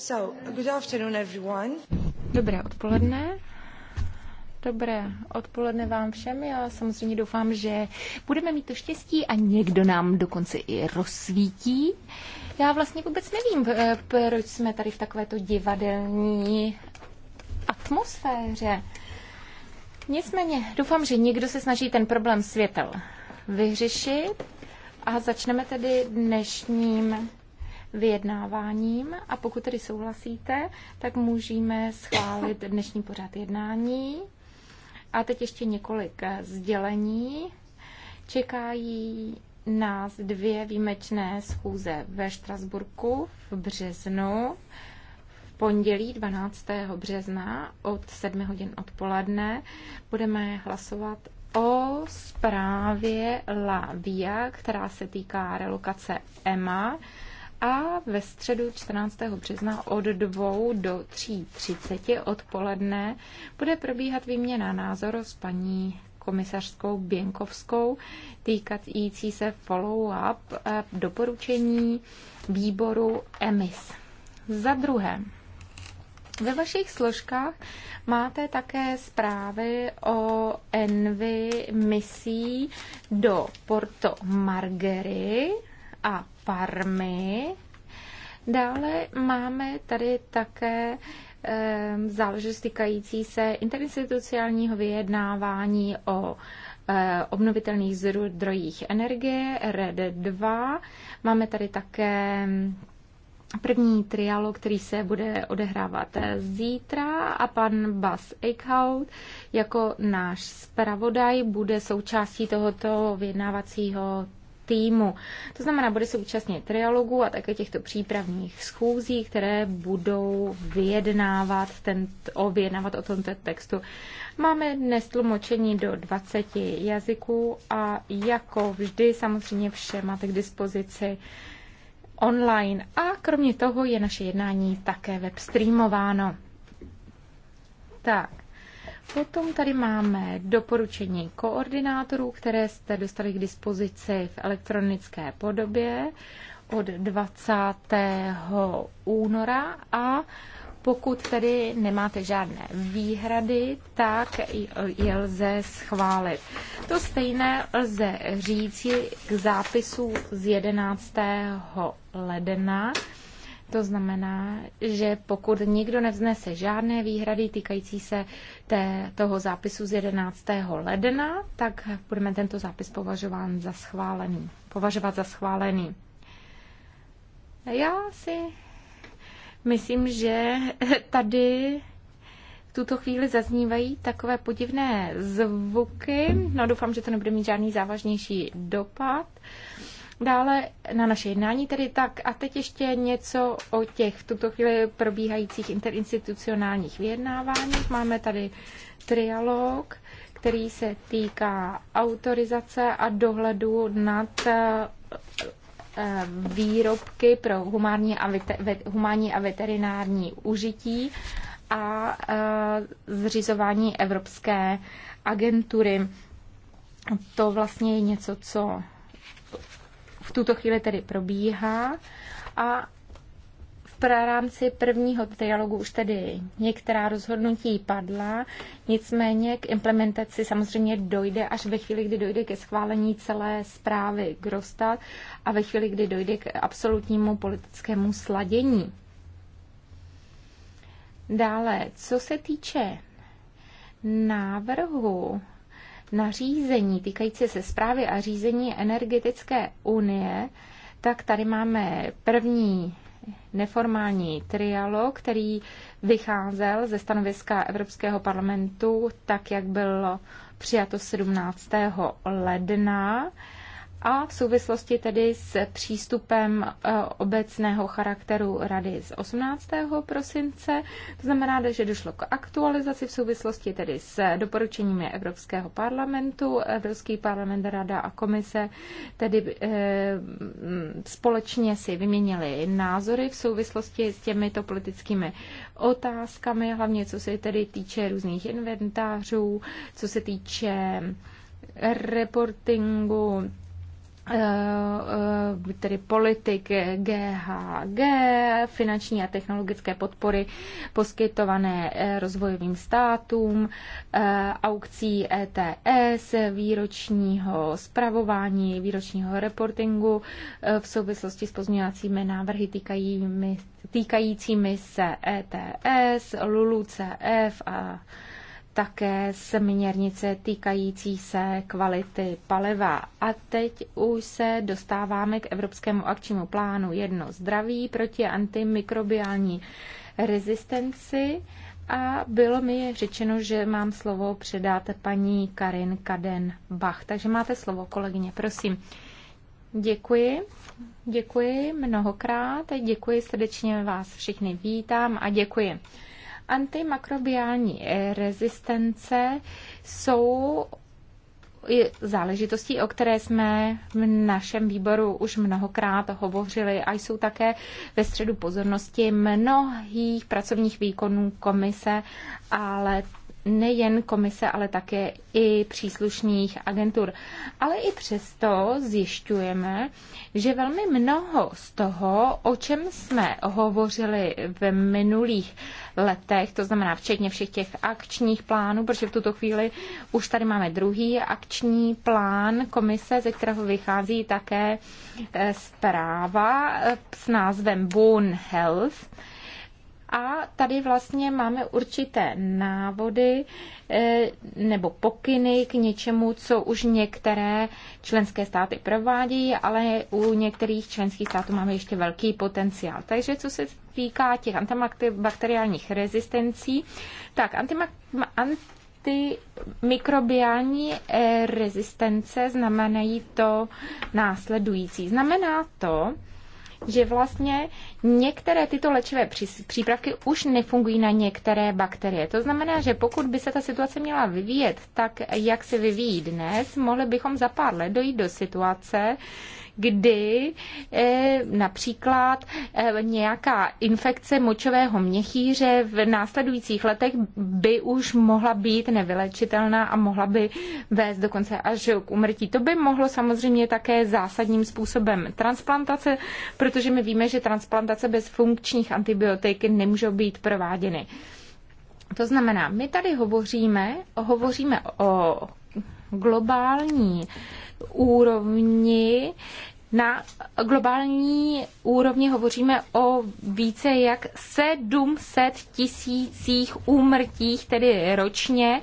So, good afternoon everyone. Dobré odpoledne. Dobré odpoledne vám všem. Já samozřejmě doufám, že budeme mít to štěstí a někdo nám dokonce i rozsvítí. Já vlastně vůbec nevím, eh, proč jsme tady v takovéto divadelní atmosféře. Nicméně doufám, že někdo se snaží ten problém světel vyřešit a začneme tedy dnešním vyjednáváním a pokud tedy souhlasíte, tak můžeme schválit dnešní pořad jednání. A teď ještě několik sdělení. Čekají nás dvě výjimečné schůze ve Štrasburku v březnu pondělí 12. března od 7 hodin odpoledne budeme hlasovat o zprávě La Via, která se týká relokace EMA a ve středu 14. března od 2 do 3.30 odpoledne bude probíhat výměna názoru s paní komisařskou Běnkovskou týkající se follow-up eh, doporučení výboru EMIS. Za druhé, ve vašich složkách máte také zprávy o envy misí do Porto Margery a farmy. Dále máme tady také ehm, záležitost týkající se interinstitucionálního vyjednávání o eh, obnovitelných zdrojích energie, RED 2. Máme tady také ehm, první trialo, který se bude odehrávat zítra a pan Bas Eichhout jako náš zpravodaj bude součástí tohoto vyjednávacího týmu. To znamená, bude se účastnit trialogu a také těchto přípravných schůzí, které budou vyjednávat, ten, o, vyjednávat o tomto textu. Máme dnes tlumočení do 20 jazyků a jako vždy samozřejmě vše máte k dispozici online a kromě toho je naše jednání také webstreamováno. Tak, Potom tady máme doporučení koordinátorů, které jste dostali k dispozici v elektronické podobě od 20. února a pokud tedy nemáte žádné výhrady, tak je lze schválit. To stejné lze říci k zápisu z 11. ledna to znamená, že pokud nikdo nevznese žádné výhrady týkající se té, toho zápisu z 11. ledna, tak budeme tento zápis považován za schválený, považovat za schválený. Já si myslím, že tady v tuto chvíli zaznívají takové podivné zvuky. No doufám, že to nebude mít žádný závažnější dopad. Um, dále na naše jednání. Tedy tak a teď ještě něco o těch v tuto chvíli probíhajících interinstitucionálních vyjednáváních. Máme tady trialog, který se týká autorizace a dohledu nad eh, výrobky pro humánní a, humánní a veterinární užití a eh, zřizování Evropské agentury. To vlastně je něco, co v tuto chvíli tedy probíhá a v rámci prvního dialogu už tedy některá rozhodnutí padla, nicméně k implementaci samozřejmě dojde až ve chvíli, kdy dojde ke schválení celé zprávy Grostat a ve chvíli, kdy dojde k absolutnímu politickému sladění. Dále, co se týče návrhu nařízení týkající se zprávy a řízení energetické unie, tak tady máme první neformální trialog, který vycházel ze stanoviska Evropského parlamentu, tak jak bylo přijato 17. ledna a v souvislosti tedy s přístupem e, obecného charakteru rady z 18. prosince. To znamená, že došlo k aktualizaci v souvislosti tedy s doporučeními Evropského parlamentu. Evropský parlament, rada a komise tedy e, společně si vyměnili názory v souvislosti s těmito politickými otázkami, hlavně co se tedy týče různých inventářů, co se týče reportingu, Eh, eh, tedy politik GHG, eh, finanční a technologické podpory poskytované rozvojovým státům, aukcí ETS, výročního zpravování, výročního reportingu v souvislosti s pozměňovacími návrhy týkajícími, se ETS, LULUCF a také směrnice týkající se kvality paliva. A teď už se dostáváme k Evropskému akčnímu plánu jedno zdraví proti antimikrobiální rezistenci. A bylo mi řečeno, že mám slovo předat paní Karin Kaden-Bach. Takže máte slovo, kolegyně, prosím. Děkuji, děkuji mnohokrát, děkuji srdečně vás všichni vítám a děkuji. Antimakrobiální eh, rezistence jsou záležitostí, o které jsme v našem výboru už mnohokrát hovořili a jsou také ve středu pozornosti mnohých pracovních výkonů komise, ale nejen komise, ale také i příslušných agentur. Ale i přesto zjišťujeme, že velmi mnoho z toho, o čem jsme hovořili v minulých letech, to znamená včetně všech těch akčních plánů, protože v tuto chvíli už tady máme druhý akční plán komise, ze kterého vychází také eh, zpráva eh, s názvem Boon Health, a tady vlastně máme určité návody eh, nebo pokyny k něčemu, co už některé členské státy provádějí, ale u některých členských států máme ještě velký potenciál. Takže co se týká těch antibakteriálních rezistencí, tak antimikrobiální eh, rezistence znamenají to následující. Znamená to, že vlastně některé tyto léčivé přípravky už nefungují na některé bakterie. To znamená, že pokud by se ta situace měla vyvíjet tak, jak se vyvíjí dnes, mohli bychom za pár let dojít do situace, kdy eh, například eh, nějaká infekce močového měchýře v následujících letech by už mohla být nevylečitelná a mohla by vést dokonce až k umrtí. To by mohlo samozřejmě také zásadním způsobem transplantace, protože my víme, že transplantace bez funkčních antibiotik nemůžou být prováděny. To znamená, my tady hovoříme, hovoříme o globální úrovni na globální úrovni hovoříme o více jak 700 tisících úmrtích, tedy ročně,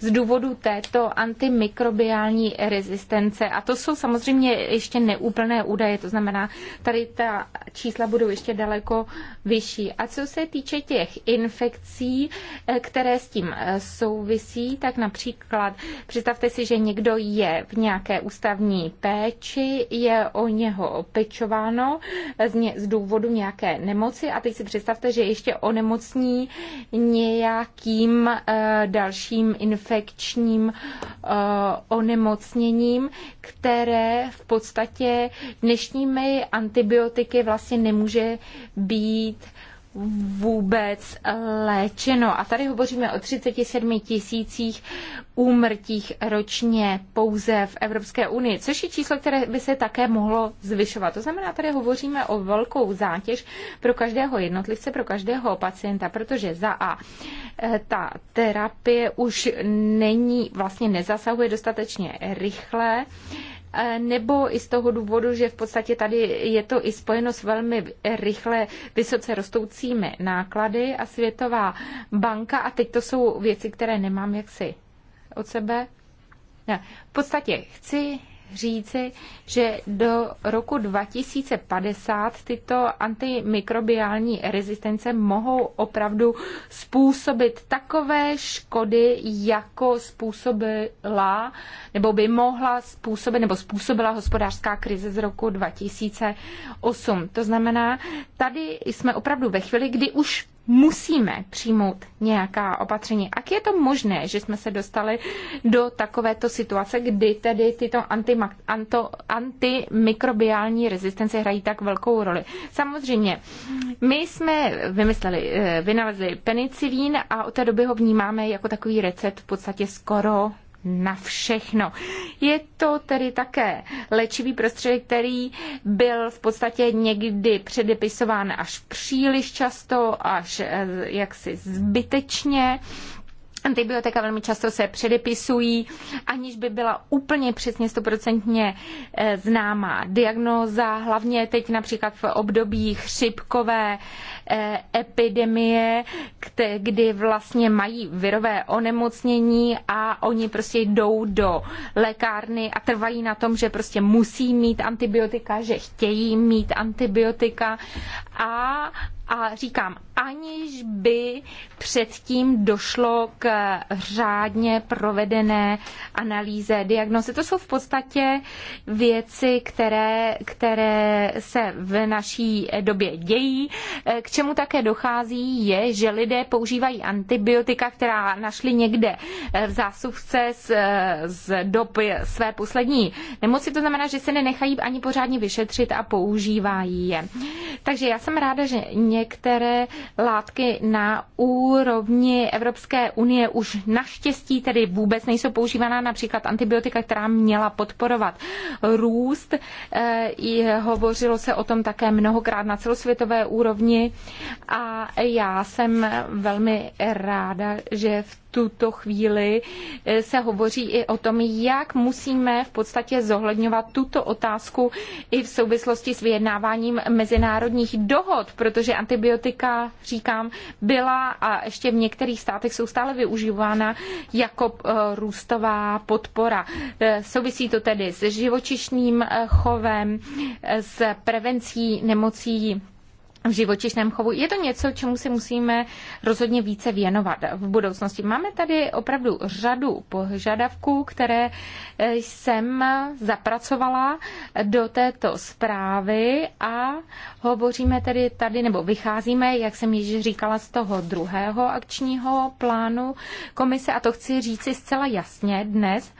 z důvodu této antimikrobiální rezistence. A to jsou samozřejmě ještě neúplné údaje, to znamená, tady ta čísla budou ještě daleko vyšší. A co se týče těch infekcí, které s tím eh, souvisí, tak například představte si, že někdo je v nějaké ústavní péči, je o o něho pečováno z, ně, z důvodu nějaké nemoci a teď si představte, že ještě onemocní nějakým eh, dalším infekčním eh, onemocněním, které v podstatě dnešními antibiotiky vlastně nemůže být vůbec eh, léčeno. A tady hovoříme o 37 tisících úmrtích ročně pouze v Evropské unii, což je číslo, které by se také mohlo zvyšovat. To znamená, tady hovoříme o velkou zátěž pro každého jednotlivce, pro každého pacienta, protože za A eh, ta terapie už není, vlastně nezasahuje dostatečně rychle, E, nebo i z toho důvodu, že v podstatě tady je to i spojeno s velmi rychle vysoce rostoucími náklady a Světová banka a teď to jsou věci, které nemám jaksi od sebe. Ne. V podstatě chci říci, že do roku 2050 tyto antimikrobiální rezistence mohou opravdu způsobit takové škody, jako způsobila nebo by mohla způsobit nebo způsobila hospodářská krize z roku 2008. To znamená, tady jsme opravdu ve chvíli, kdy už musíme přijmout nějaká opatření. Ak je to možné, že jsme se dostali do takovéto situace, kdy tedy tyto anti, anto, antimikrobiální rezistence hrají tak velkou roli. Samozřejmě, my jsme vymysleli, eh, vynalezli penicilín a od té doby ho vnímáme jako takový recept v podstatě skoro na všechno. Je to tedy také léčivý prostředek, který byl v podstatě někdy předepisován až příliš často, až eh, jaksi zbytečně. Antibiotika velmi často se předepisují, aniž by byla úplně přesně stoprocentně eh, známá diagnóza, hlavně teď například v období chřipkové Eh, epidemie, kdy vlastně mají virové onemocnění a oni prostě jdou do lékárny a trvají na tom, že prostě musí mít antibiotika, že chtějí mít antibiotika a a říkám, aniž by předtím došlo k řádně provedené analýze diagnozy. To jsou v podstatě věci, které, které se v naší době dějí. K čemu také dochází je, že lidé používají antibiotika, která našli někde v zásuvce z, z doby své poslední nemoci. To znamená, že se nenechají ani pořádně vyšetřit a používají je. Takže já jsem ráda, že některé látky na úrovni Evropské unie už naštěstí tedy vůbec nejsou používaná, například antibiotika, která měla podporovat růst. Eh, hovořilo se o tom také mnohokrát na celosvětové úrovni a já jsem velmi ráda, že v tuto chvíli eh, se hovoří i o tom, jak musíme v podstatě zohledňovat tuto otázku i v souvislosti s vyjednáváním mezinárodních dohod, protože antibiotika, říkám, byla a ještě v některých státech jsou stále využívána jako eh, růstová podpora. Eh, souvisí to tedy s živočišným chovem, s prevencí nemocí v živočišném chovu. Je to něco, čemu si musíme rozhodně více věnovat v budoucnosti. Máme tady opravdu řadu požadavků, které eh, jsem zapracovala do této zprávy a hovoříme tedy tady, nebo vycházíme, jak jsem již říkala, z toho druhého akčního plánu komise a to chci říci zcela jasně dnes.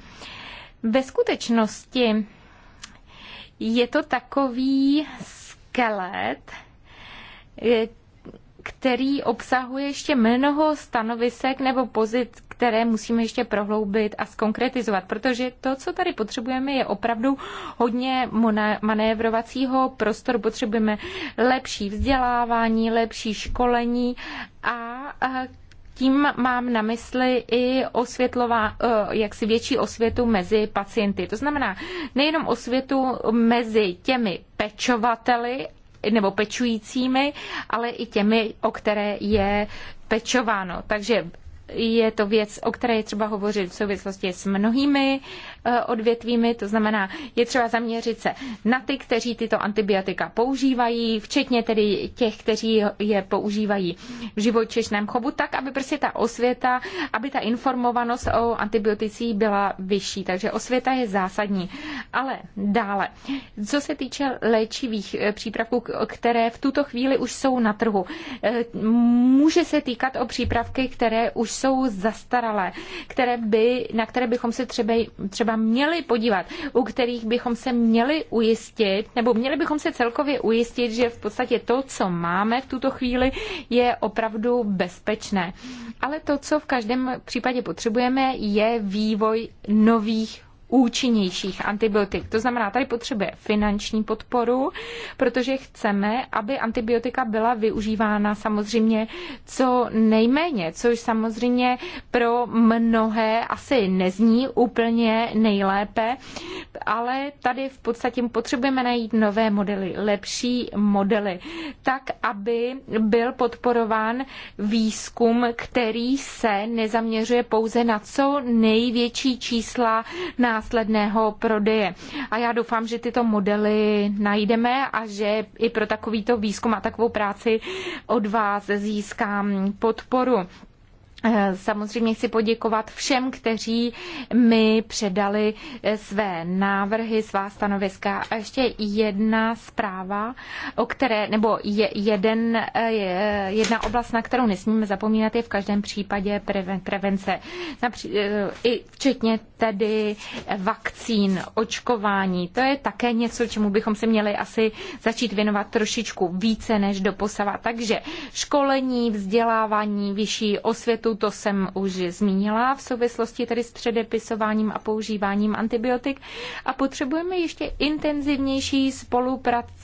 Ve skutečnosti je to takový skelet, který obsahuje ještě mnoho stanovisek nebo pozit, které musíme ještě prohloubit a skonkretizovat, protože to, co tady potřebujeme, je opravdu hodně manévrovacího prostoru. Potřebujeme lepší vzdělávání, lepší školení a tím mám na mysli i osvětlová, e, jaksi větší osvětu mezi pacienty. To znamená nejenom osvětu mezi těmi pečovateli nebo pečujícími, ale i těmi, o které je pečováno. Takže je to věc, o které je třeba hovořit v souvislosti s mnohými Eh, odvětvími, to znamená, je třeba zaměřit se na ty, kteří tyto antibiotika používají, včetně tedy těch, kteří je používají v živočišném chovu, tak, aby prostě ta osvěta, aby ta informovanost o antibioticích byla vyšší. Takže osvěta je zásadní. Ale dále, co se týče léčivých eh, přípravků, které v tuto chvíli už jsou na trhu, eh, může se týkat o přípravky, které už jsou zastaralé, které by, na které bychom se třeba, třeba tam měli podívat, u kterých bychom se měli ujistit, nebo měli bychom se celkově ujistit, že v podstatě to, co máme v tuto chvíli, je opravdu bezpečné. Ale to, co v každém případě potřebujeme, je vývoj nových účinnějších antibiotik. To znamená, tady potřebuje finanční podporu, protože chceme, aby antibiotika byla využívána samozřejmě co nejméně, což samozřejmě pro mnohé asi nezní úplně nejlépe, ale tady v podstatě potřebujeme najít nové modely, lepší modely, tak, aby byl podporován výzkum, který se nezaměřuje pouze na co největší čísla nás následného prodeje. A já doufám, že tyto modely najdeme a že i pro takovýto výzkum a takovou práci od vás získám podporu. Eh, samozřejmě chci poděkovat všem, kteří mi předali eh, své návrhy, svá stanoviska. A ještě jedna zpráva, o které, nebo je, jeden, eh, jedna oblast, na kterou nesmíme zapomínat, je v každém případě prevence. Napří, I včetně tedy vakcín, očkování. To je také něco, čemu bychom se měli asi začít věnovat trošičku více než doposava. Takže školení, vzdělávání, vyšší osvětu, to jsem už zmínila v souvislosti tedy s předepisováním a používáním antibiotik. A potřebujeme ještě intenzivnější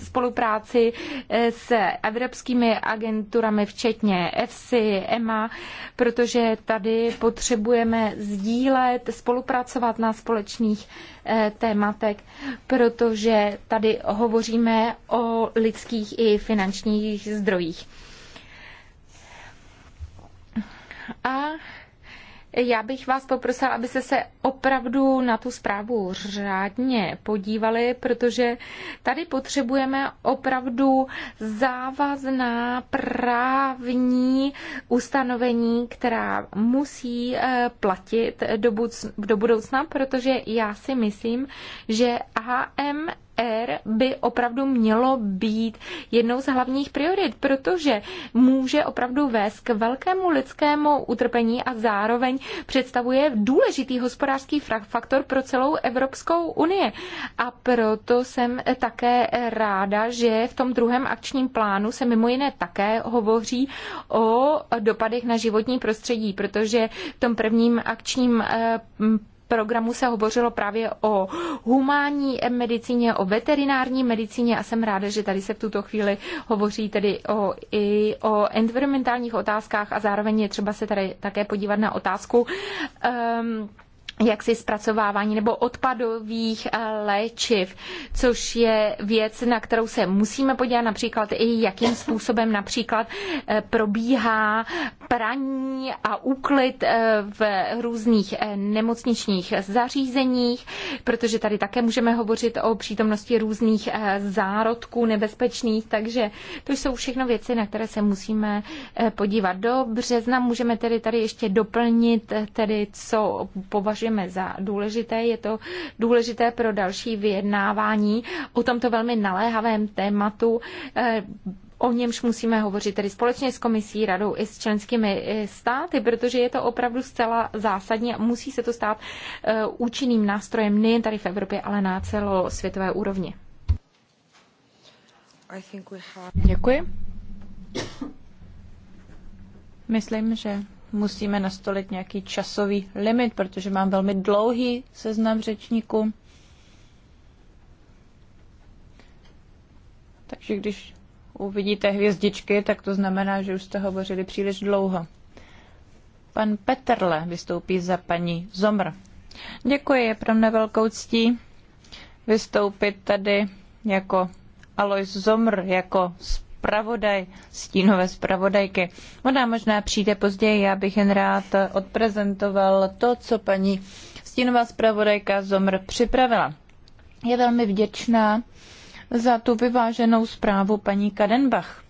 spolupráci eh, s evropskými agenturami, včetně EFSI, EMA, protože tady potřebujeme sdílet, spolupracovat na společných eh, tématek, protože tady hovoříme o lidských i finančních zdrojích. A já bych vás poprosila, abyste se opravdu na tu zprávu řádně podívali, protože tady potřebujeme opravdu závazná právní ustanovení, která musí eh, platit do budoucna, protože já si myslím, že AML R by opravdu mělo být jednou z hlavních priorit, protože může opravdu vést k velkému lidskému utrpení a zároveň představuje důležitý hospodářský faktor pro celou Evropskou unii. A proto jsem také ráda, že v tom druhém akčním plánu se mimo jiné také hovoří o dopadech na životní prostředí, protože v tom prvním akčním eh, programu se hovořilo právě o humánní medicíně, o veterinární medicíně a jsem ráda, že tady se v tuto chvíli hovoří tedy o, i o environmentálních otázkách a zároveň je třeba se tady také podívat na otázku um, jaksi zpracovávání nebo odpadových eh, léčiv, což je věc, na kterou se musíme podívat například i jakým způsobem například eh, probíhá praní a úklid eh, v různých nemocničních zařízeních, protože tady také můžeme hovořit o přítomnosti různých zárodků nebezpečných, takže to jsou všechno věci, na které se musíme podívat. Do března můžeme tedy tady ještě doplnit, tedy co považujeme považujeme za důležité. Je to důležité pro další vyjednávání o tomto velmi naléhavém tématu eh, o němž musíme hovořit tedy společně s komisí, radou i s členskými eh, státy, protože je to opravdu zcela zásadní a musí se to stát eh, účinným nástrojem nejen tady v Evropě, ale na celosvětové úrovni. Děkuji. Myslím, že musíme nastolit nějaký časový limit, protože mám velmi dlouhý seznam řečníků. Takže když uvidíte hvězdičky, tak to znamená, že už jste hovořili příliš dlouho. Pan Petrle vystoupí za paní Zomr. Děkuji, je pro mne velkou ctí vystoupit tady jako Alois Zomr, jako zpravodaj, stínové zpravodajky. Ona možná přijde později, já bych jen rád odprezentoval to, co paní stínová zpravodajka Zomr připravila. Je velmi vděčná za tu vyváženou zprávu paní Kadenbach.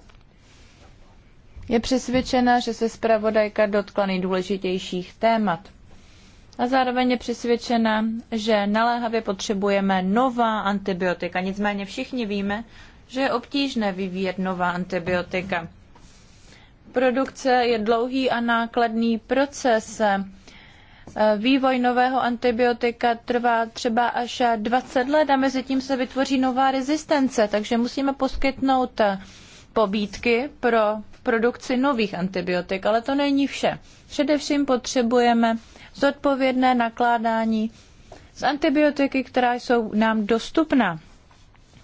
Je přesvědčena, že se zpravodajka dotkla nejdůležitějších témat. A zároveň je přesvědčena, že naléhavě potřebujeme nová antibiotika. Nicméně všichni víme, že je obtížné vyvíjet nová antibiotika. Produkce je dlouhý a nákladný proces. Vývoj nového antibiotika trvá třeba až 20 let a mezi tím se vytvoří nová rezistence, takže musíme poskytnout pobídky pro produkci nových antibiotik, ale to není vše. Především potřebujeme zodpovědné nakládání s antibiotiky, která jsou nám dostupná.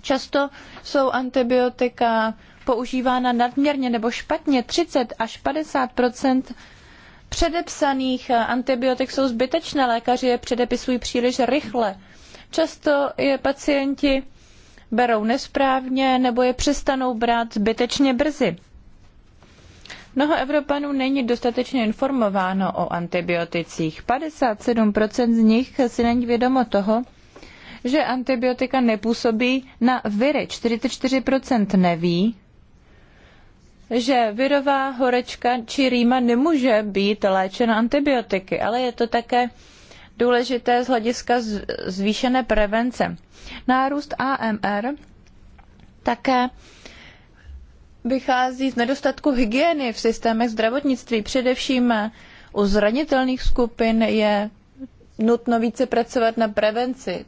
Často jsou antibiotika používána nadměrně nebo špatně. 30 až 50 předepsaných eh, antibiotik jsou zbytečné, lékaři je předepisují příliš rychle. Často je pacienti berou nesprávně nebo je přestanou brát zbytečně brzy. Mnoho Evropanů není dostatečně informováno o antibioticích. 57% z nich si není vědomo toho, že antibiotika nepůsobí na viry. 44% neví, že virová horečka či rýma nemůže být léčena antibiotiky, ale je to také důležité z hlediska zvýšené prevence. Nárůst AMR také vychází z nedostatku hygieny v systémech zdravotnictví. Především u zranitelných skupin je nutno více pracovat na prevenci.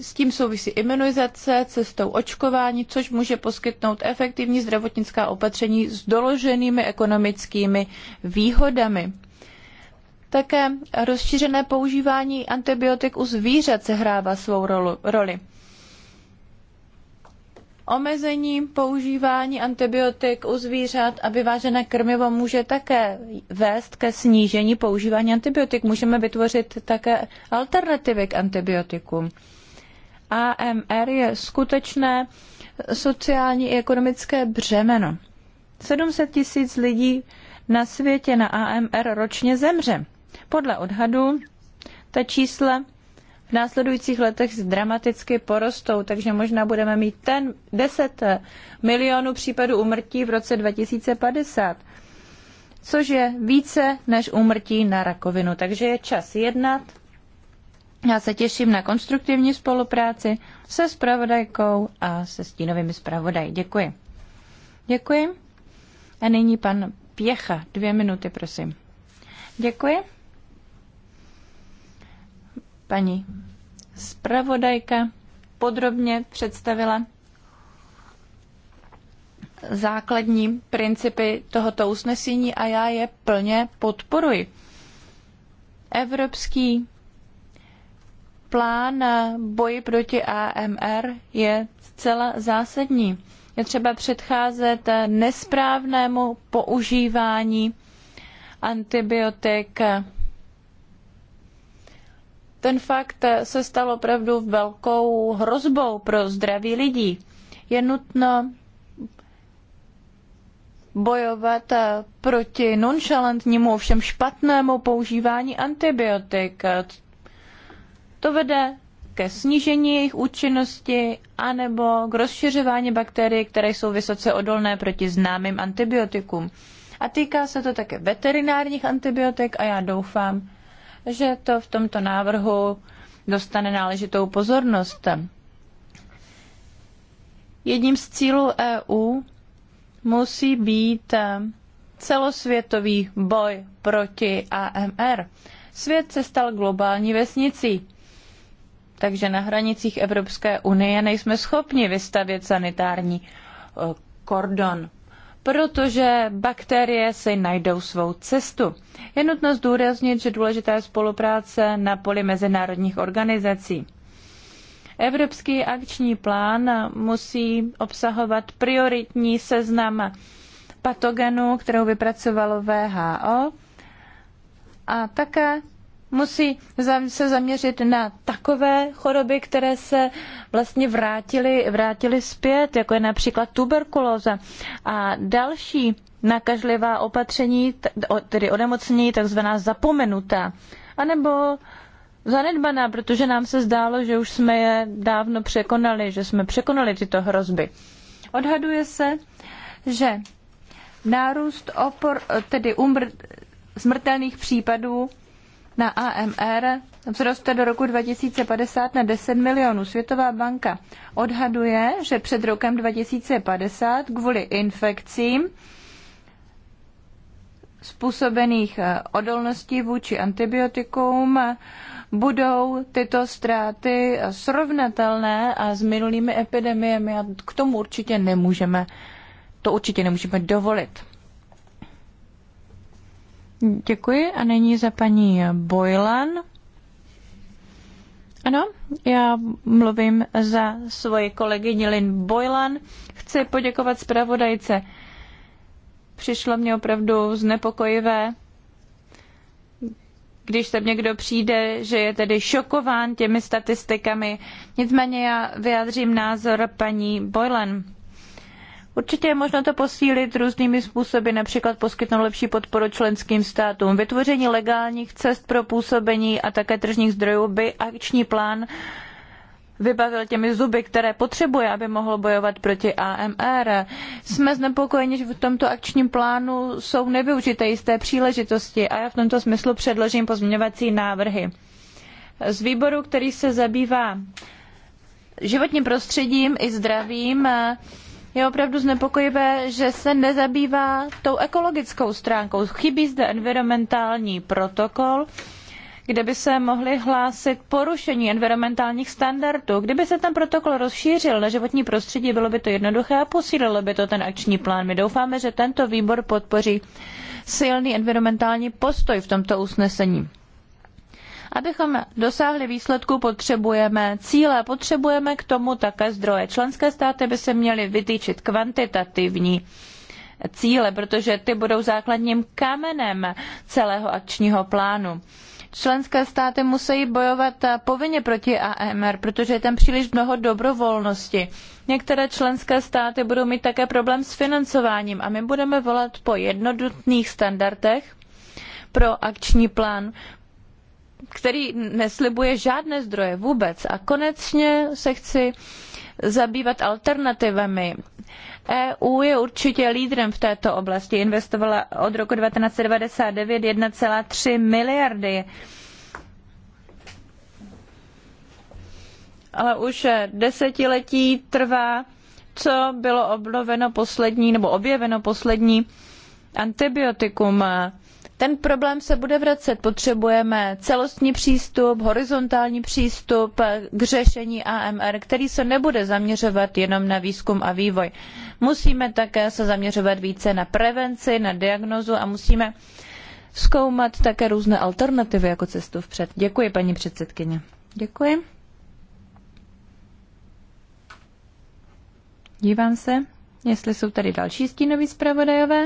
S tím souvisí imunizace cestou očkování, což může poskytnout efektivní zdravotnická opatření s doloženými ekonomickými výhodami. Také rozšířené používání antibiotik u zvířat sehrává svou roli. Omezení používání antibiotik u zvířat a vyvážené krmivo může také vést ke snížení používání antibiotik. Můžeme vytvořit také alternativy k antibiotikům. AMR je skutečné sociální i ekonomické břemeno. 700 tisíc lidí na světě na AMR ročně zemře. Podle odhadu ta čísla v následujících letech dramaticky porostou, takže možná budeme mít ten 10 milionů případů umrtí v roce 2050, což je více než umrtí na rakovinu. Takže je čas jednat já se těším na konstruktivní spolupráci se spravodajkou a se stínovými zpravodaji. Děkuji. Děkuji. A nyní pan Pěcha. Dvě minuty, prosím. Děkuji. Paní zpravodajka podrobně představila základní principy tohoto usnesení a já je plně podporuji. Evropský plán boji proti AMR je zcela zásadní. Je třeba předcházet nesprávnému používání antibiotik. Ten fakt se stal opravdu velkou hrozbou pro zdraví lidí. Je nutno bojovat proti nonchalantnímu, ovšem špatnému používání antibiotik. To vede ke snížení jejich účinnosti anebo k rozšiřování bakterií, které jsou vysoce odolné proti známým antibiotikům. A týká se to také veterinárních antibiotik a já doufám, že to v tomto návrhu dostane náležitou pozornost. Jedním z cílů EU musí být celosvětový boj proti AMR. Svět se stal globální vesnicí takže na hranicích Evropské unie nejsme schopni vystavět sanitární eh, kordon, protože bakterie si najdou svou cestu. Je nutno zdůraznit, že důležitá je spolupráce na poli mezinárodních organizací. Evropský akční plán musí obsahovat prioritní seznam patogenů, kterou vypracovalo VHO, a také musí se zaměřit na takové choroby, které se vlastně vrátily, vrátily zpět, jako je například tuberkulóza a další nakažlivá opatření, tedy onemocnění, takzvaná zapomenutá, anebo zanedbaná, protože nám se zdálo, že už jsme je dávno překonali, že jsme překonali tyto hrozby. Odhaduje se, že nárůst opor, tedy umr, smrtelných případů na AMR vzroste do roku 2050 na 10 milionů. Světová banka odhaduje, že před rokem 2050 kvůli infekcím způsobených eh, odolností vůči antibiotikům budou tyto ztráty eh, srovnatelné a s minulými epidemiemi a k tomu určitě nemůžeme, to určitě nemůžeme dovolit. Děkuji a nyní za paní Boylan. Ano, já mluvím za svoji kolegyni Lynn Boylan. Chci poděkovat zpravodajce. Přišlo mě opravdu znepokojivé, když tam někdo přijde, že je tedy šokován těmi statistikami. Nicméně já vyjádřím názor paní Boylan. Určitě je možno to posílit různými způsoby, například poskytnout lepší podporu členským státům. Vytvoření legálních cest pro působení a také tržních zdrojů by akční plán vybavil těmi zuby, které potřebuje, aby mohl bojovat proti AMR. Jsme znepokojeni, že v tomto akčním plánu jsou nevyužité jisté příležitosti a já v tomto smyslu předložím pozměňovací návrhy. Z výboru, který se zabývá životním prostředím i zdravím, je opravdu znepokojivé, že se nezabývá tou ekologickou stránkou. Chybí zde environmentální protokol, kde by se mohly hlásit porušení environmentálních standardů. Kdyby se ten protokol rozšířil na životní prostředí, bylo by to jednoduché a posílilo by to ten akční plán. My doufáme, že tento výbor podpoří silný environmentální postoj v tomto usnesení. Abychom dosáhli výsledku, potřebujeme cíle, potřebujeme k tomu také zdroje. Členské státy by se měly vytýčit kvantitativní cíle, protože ty budou základním kamenem celého akčního plánu. Členské státy musí bojovat povinně proti AMR, protože je tam příliš mnoho dobrovolnosti. Některé členské státy budou mít také problém s financováním a my budeme volat po jednotných standardech pro akční plán, který neslibuje žádné zdroje vůbec. A konečně se chci zabývat alternativami. EU je určitě lídrem v této oblasti. Investovala od roku 1999 1,3 miliardy. Ale už desetiletí trvá, co bylo obnoveno poslední nebo objeveno poslední antibiotikum ten problém se bude vracet. Potřebujeme celostní přístup, horizontální přístup k řešení AMR, který se nebude zaměřovat jenom na výzkum a vývoj. Musíme také se zaměřovat více na prevenci, na diagnózu a musíme zkoumat také různé alternativy jako cestu vpřed. Děkuji, paní předsedkyně. Děkuji. Dívám se, jestli jsou tady další stínoví zpravodajové.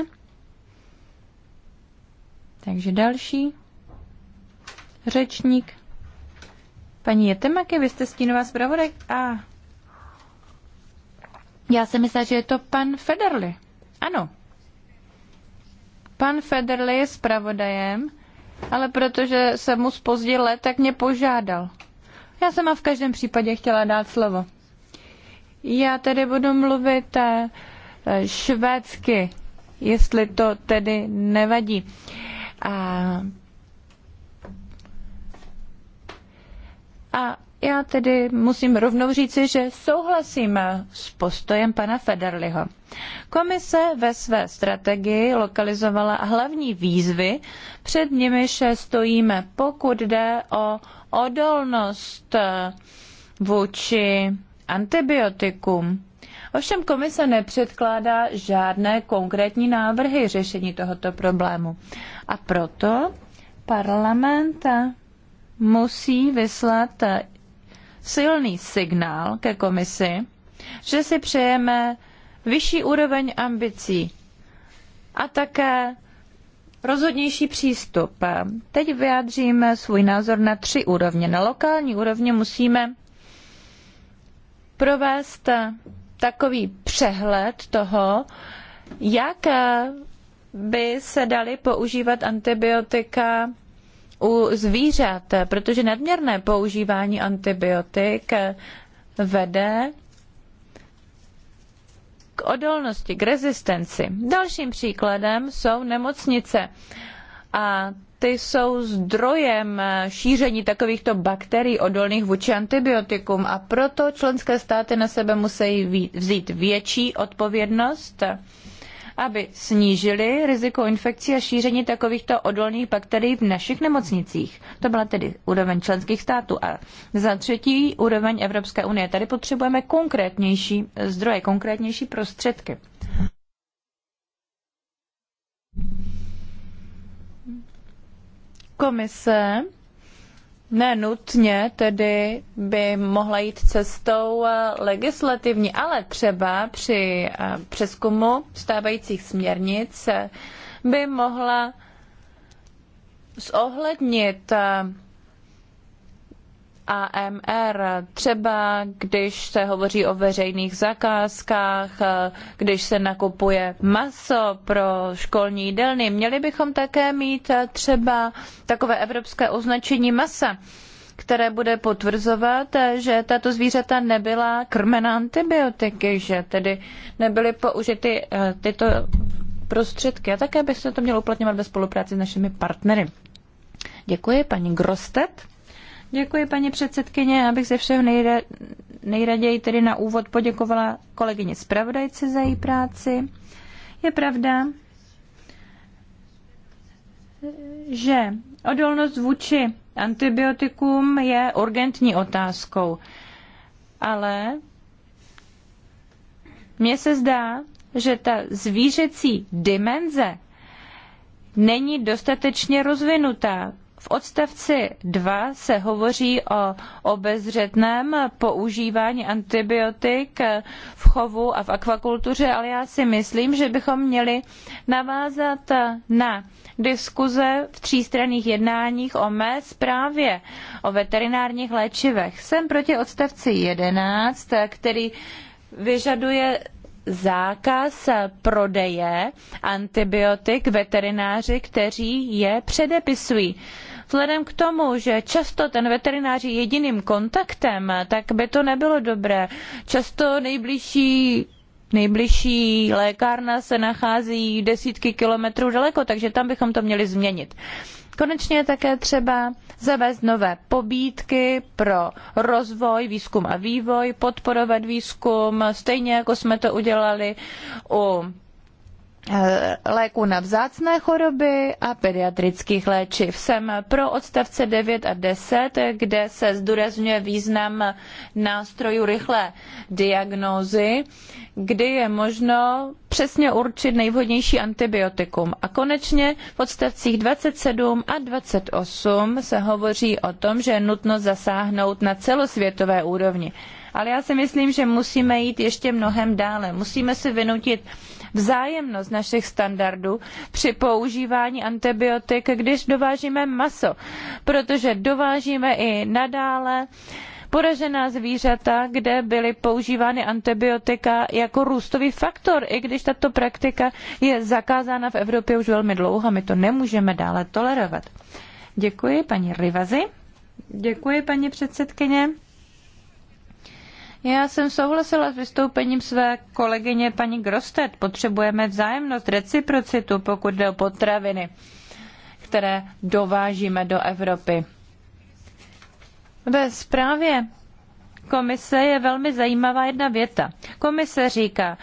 Takže další řečník. Paní Jetemaky, vy jste stínová zpravodaj. A já jsem myslela, že je to pan Federli. Ano. Pan Federli je zpravodajem, ale protože se mu spozdil let, tak mě požádal. Já jsem a v každém případě chtěla dát slovo. Já tedy budu mluvit eh, švédsky, jestli to tedy nevadí. Uh, a, a já tedy musím rovnou říci, že souhlasím s postojem pana Federliho. Komise ve své strategii lokalizovala hlavní výzvy, před nimiž stojíme, pokud jde o odolnost eh, vůči antibiotikum. Ovšem komise nepředkládá žádné konkrétní návrhy řešení tohoto problému. A proto parlament musí vyslat silný signál ke komisi, že si přejeme vyšší úroveň ambicí a také rozhodnější přístup. Teď vyjádříme svůj názor na tři úrovně. Na lokální úrovni musíme provést takový přehled toho, jak by se daly používat antibiotika u zvířat, protože nadměrné používání antibiotik vede k odolnosti, k rezistenci. Dalším příkladem jsou nemocnice. A ty jsou zdrojem šíření takovýchto bakterií odolných vůči antibiotikům a proto členské státy na sebe musí vzít větší odpovědnost aby snížili riziko infekcí a šíření takovýchto odolných bakterií v našich nemocnicích. To byla tedy úroveň členských států. A za třetí úroveň Evropské unie. Tady potřebujeme konkrétnější zdroje, konkrétnější prostředky komise ne nutně tedy by mohla jít cestou eh, legislativní, ale třeba při eh, přeskumu stávajících směrnic eh, by mohla zohlednit AMR. Třeba když se hovoří o veřejných zakázkách, když se nakupuje maso pro školní jídelny, měli bychom také mít třeba takové evropské označení masa které bude potvrzovat, že tato zvířata nebyla krmena antibiotiky, že tedy nebyly použity eh, tyto prostředky. A také by se to mělo uplatňovat ve spolupráci s našimi partnery. Děkuji, paní Grostet. Děkuji, paní předsedkyně. Abych ze všeho nejra, nejraději tedy na úvod poděkovala kolegyně zpravodajce za její práci. Je pravda, že odolnost vůči antibiotikům je urgentní otázkou, ale mně se zdá, že ta zvířecí dimenze není dostatečně rozvinutá. V odstavci 2 se hovoří o obezřetném používání antibiotik v chovu a v akvakultuře, ale já si myslím, že bychom měli navázat na diskuze v třístranných jednáních o mé zprávě o veterinárních léčivech. Jsem proti odstavci 11, který vyžaduje zákaz prodeje antibiotik veterináři, kteří je předepisují. Vzhledem k tomu, že často ten veterinář je jediným kontaktem, tak by to nebylo dobré. Často nejbližší Nejbližší lékárna se nachází desítky kilometrů daleko, takže tam bychom to měli změnit. Konečně je také třeba zavést nové pobídky pro rozvoj, výzkum a vývoj, podporovat výzkum, stejně jako jsme to udělali u Eh, léků na vzácné choroby a pediatrických léčiv. Jsem pro odstavce 9 a 10, kde se zdůrazňuje význam nástrojů rychlé diagnózy, kdy je možno přesně určit nejvhodnější antibiotikum. A konečně v odstavcích 27 a 28 se hovoří o tom, že je nutno zasáhnout na celosvětové úrovni. Ale já si myslím, že musíme jít ještě mnohem dále. Musíme si vynutit vzájemnost našich standardů při používání antibiotik, když dovážíme maso, protože dovážíme i nadále poražená zvířata, kde byly používány antibiotika jako růstový faktor, i když tato praktika je zakázána v Evropě už velmi dlouho. My to nemůžeme dále tolerovat. Děkuji paní Rivazi. Děkuji paní předsedkyně. Já jsem souhlasila s vystoupením své kolegyně paní Grostet. Potřebujeme vzájemnost, reciprocitu, pokud jde o potraviny, které dovážíme do Evropy. Ve zprávě komise je velmi zajímavá jedna věta. Komise říká,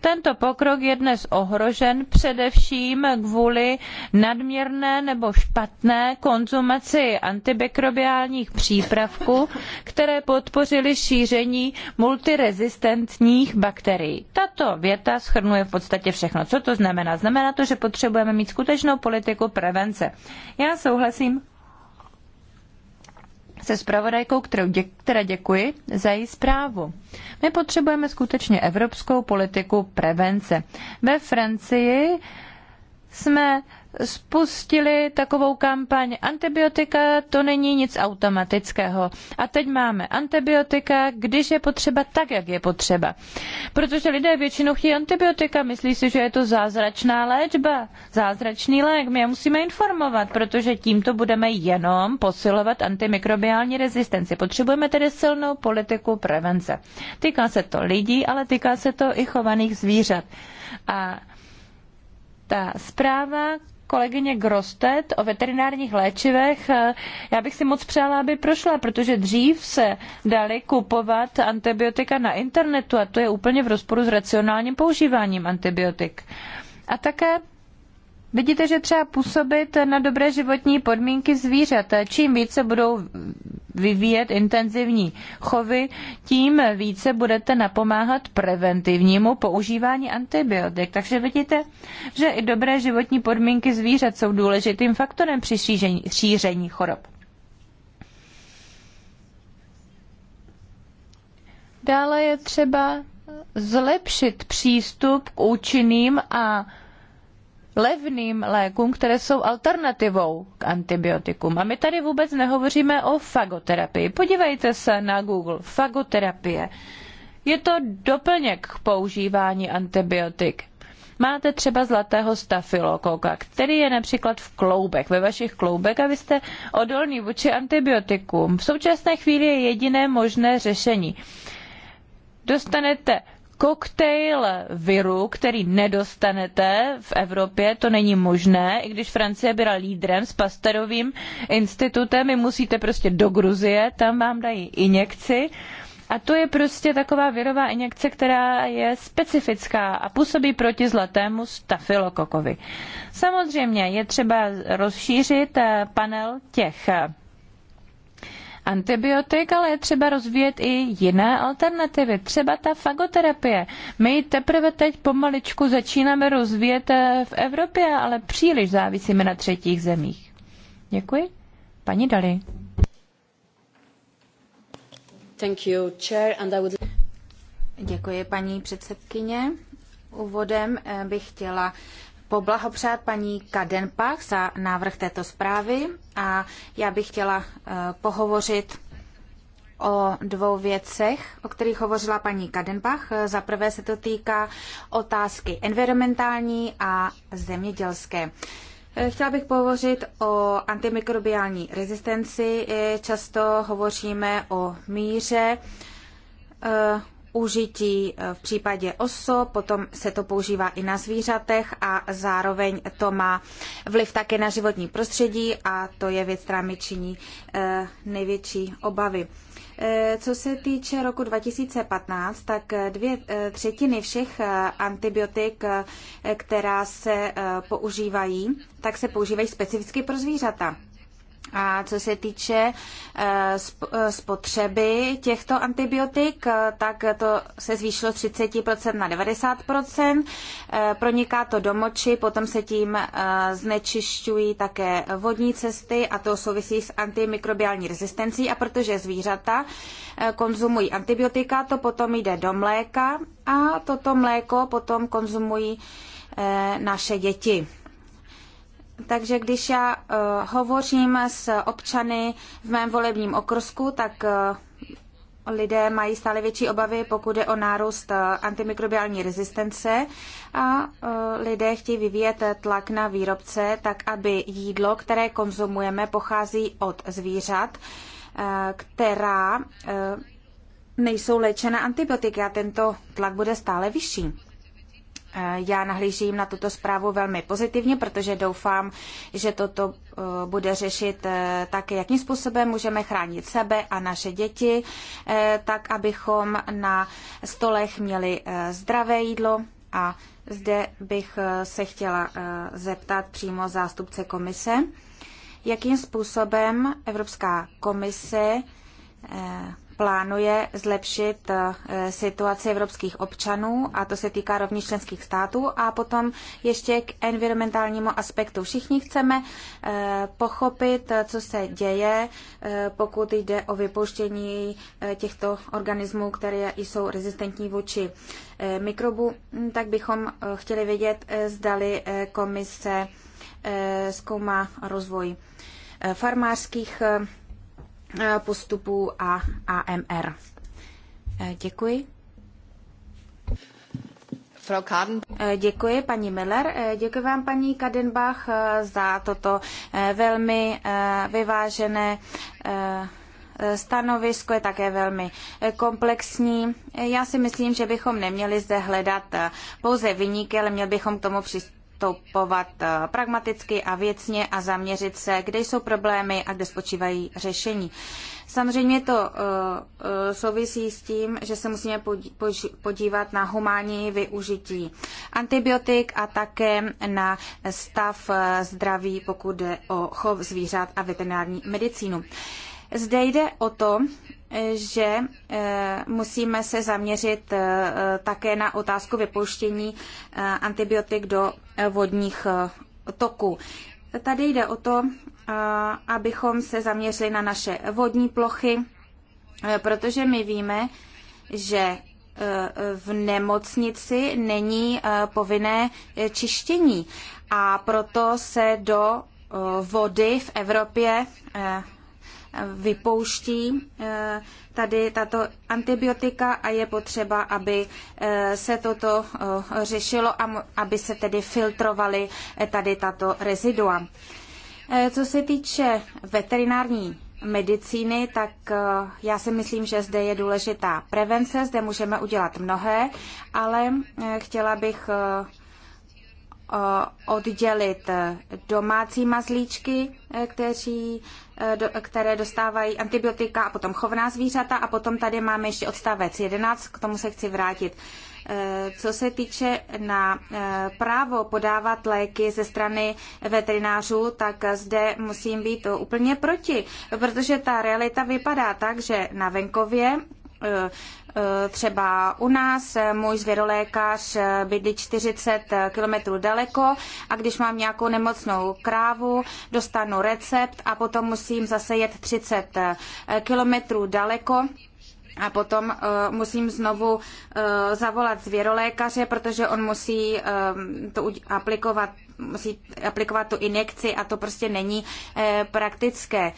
tento pokrok je dnes ohrožen především kvůli nadměrné nebo špatné konzumaci antimikrobiálních přípravků, které podpořily šíření multirezistentních bakterií. Tato věta schrnuje v podstatě všechno. Co to znamená? Znamená to, že potřebujeme mít skutečnou politiku prevence. Já souhlasím se spravodajkou, které děkuji za její zprávu. My potřebujeme skutečně evropskou politiku prevence. Ve Francii jsme spustili takovou kampaň antibiotika, to není nic automatického. A teď máme antibiotika, když je potřeba, tak, jak je potřeba. Protože lidé většinou chtějí antibiotika, myslí si, že je to zázračná léčba, zázračný lék. My je musíme informovat, protože tímto budeme jenom posilovat antimikrobiální rezistenci. Potřebujeme tedy silnou politiku prevence. Týká se to lidí, ale týká se to i chovaných zvířat. A ta zpráva, kolegyně Grostet o veterinárních léčivech, eh, já bych si moc přála, aby prošla, protože dřív se dali kupovat antibiotika na internetu a to je úplně v rozporu s racionálním používáním antibiotik. A také Vidíte, že třeba působit na dobré životní podmínky zvířat. Čím více budou vyvíjet intenzivní chovy, tím více budete napomáhat preventivnímu používání antibiotik. Takže vidíte, že i dobré životní podmínky zvířat jsou důležitým faktorem při šíření, šíření chorob. Dále je třeba zlepšit přístup k účinným a levným lékům, které jsou alternativou k antibiotikům. A my tady vůbec nehovoříme o fagoterapii. Podívejte se na Google. Fagoterapie. Je to doplněk k používání antibiotik. Máte třeba zlatého stafilokoka, který je například v kloubech, ve vašich kloubech a vy jste odolní vůči antibiotikům. V současné chvíli je jediné možné řešení. Dostanete koktejl viru, který nedostanete v Evropě, to není možné, i když Francie byla lídrem s Pasterovým institutem, vy musíte prostě do Gruzie, tam vám dají injekci. A to je prostě taková virová injekce, která je specifická a působí proti zlatému stafilokokovi. Samozřejmě je třeba rozšířit eh, panel těch eh, antibiotik, ale je třeba rozvíjet i jiné alternativy, třeba ta fagoterapie. My ji teprve teď pomaličku začínáme rozvíjet eh, v Evropě, ale příliš závisíme na třetích zemích. Děkuji. Paní Dali. Thank you, chair, and I would... Děkuji, paní předsedkyně. Úvodem eh, bych chtěla poblahopřát paní Kadenpach za návrh této zprávy a já bych chtěla eh, pohovořit o dvou věcech, o kterých hovořila paní Kadenbach. Za prvé se to týká otázky environmentální a zemědělské. Eh, chtěla bych pohovořit o antimikrobiální rezistenci. Eh, často hovoříme o míře užití eh, v případě osob, potom se to používá i na zvířatech a zároveň to má vliv také na životní prostředí a to je věc, která mi činí eh, největší obavy. Eh, co se týče roku 2015, tak dvě třetiny všech antibiotik, která se používají, tak se používají specificky pro zvířata. A co se týče eh, eh, spotřeby těchto antibiotik, eh, tak to se zvýšilo 30% na 90%. Proniká to do moči, potom se tím znečišťují také vodní cesty a to souvisí s antimikrobiální rezistencí. A protože zvířata konzumují antibiotika, to potom jde do mléka a toto mléko potom konzumují naše děti. Takže když já uh, hovořím s občany v mém volebním okrsku, tak uh, lidé mají stále větší obavy, pokud je o nárůst uh, antimikrobiální rezistence a uh, lidé chtějí vyvíjet tlak na výrobce, tak aby jídlo, které konzumujeme, pochází od zvířat, uh, která uh, nejsou léčena antibiotiky a tento tlak bude stále vyšší. Eh, já nahlížím na tuto zprávu velmi pozitivně, protože doufám, že toto eh, bude řešit eh, také, jakým způsobem můžeme chránit sebe a naše děti, tak abychom na stolech měli zdravé jídlo. A zde bych se chtěla zeptat přímo zástupce komise, jakým způsobem Evropská komise plánuje zlepšit eh, situaci evropských občanů a to se týká rovněž členských států a potom ještě k environmentálnímu aspektu. Všichni chceme eh, pochopit, eh, co se děje, pokud jde o vypouštění těchto organismů, které jsou rezistentní vůči mikrobu, hm, tak bychom chtěli vědět, zdali komise zkoumá rozvoj farmářských Eh, postupů a AMR. Eh, děkuji. Frau Kaden. Eh, děkuji, paní Miller. Děkuji vám, paní Kadenbach, za toto velmi vyvážené stanovisko je také velmi komplexní. Já si myslím, že bychom neměli zde hledat pouze vyníky, ale měli bychom k tomu přistupovat postupovat eh, pragmaticky a věcně a zaměřit se, kde jsou problémy a kde spočívají řešení. Samozřejmě to eh, eh, souvisí s tím, že se musíme podívat na humánní využití antibiotik a také na stav zdraví, pokud jde o chov zvířat a veterinární medicínu. Zde jde o to, že e, musíme se zaměřit e, také na otázku vypouštění e, antibiotik do vodních toků. Tady jde o to, abychom se zaměřili na naše vodní plochy, protože my víme, že v nemocnici není povinné čištění a proto se do vody v Evropě vypouští eh, tady tato antibiotika a je potřeba, aby eh, se toto eh, řešilo a aby se tedy filtrovaly tady tato rezidua. Co se týče veterinární medicíny, tak já si myslím, že zde je důležitá prevence, zde můžeme udělat mnohé, ale chtěla bych oddělit domácí mazlíčky, kteří které dostávají antibiotika a potom chovná zvířata a potom tady máme ještě odstavec 11, k tomu se chci vrátit. Eh, co se týče na eh, právo podávat léky ze strany veterinářů, tak zde musím být úplně proti, protože ta realita vypadá tak, že na venkově eh, Eh, třeba u nás eh, můj zvěrolékař eh, bydlí 40 kilometrů daleko a když mám nějakou nemocnou krávu, dostanu recept a potom musím zase jet 30 kilometrů daleko a potom uh, musím znovu uh, zavolat zvěrolékaře, protože on musí uh, to aplikovat, musí aplikovat tu injekci a to prostě není uh, praktické. Uh,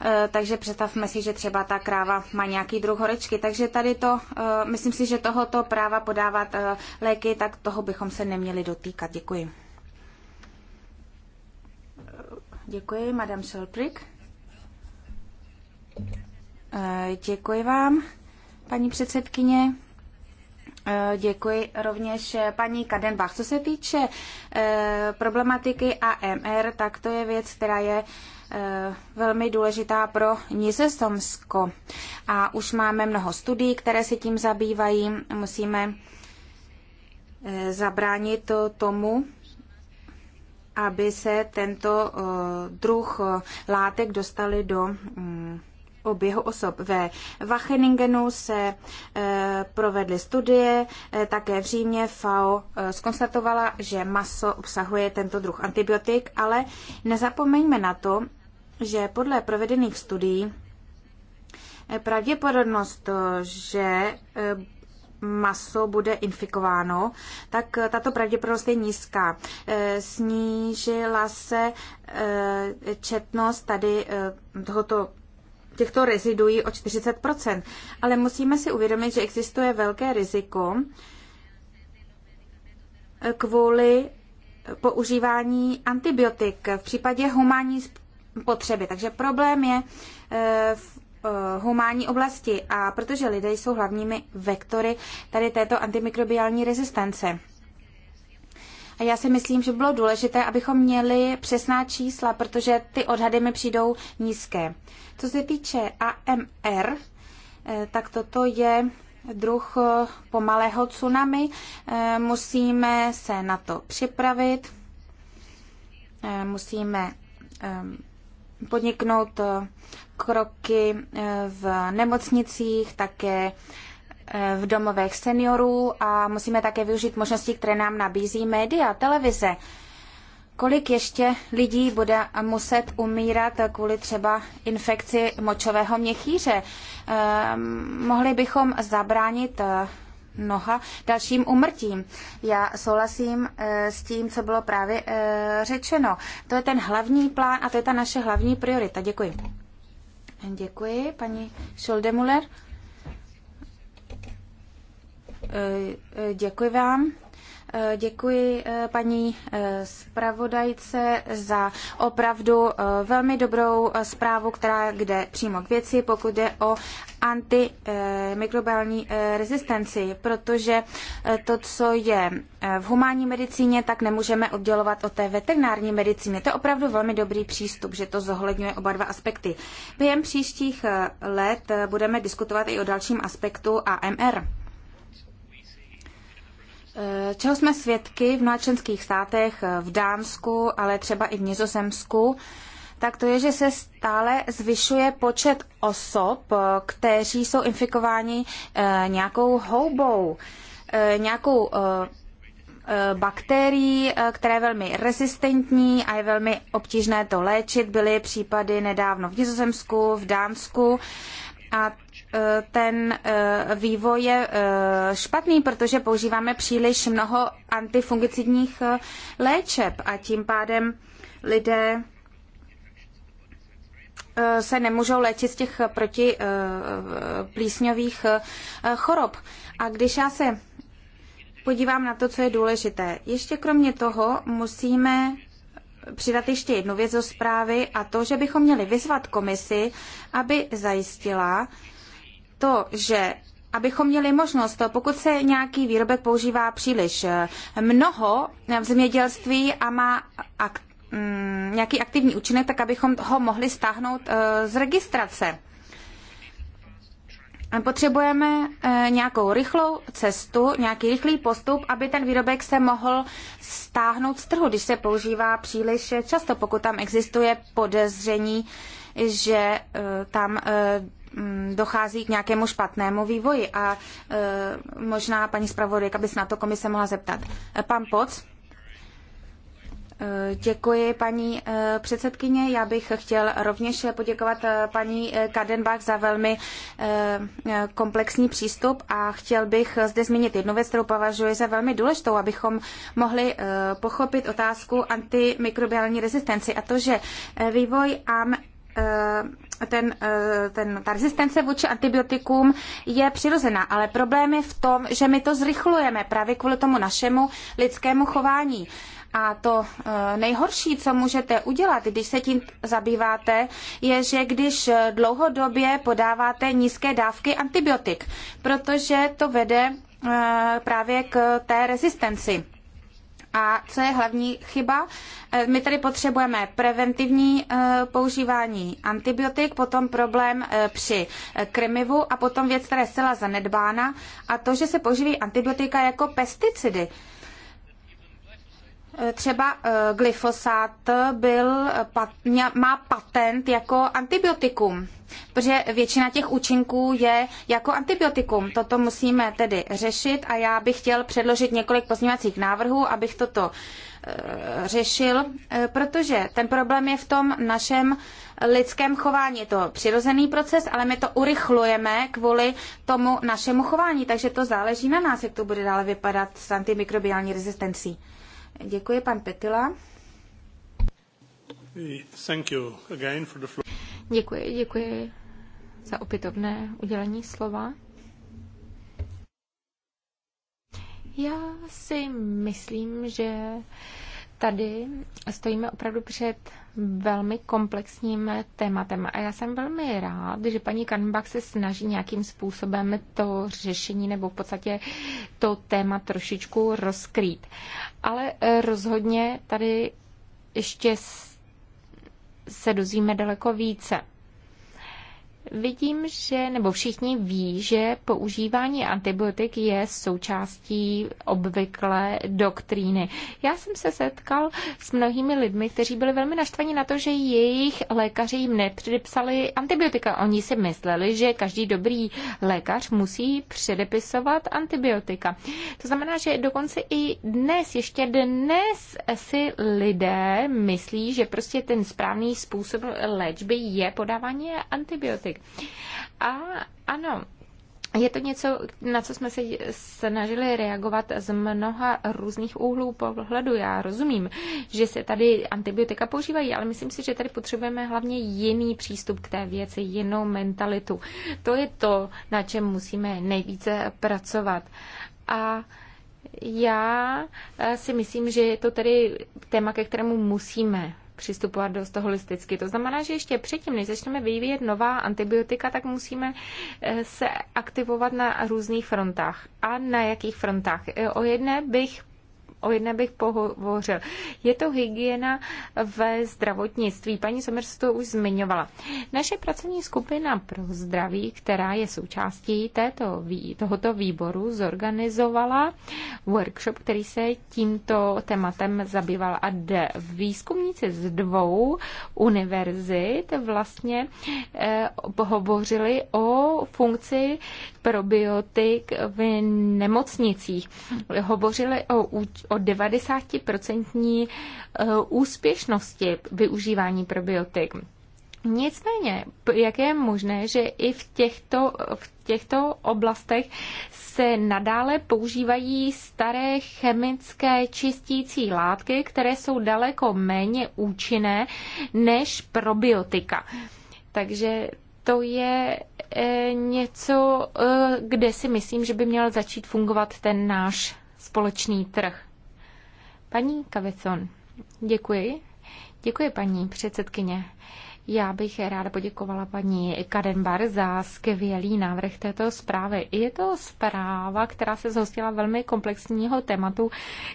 Eh, takže představme si, že třeba ta kráva má nějaký druh horečky. Takže tady to, eh, myslím si, že tohoto práva podávat eh, léky, tak toho bychom se neměli dotýkat. Děkuji. Děkuji, Madame Šelprik. Děkuji vám, paní předsedkyně. Děkuji rovněž paní Kadenbach. Co se týče problematiky AMR, tak to je věc, která je Eh, velmi důležitá pro Nizozemsko. A už máme mnoho studií, které se tím zabývají. Musíme eh, zabránit tomu, aby se tento eh, druh látek dostali do mm, oběhu osob. Ve Wacheningenu se eh, provedly studie, eh, také v Římě FAO skonstatovala, eh, že maso obsahuje tento druh antibiotik, ale nezapomeňme na to, že podle provedených studií pravděpodobnost, že maso bude infikováno, tak tato pravděpodobnost je nízká. Snížila se četnost tady tohoto těchto rezidují o 40 Ale musíme si uvědomit, že existuje velké riziko kvůli používání antibiotik v případě humánní potřeby. Takže problém je eh, v eh, humánní oblasti a protože lidé jsou hlavními vektory tady této antimikrobiální rezistence. A já si myslím, že bylo důležité, abychom měli přesná čísla, protože ty odhady mi přijdou nízké. Co se týče AMR, eh, tak toto je druh eh, pomalého tsunami. Eh, musíme se na to připravit, musíme podniknout kroky v nemocnicích, také v domovech seniorů a musíme také využít možnosti, které nám nabízí média, televize. Kolik ještě lidí bude muset umírat kvůli třeba infekci močového měchýře? Ehm, mohli bychom zabránit eh, mnoha dalším umrtím. Já souhlasím eh, s tím, co bylo právě eh, řečeno. To je ten hlavní plán a to je ta naše hlavní priorita. Děkuji. Děkuji, paní Schuldemuller. Děkuji vám. Eh, děkuji eh, paní eh, zpravodajce za opravdu velmi dobrou zprávu, která jde přímo k věci, pokud jde o antimikrobiální rezistenci, protože to, co je v humánní medicíně, tak nemůžeme oddělovat od té veterinární medicíny. To je opravdu velmi dobrý přístup, že to zohledňuje oba dva aspekty. Během příštích let budeme diskutovat i o dalším aspektu AMR. Eh, čeho jsme svědky v mnoha státech, eh, v Dánsku, ale třeba i v Nizozemsku, tak to je, že se stále zvyšuje počet osob, eh, kteří jsou infikováni nějakou houbou, nějakou bakterií, která je velmi rezistentní a je velmi obtížné to léčit. Byly případy nedávno v Nizozemsku, v Dánsku a Eh, ten eh, vývoj je eh, špatný, protože používáme příliš mnoho antifungicidních léčeb a tím pádem lidé se nemůžou léčit z těch protiplísňových chorob. A když já se podívám na to, co je důležité, ještě kromě toho musíme přidat ještě jednu věc do zprávy a to, že bychom měli vyzvat komisi, aby zajistila, to, že abychom měli možnost, pokud se nějaký výrobek používá příliš eh, mnoho v zemědělství a má ak, mm, nějaký aktivní účinek, tak abychom ho mohli stáhnout eh, z registrace. Potřebujeme eh, nějakou rychlou cestu, nějaký rychlý postup, aby ten výrobek se mohl stáhnout z trhu, když se používá příliš často, pokud tam existuje podezření, že tam Mm, dochází k nějakému špatnému vývoji a e, možná paní zpravodajka by se na to komise mohla zeptat. E, pan Poc? E, děkuji, paní předsedkyně. Já bych chtěl rovněž poděkovat paní Kadenbach za velmi komplexní přístup a chtěl bych zde zmínit jednu věc, kterou považuji za velmi důležitou, abychom mohli pochopit otázku antimikrobiální rezistenci a to, že vývoj a ten, eh, ten, ta rezistence vůči antibiotikům je přirozená, ale problém je v tom, že my to zrychlujeme právě kvůli tomu našemu lidskému chování. A to eh, nejhorší, co můžete udělat, když se tím zabýváte, je, že když dlouhodobě podáváte nízké dávky antibiotik, protože to vede eh, právě k té rezistenci. A co je hlavní chyba? Eh, my tady potřebujeme preventivní eh, používání antibiotik, potom problém eh, při krmivu a potom věc, která je zcela zanedbána a to, že se používají antibiotika jako pesticidy. Třeba eh, glyfosát byl, má patent jako antibiotikum, protože většina těch účinků je jako antibiotikum. Toto musíme tedy řešit a já bych chtěl předložit několik pozměňovacích návrhů, abych toto eh, řešil, eh, protože ten problém je v tom našem lidském chování. Je to přirozený proces, ale my to urychlujeme kvůli tomu našemu chování, takže to záleží na nás, jak to bude dále vypadat s antimikrobiální rezistencí. Děkuji, pan Petila. Thank you again for the floor. Děkuji, děkuji za opětovné udělení slova. Já si myslím, že tady stojíme opravdu před velmi komplexním tématem. A já jsem velmi rád, že paní Kanbach se snaží nějakým způsobem to řešení nebo v podstatě to téma trošičku rozkrýt. Ale eh, rozhodně tady ještě se dozvíme daleko více. Vidím, že, nebo všichni ví, že používání antibiotik je součástí obvyklé doktríny. Já jsem se setkal s mnohými lidmi, kteří byli velmi naštvaní na to, že jejich lékaři jim nepředepsali antibiotika. Oni si mysleli, že každý dobrý lékař musí předepisovat antibiotika. To znamená, že dokonce i dnes, ještě dnes si lidé myslí, že prostě ten správný způsob léčby je podávání antibiotik člověk. A ano, je to něco, na co jsme se snažili reagovat z mnoha různých úhlů pohledu. Já rozumím, že se tady antibiotika používají, ale myslím si, že tady potřebujeme hlavně jiný přístup k té věci, jinou mentalitu. To je to, na čem musíme nejvíce pracovat. A já eh, si myslím, že je to tedy téma, ke kterému musíme přistupovat dost holisticky. To znamená, že ještě předtím, než začneme vyvíjet nová antibiotika, tak musíme eh, se aktivovat na různých frontách. A na jakých frontách? Eh, o jedné bych o jedné bych pohovořil. Je to hygiena ve zdravotnictví. Paní Somers to už zmiňovala. Naše pracovní skupina pro zdraví, která je součástí této, tohoto výboru, zorganizovala workshop, který se tímto tématem zabýval a de výzkumníci z dvou univerzit vlastně eh, pohovořili o funkci probiotik v nemocnicích. Hovořili o, o 90% e, úspěšnosti využívání probiotik. Nicméně, jak je možné, že i v těchto, v těchto oblastech se nadále používají staré chemické čistící látky, které jsou daleko méně účinné než probiotika. Takže to je eh, něco, eh, kde si myslím, že by měl začít fungovat ten náš společný trh. Paní Kavicon, děkuji. Děkuji, paní předsedkyně. Já bych ráda poděkovala paní Kadenbar za skvělý návrh této zprávy. Je to zpráva, která se zhostila velmi komplexního tématu,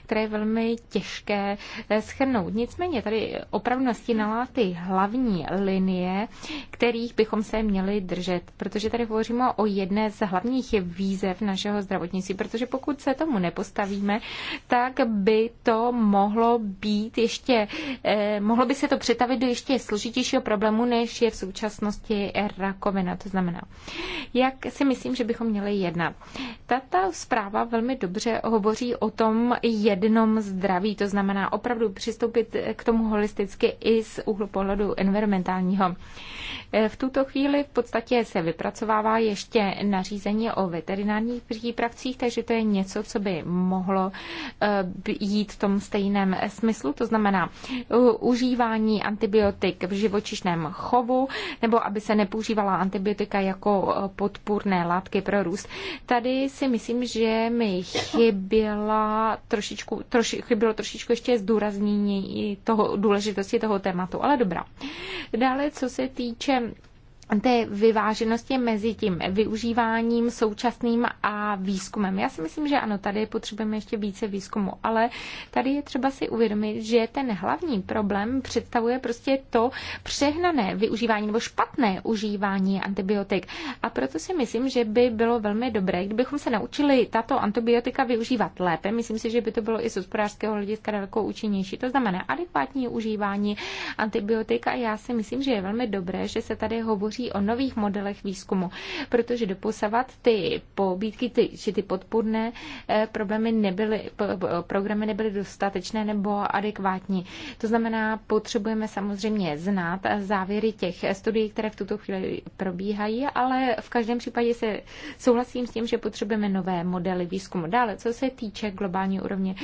které je velmi těžké eh, schrnout. Nicméně tady opravdu nastínala ty hlavní linie, kterých bychom se měli držet, protože tady hovoříme o jedné z hlavních výzev našeho zdravotnictví, protože pokud se tomu nepostavíme, tak by to mohlo být ještě, eh, mohlo by se to přetavit do ještě složitějšího problému, problémů, než je v současnosti rakovina. To znamená, jak si myslím, že bychom měli jednat. Tato zpráva velmi dobře hovoří o tom jednom zdraví, to znamená opravdu přistoupit k tomu holisticky i z úhlu pohledu environmentálního. V tuto chvíli v podstatě se vypracovává ještě nařízení o veterinárních přípravcích, takže to je něco, co by mohlo eh, jít v tom stejném smyslu, to znamená užívání antibiotik v živočišné zdravotném chovu nebo aby se nepoužívala antibiotika jako eh, podpůrné látky pro růst. Tady si myslím, že mi chyběla trošičku, troši, chybělo trošičku ještě zdůraznění toho důležitosti toho tématu, ale dobrá. Dále, co se týče té vyváženosti mezi tím využíváním současným a výzkumem. Já si myslím, že ano, tady potřebujeme ještě více výzkumu, ale tady je třeba si uvědomit, že ten hlavní problém představuje prostě to přehnané využívání nebo špatné užívání antibiotik. A proto si myslím, že by bylo velmi dobré, kdybychom se naučili tato antibiotika využívat lépe. Myslím si, že by to bylo i z hospodářského hlediska daleko účinnější. To znamená adekvátní užívání antibiotik a já si myslím, že je velmi dobré, že se tady hovoří hovoří o nových modelech výzkumu, protože doposavat ty pobídky, ty, či ty podpůrné eh, problémy nebyly, programy nebyly dostatečné nebo adekvátní. To znamená, potřebujeme samozřejmě znát závěry těch studií, které v tuto chvíli probíhají, ale v každém případě se souhlasím s tím, že potřebujeme nové modely výzkumu. Dále, co se týče globální úrovně,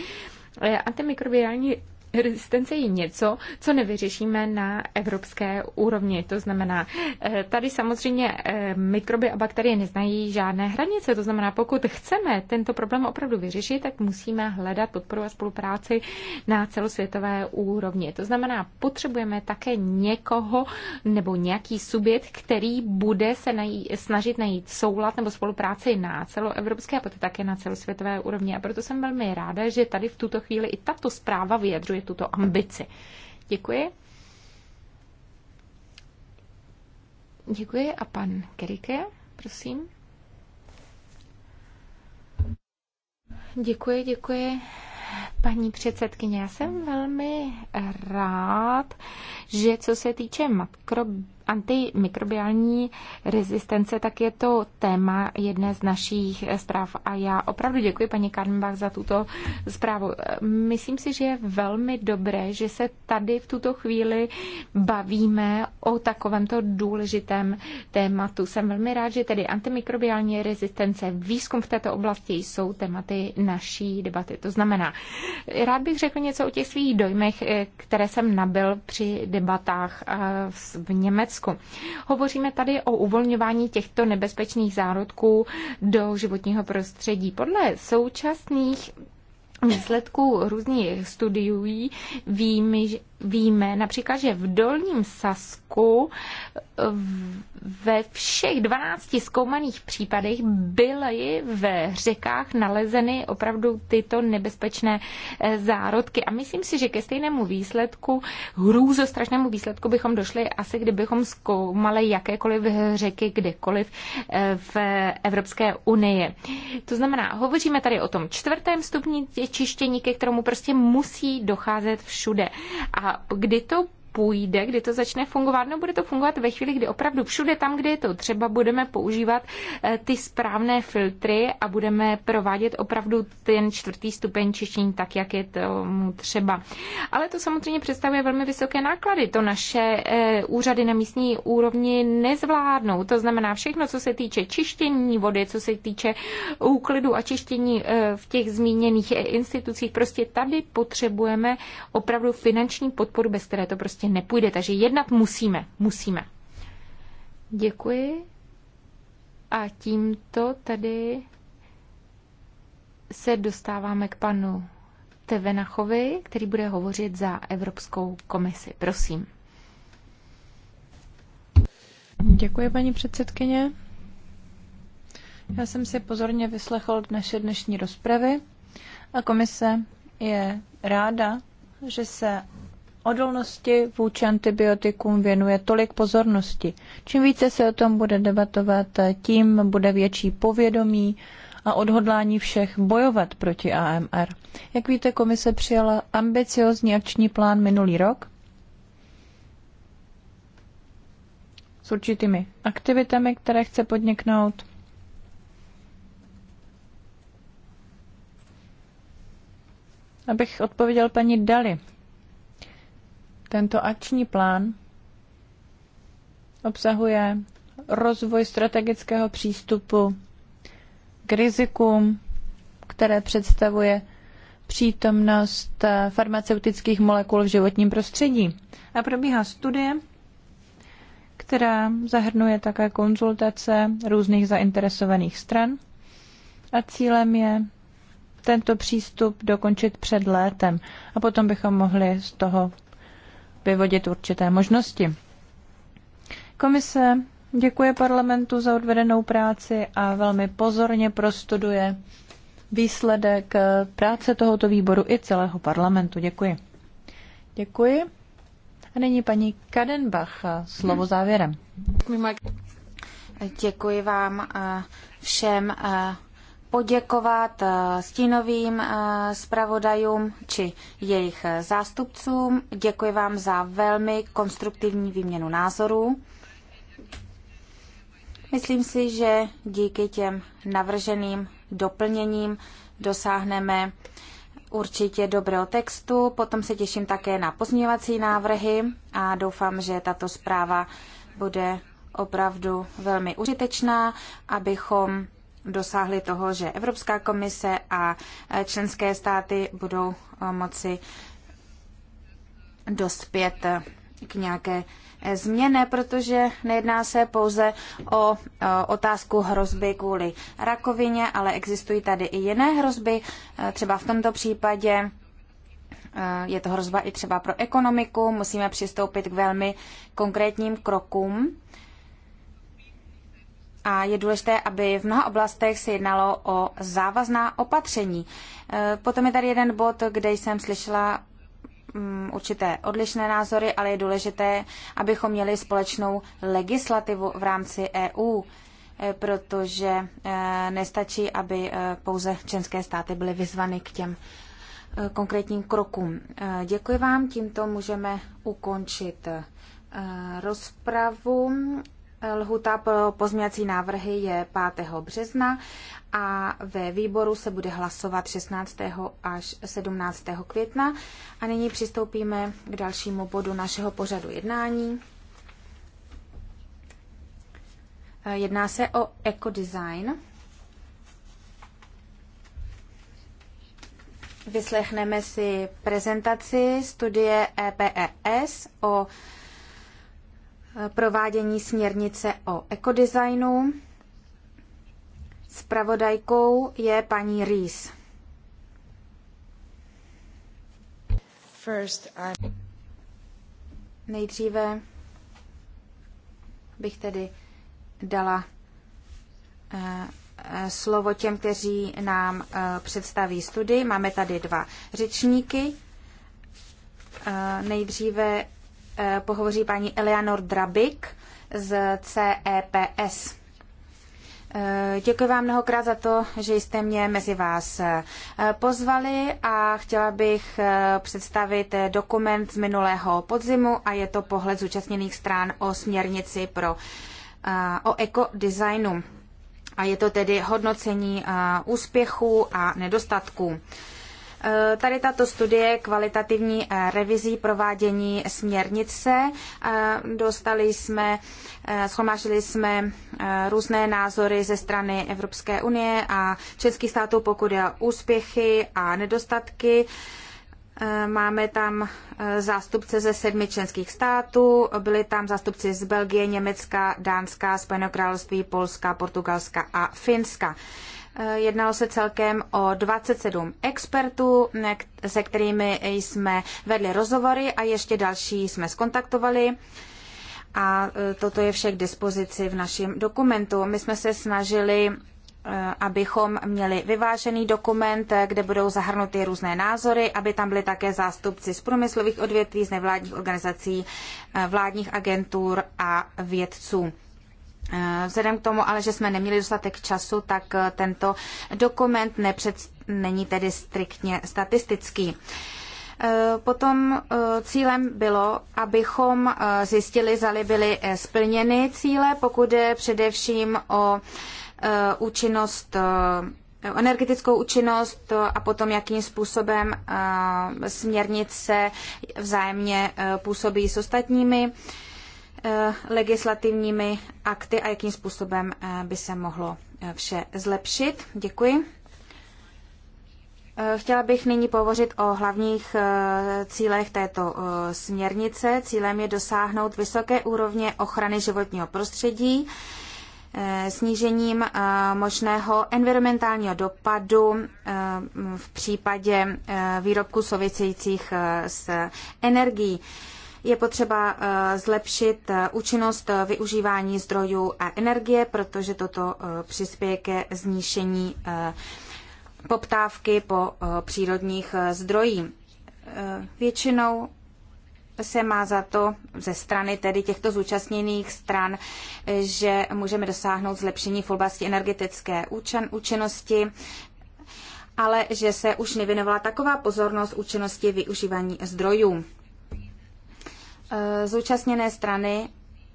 eh, antimikrobiální rezistence je něco, co nevyřešíme na evropské úrovni. To znamená, eh, tady samozřejmě eh, mikroby a bakterie neznají žádné hranice. To znamená, pokud chceme tento problém opravdu vyřešit, tak musíme hledat podporu a spolupráci na celosvětové úrovni. To znamená, potřebujeme také někoho nebo nějaký subjekt, který bude se najít, snažit najít soulad nebo spolupráci na celoevropské a poté také na celosvětové úrovni. A proto jsem velmi ráda, že tady v tuto chvíli i tato zpráva vyjadřuje realizuje tuto ambici. Děkuji. Děkuji a pan Kerike, prosím. Děkuji, děkuji. Paní předsedkyně, já jsem velmi rád, že co se týče makro antimikrobiální rezistence, tak je to téma jedné z našich zpráv. A já opravdu děkuji paní Karnbach za tuto zprávu. Myslím si, že je velmi dobré, že se tady v tuto chvíli bavíme o takovémto důležitém tématu. Jsem velmi rád, že tedy antimikrobiální rezistence, výzkum v této oblasti jsou tématy naší debaty. To znamená, rád bych řekl něco o těch svých dojmech, eh, které jsem nabil při debatách eh, v Německu Česku. Hovoříme tady o uvolňování těchto nebezpečných zárodků do životního prostředí. Podle současných výsledků různých studií víme, víme například, že v Dolním Sasku ve všech 12 zkoumaných případech byly v řekách nalezeny opravdu tyto nebezpečné eh, zárodky. A myslím si, že ke stejnému výsledku, hrůzostrašnému výsledku bychom došli asi, kdybychom zkoumali jakékoliv řeky kdekoliv eh, v Evropské unii. To znamená, hovoříme tady o tom čtvrtém stupni čištění, ke kterému prostě musí docházet všude. A kdy to půjde, kdy to začne fungovat. No bude to fungovat ve chvíli, kdy opravdu všude tam, kde je to třeba, budeme používat eh, ty správné filtry a budeme provádět opravdu ten čtvrtý stupeň čištění tak, jak je tomu třeba. Ale to samozřejmě představuje velmi vysoké náklady. To naše eh, úřady na místní úrovni nezvládnou. To znamená všechno, co se týče čištění vody, co se týče úklidu a čištění eh, v těch zmíněných institucích. Prostě tady potřebujeme opravdu finanční podporu, bez které to prostě prostě nepůjde. Takže jednat musíme, musíme. Děkuji. A tímto tady se dostáváme k panu Tevenachovi, který bude hovořit za Evropskou komisi. Prosím. Děkuji, paní předsedkyně. Já jsem si pozorně vyslechl naše dnešní rozpravy a komise je ráda, že se odolnosti vůči antibiotikům věnuje tolik pozornosti. Čím více se o tom bude debatovat, tím bude větší povědomí a odhodlání všech bojovat proti AMR. Jak víte, komise přijala ambiciozní akční plán minulý rok s určitými aktivitami, které chce podniknout. Abych odpověděl paní Dali. Tento akční plán obsahuje rozvoj strategického přístupu k rizikům, které představuje přítomnost farmaceutických molekul v životním prostředí. A probíhá studie, která zahrnuje také konzultace různých zainteresovaných stran a cílem je tento přístup dokončit před létem a potom bychom mohli z toho vyvodit určité možnosti. Komise děkuje parlamentu za odvedenou práci a velmi pozorně prostuduje výsledek práce tohoto výboru i celého parlamentu. Děkuji. Děkuji. A nyní paní Kadenbach, slovo závěrem. Děkuji vám eh, všem eh, poděkovat eh, stínovým eh, zpravodajům či jejich eh, zástupcům. Děkuji vám za velmi konstruktivní výměnu názorů. Myslím si, že díky těm navrženým doplněním dosáhneme určitě dobrého textu. Potom se těším také na pozměňovací návrhy a doufám, že tato zpráva bude opravdu velmi užitečná, abychom dosáhli toho, že Evropská komise a e, členské státy budou e, moci dospět e, k nějaké změně, protože nejedná se pouze o otázku hrozby kvůli rakovině, ale existují tady i jiné hrozby. Třeba v tomto případě je to hrozba i třeba pro ekonomiku. Musíme přistoupit k velmi konkrétním krokům a je důležité, aby v mnoha oblastech se jednalo o závazná opatření. E, potom je tady jeden bod, kde jsem slyšela mm, určité odlišné názory, ale je důležité, abychom měli společnou legislativu v rámci EU, e, protože e, nestačí, aby pouze členské státy byly vyzvany k těm konkrétním krokům. Děkuji vám, tímto můžeme ukončit rozpravu Lhuta pro pozměňací návrhy je 5. března a ve výboru se bude hlasovat 16. až 17. května. A nyní přistoupíme k dalšímu bodu našeho pořadu jednání. Jedná se o ekodesign. Vyslechneme si prezentaci studie EPRS e o provádění směrnice o ekodesignu. Spravodajkou je paní Rees. Nejdříve bych tedy dala eh, eh, slovo těm, kteří nám eh, představí studii. Máme tady dva řečníky. Nejdříve Eh, pohovoří paní Eleanor Drabik z CEPS. Eh, děkuji vám mnohokrát za to, že jste mě mezi vás eh, pozvali a chtěla bych představit dokument z minulého podzimu a je to pohled zúčastněných stran o směrnici pro, o ekodesignu. A je to tedy hodnocení úspěchů a nedostatků. Eh, tady tato studie kvalitativní eh, revizí provádění směrnice. Eh, dostali jsme, schromáždili jsme různé názory ze strany Evropské unie a českých států, pokud je úspěchy a nedostatky. Máme tam zástupce ze sedmi členských států, byli tam zástupci z Belgie, Německa, Dánska, Spojeného království, Polska, Portugalska a Finska. Eh, jednalo se celkem o 27 expertů, se kterými jsme vedli rozhovory a ještě další jsme skontaktovali. A eh, toto je vše k dispozici v našem dokumentu. My jsme se snažili eh, abychom měli vyvážený dokument, kde budou zahrnuty různé názory, aby tam byly také zástupci z průmyslových odvětví, z nevládních organizací, vládních agentur a vědců. Eh, vzhledem k tomu ale, že jsme neměli dostatek času, tak eh, tento dokument nepřed, není tedy striktně statistický. Eh, potom cílem bylo, abychom zjistili, zali byly splněny cíle, pokud je především o účinnost energetickou účinnost a potom jakým způsobem směrnice vzájemně působí s ostatními. Eh, legislativními akty a jakým způsobem eh, by se mohlo eh, vše zlepšit. Děkuji. Chtěla bych nyní povořit o hlavních cílech této směrnice. Cílem je dosáhnout vysoké úrovně ochrany životního prostředí snížením možného environmentálního dopadu v případě výrobků souvisejících s energií. Je potřeba eh, zlepšit eh, účinnost eh, využívání zdrojů a energie, protože toto přispěje ke znížení poptávky po přírodních zdrojích. Většinou se má za to ze strany tedy těchto zúčastněných stran, že můžeme dosáhnout zlepšení v oblasti energetické účinnosti, ale že se už nevěnovala taková pozornost účinnosti využívání zdrojů. Eh, zúčastněné strany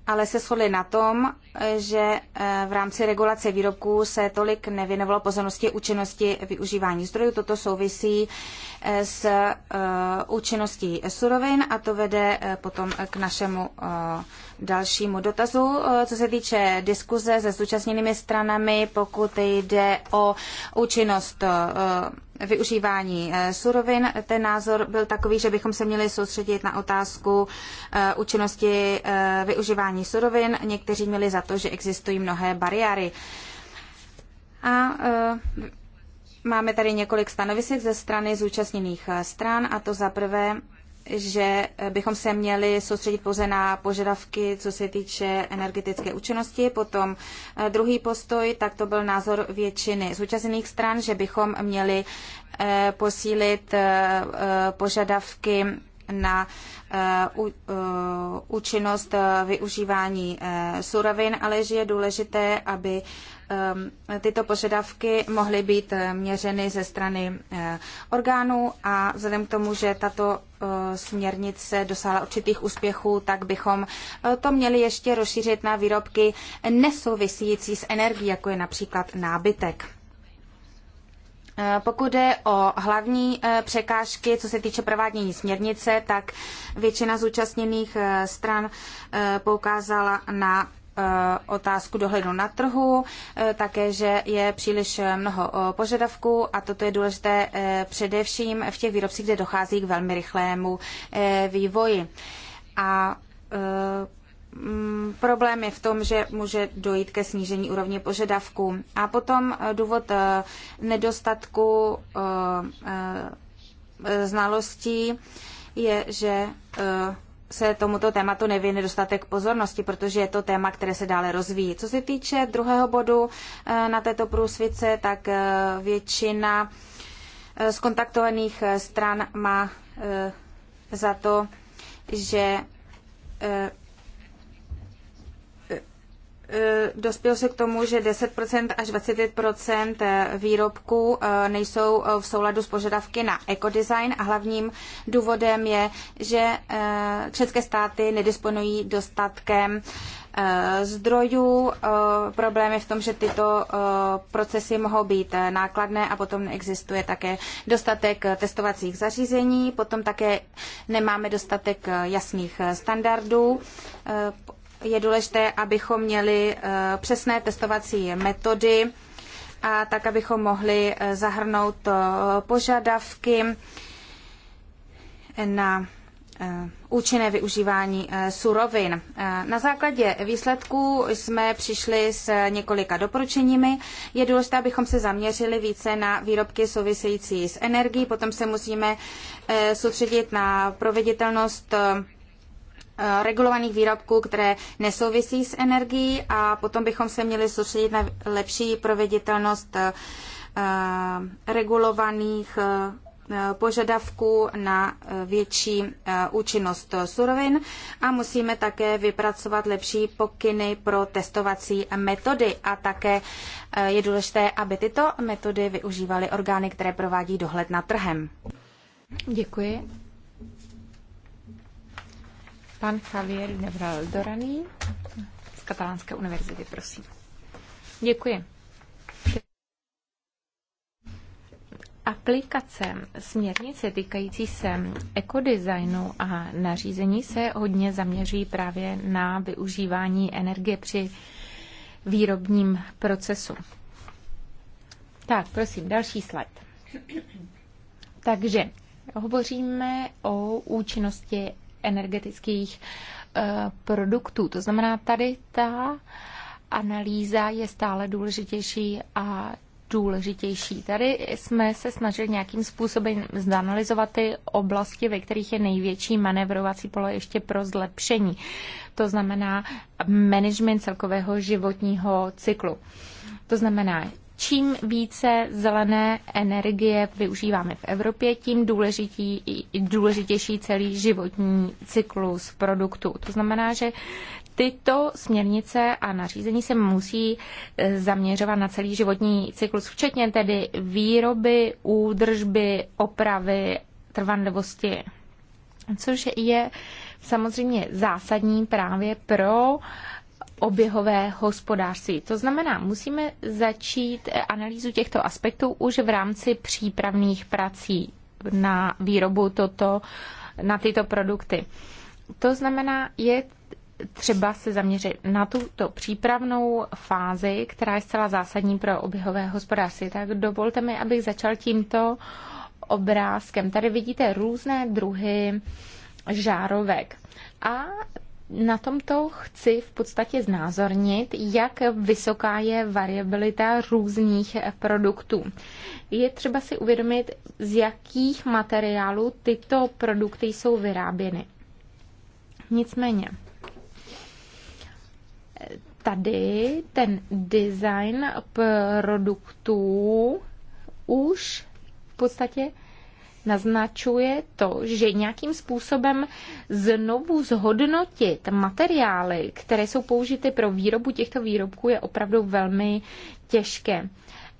ale se shodly na tom, že eh, v rámci regulace výrobků se tolik nevěnovalo pozornosti účinnosti využívání zdrojů. Toto souvisí eh, s účinností surovin a to vede potom k našemu dalšímu dotazu, eh, co se týče diskuze se zúčastněnými stranami, pokud jde o účinnost eh, využívání eh, surovin. Ten názor byl takový, že bychom se měli soustředit na otázku účinnosti využívání surovin. Někteří měli za to, že existují mnohé bariéry. A Máme tady několik stanovisek ze strany zúčastněných stran, a to za prvé že bychom se měli soustředit pouze na požadavky, co se týče energetické účinnosti. Potom eh, druhý postoj, tak to byl názor většiny zúčastněných stran, že bychom měli eh, posílit eh, požadavky na účinnost využívání surovin, ale že je důležité, aby Ehm, tyto požadavky mohly být měřeny ze strany eh, orgánů a vzhledem k tomu, že tato eh, směrnice dosáhla určitých úspěchů, tak bychom eh, to měli ještě rozšířit na výrobky nesouvisící s energií, jako je například nábytek. Pokud jde o hlavní překážky, co se týče provádění směrnice, tak většina zúčastněných stran poukázala na Eh, otázku dohledu na trhu, eh, také, že je příliš eh, mnoho požadavků a toto je důležité především v těch výrobcích, kde dochází k velmi rychlému vývoji. A mm, problém je v tom, že může dojít ke snížení úrovně požadavků. A potom důvod nedostatku znalostí je, že se tomuto tématu nevěnuje dostatek pozornosti, protože je to téma, které se dále rozvíjí. Co se týče druhého bodu eh, na této průsvice, tak eh, většina eh, z kontaktovaných stran má za to, že Eh, dospěl se k tomu, že 10% až 25% eh, výrobků eh, nejsou v souladu s požadavky na ekodesign a hlavním důvodem je, že české státy nedisponují dostatkem zdrojů. Problém je v tom, že tyto procesy mohou být nákladné a potom neexistuje také dostatek testovacích zařízení, potom také nemáme dostatek jasných standardů je důležité, abychom měli eh, přesné testovací metody a tak, abychom mohli eh, zahrnout eh, požadavky na účinné využívání surovin. Na základě výsledků jsme přišli s několika doporučeními. Je důležité, abychom se zaměřili více na výrobky související s energií, potom se musíme soustředit na proveditelnost Eh, regulovaných výrobků, které nesouvisí s energií a potom bychom se měli soustředit na lepší proveditelnost eh, regulovaných eh, požadavků na větší účinnost surovin a musíme také vypracovat lepší pokyny pro testovací metody a také je důležité, aby tyto metody využívaly orgány, které provádí dohled nad trhem. Děkuji. Pan Javier Nebral Doraný z Katalánské univerzity, prosím. Děkuji. Aplikace směrnice týkající se ekodesignu a nařízení se hodně zaměří právě na využívání energie při výrobním procesu. Tak, prosím, další slide. Takže hovoříme o účinnosti energetických eh, produktů. To znamená, tady ta analýza je stále důležitější a důležitější. Tady jsme se snažili nějakým způsobem zanalizovat ty oblasti, ve kterých je největší manevrovací pole ještě pro zlepšení. To znamená management celkového životního cyklu. To znamená, čím více zelené energie využíváme v Evropě, tím důležitý, důležitější celý životní cyklus produktů. To znamená, že tyto směrnice a nařízení se musí e, zaměřovat na celý životní cyklus, včetně tedy výroby, údržby, opravy, trvanlivosti, což je samozřejmě zásadní právě pro oběhové hospodářství. To znamená, musíme začít analýzu těchto aspektů už v rámci přípravných prací na výrobu toto, na tyto produkty. To znamená, je třeba se zaměřit na tuto přípravnou fázi, která je zcela zásadní pro oběhové hospodářství. Tak dovolte mi, abych začal tímto obrázkem. Tady vidíte různé druhy žárovek. A na tomto chci v podstatě znázornit, jak vysoká je variabilita různých produktů. Je třeba si uvědomit, z jakých materiálů tyto produkty jsou vyráběny. Nicméně, tady ten design produktů už v podstatě naznačuje to, že nějakým způsobem znovu zhodnotit materiály, které jsou použity pro výrobu těchto výrobků, je opravdu velmi těžké.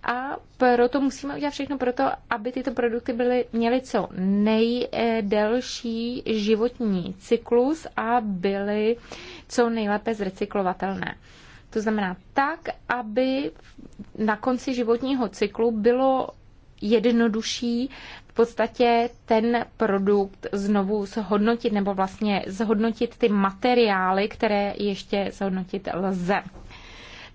A proto musíme udělat všechno pro to, aby tyto produkty byly, měly co nejdelší životní cyklus a byly co nejlépe zrecyklovatelné. To znamená tak, aby na konci životního cyklu bylo jednodušší v podstatě ten produkt znovu zhodnotit nebo vlastně zhodnotit ty materiály, které ještě zhodnotit lze.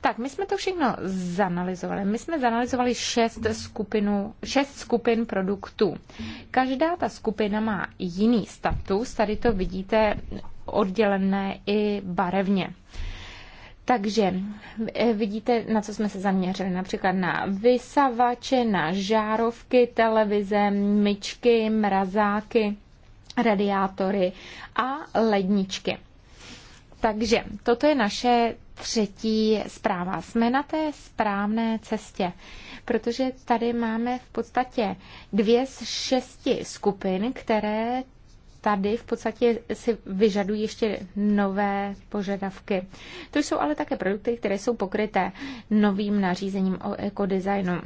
Tak, my jsme to všechno zanalizovali. My jsme zanalizovali šest, skupinu, šest skupin produktů. Každá ta skupina má jiný status. Tady to vidíte oddělené i barevně. Uh, takže eh, vidíte, na co jsme se zaměřili, například na vysavače, na žárovky, televize, myčky, mrazáky, radiátory a ledničky. Takže toto je naše třetí zpráva. Jsme na té správné cestě, protože tady máme v podstatě dvě z šesti skupin, které tady v podstatě si vyžadují ještě nové požadavky. To jsou ale také produkty, které jsou pokryté novým nařízením o ekodesignu.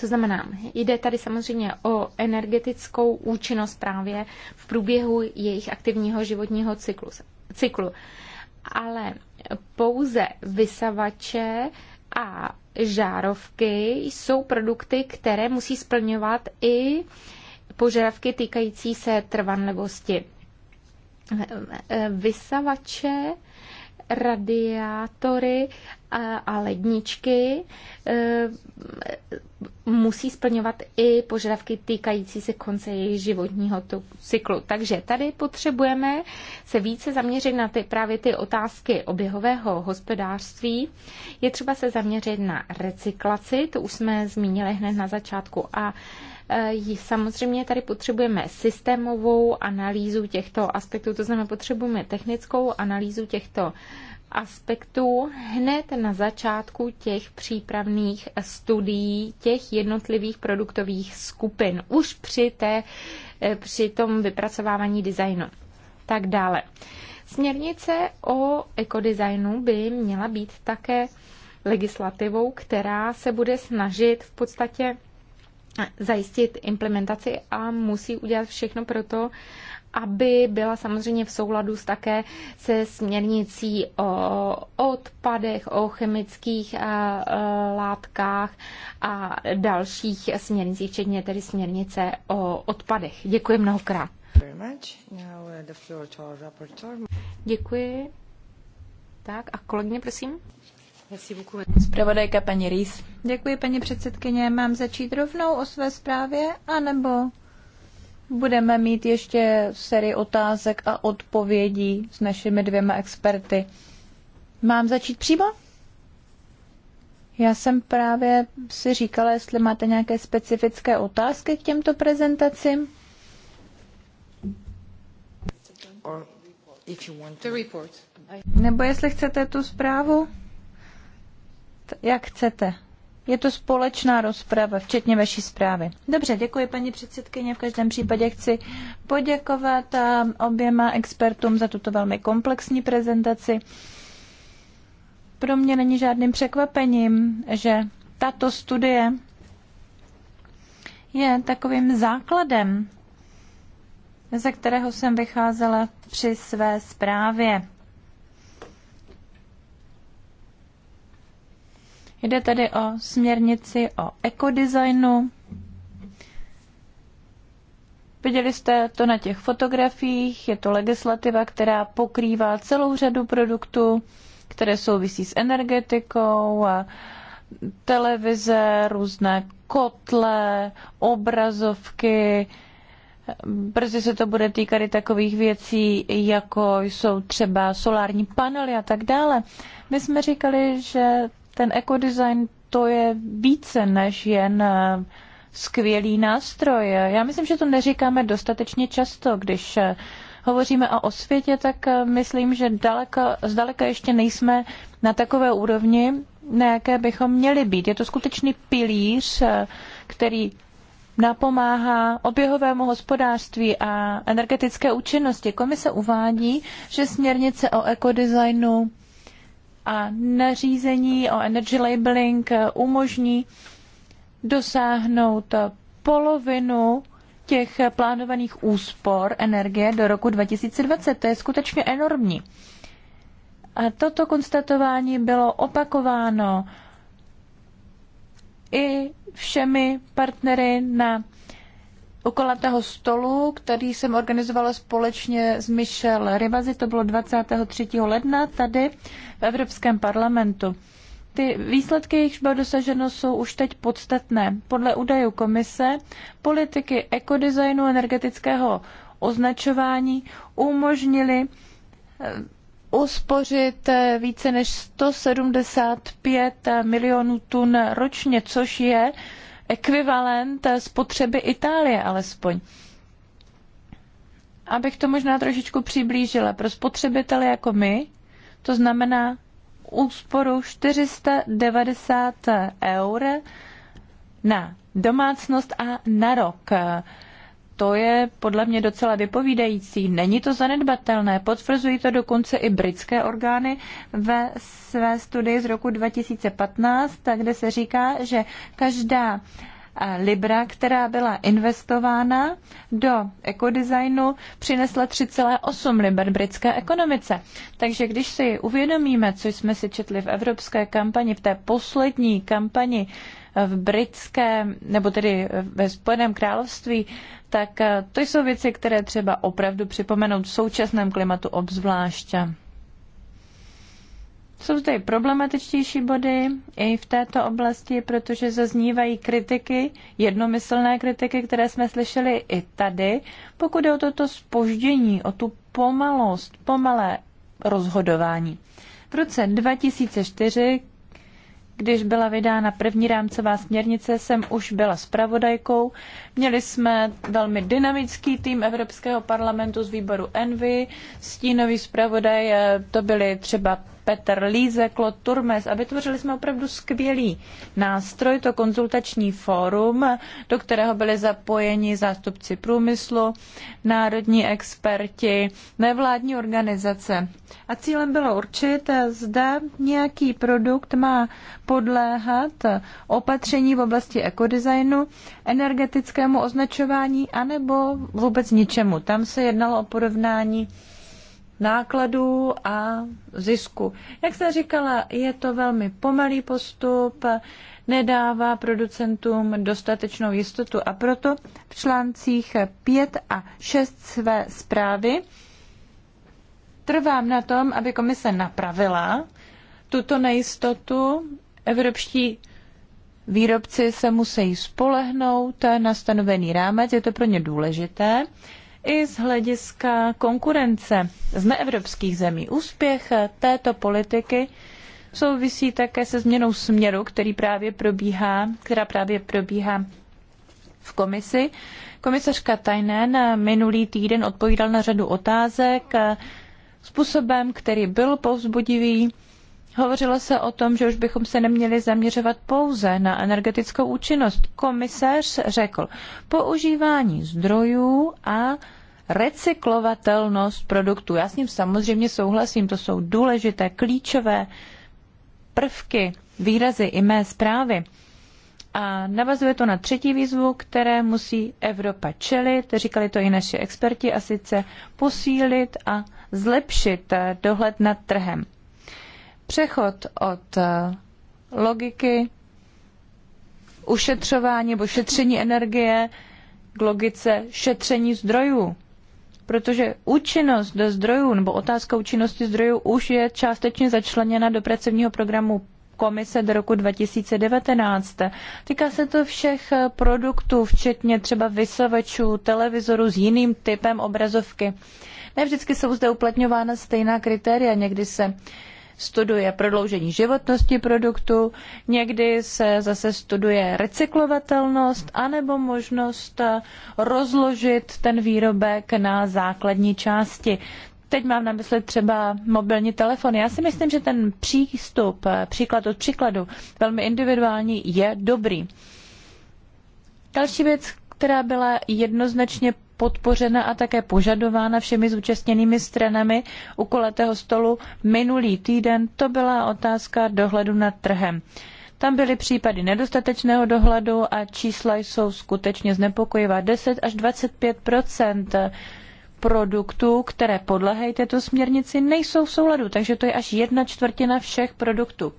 To znamená, jde tady samozřejmě o energetickou účinnost právě v průběhu jejich aktivního životního cyklu. cyklu. Ale pouze vysavače a žárovky jsou produkty, které musí splňovat i uh, požadavky týkající se trvanlivosti. Vysavače, radiátory a, ledničky eh, musí splňovat i požadavky týkající se konce jejich životního cyklu. Takže tady potřebujeme se více zaměřit na ty právě ty otázky oběhového hospodářství. Je třeba se zaměřit na recyklaci, to už jsme zmínili hned na začátku. A Eh, samozřejmě tady potřebujeme systémovou analýzu těchto aspektů, to znamená potřebujeme technickou analýzu těchto aspektů hned na začátku těch přípravných studií těch jednotlivých produktových skupin, už při, té, eh, při tom vypracovávání designu. Tak dále. Směrnice o ekodesignu by měla být také legislativou, která se bude snažit v podstatě zajistit implementaci a musí udělat všechno pro to, aby byla samozřejmě v souladu s také se směrnicí o odpadech, o chemických látkách a dalších směrnicích, včetně tedy směrnice o odpadech. Děkuji mnohokrát. Děkuji. Tak a kolegyně, prosím. Zpravodajka paní Rýs. Děkuji, paní předsedkyně. Mám začít rovnou o své zprávě, anebo budeme mít ještě sérii otázek a odpovědí s našimi dvěma experty. Mám začít přímo? Já jsem právě si říkala, jestli máte nějaké specifické otázky k těmto prezentacím. Nebo jestli chcete tu zprávu? jak chcete. Je to společná rozprava, včetně vaší zprávy. Dobře, děkuji paní předsedkyně. V každém případě chci poděkovat eh, oběma expertům za tuto velmi komplexní prezentaci. Pro mě není žádným překvapením, že tato studie je takovým základem, ze kterého jsem vycházela při své zprávě Jde tedy o směrnici o ekodesignu. Viděli jste to na těch fotografiích, je to legislativa, která pokrývá celou řadu produktů, které souvisí s energetikou, a televize, různé kotle, obrazovky. Brzy se to bude týkat i takových věcí, jako jsou třeba solární panely a tak dále. My jsme říkali, že ten ekodesign to je více než jen eh, skvělý nástroj. Já myslím, že to neříkáme dostatečně často, když eh, hovoříme o osvětě, tak eh, myslím, že daleka, zdaleka ještě nejsme na takové úrovni, na jaké bychom měli být. Je to skutečný pilíř, který napomáhá oběhovému hospodářství a energetické účinnosti. Komise uvádí, že směrnice o ekodesignu a nařízení o energy labeling umožní dosáhnout polovinu těch plánovaných úspor energie do roku 2020. To je skutečně enormní. A toto konstatování bylo opakováno i všemi partnery na okolatého stolu, který jsem organizovala společně s Michel Rivazi, to bylo 23. ledna tady v Evropském parlamentu. Ty výsledky, jichž bylo dosaženo, jsou už teď podstatné. Podle údajů komise politiky ekodesignu energetického označování umožnili eh, uspořit eh, více než 175 milionů tun ročně, což je ekvivalent spotřeby Itálie alespoň. Abych to možná trošičku přiblížila. Pro spotřebitele jako my, to znamená úsporu 490 eur na domácnost a na rok to je podle mě docela vypovídající. Není to zanedbatelné, potvrzují to dokonce i britské orgány ve své studii z roku 2015, kde se říká, že každá eh, libra, která byla investována do ekodesignu, přinesla 3,8 liber britské ekonomice. Takže když si uvědomíme, co jsme si četli v evropské kampani, v té poslední kampani eh, v britském, nebo tedy eh, ve Spojeném království, tak eh, to jsou věci, které třeba opravdu připomenout v současném klimatu obzvláště. Jsou zde i problematičtější body i v této oblasti, protože zaznívají kritiky, jednomyslné kritiky, které jsme slyšeli i tady, pokud je o toto spoždění, o tu pomalost, pomalé rozhodování. V roce 2004 když byla vydána první rámcová směrnice, jsem už byla zpravodajkou. Měli jsme velmi dynamický tým Evropského parlamentu z výboru Envy. Stínový zpravodaj eh, to byli třeba Petr Líze, Klot Turmes a vytvořili jsme opravdu skvělý nástroj, to konzultační fórum, do kterého byli zapojeni zástupci průmyslu, národní experti, nevládní organizace. A cílem bylo určit, zda nějaký produkt má podléhat opatření v oblasti ekodesignu, energetickému označování anebo vůbec ničemu. Tam se jednalo o porovnání nákladů a zisku. Jak jsem říkala, je to velmi pomalý postup, nedává producentům dostatečnou jistotu a proto v článcích 5 a 6 své zprávy trvám na tom, aby komise napravila tuto nejistotu. Evropští výrobci se musí spolehnout na stanovený rámec, je to pro ně důležité i z hlediska konkurence z neevropských zemí. Úspěch této politiky souvisí také se změnou směru, který právě probíhá, která právě probíhá v komisi. Komisařka Tajnen minulý týden odpovídal na řadu otázek způsobem, který byl povzbudivý. Hovořilo se o tom, že už bychom se neměli zaměřovat pouze na energetickou účinnost. Komisař řekl, používání zdrojů a recyklovatelnost produktů. Já s ním samozřejmě souhlasím, to jsou důležité, klíčové prvky, výrazy i mé zprávy. A navazuje to na třetí výzvu, které musí Evropa čelit, říkali to i naši experti, a sice posílit a zlepšit eh, dohled nad trhem. Přechod od eh, logiky ušetřování nebo šetření energie k logice šetření zdrojů protože účinnost do zdrojů nebo otázka účinnosti zdrojů už je částečně začleněna do pracovního programu komise do roku 2019. Týká se to všech produktů, včetně třeba vysavačů, televizorů s jiným typem obrazovky. Ne vždycky jsou zde uplatňována stejná kritéria, někdy se uh, studuje prodloužení životnosti produktu, někdy se zase studuje recyklovatelnost anebo možnost eh, rozložit ten výrobek na základní části. Teď mám na mysli třeba mobilní telefon. Já si myslím, že ten přístup, eh, příklad od příkladu, velmi individuální, je dobrý. Další věc, která byla jednoznačně podpořena a také požadována všemi zúčastněnými stranami u kulatého stolu minulý týden, to byla otázka dohledu nad trhem. Tam byly případy nedostatečného dohledu a čísla jsou skutečně znepokojivá. 10 až 25 produktů, které podlehají této směrnici, nejsou v souladu, takže to je až jedna čtvrtina všech produktů.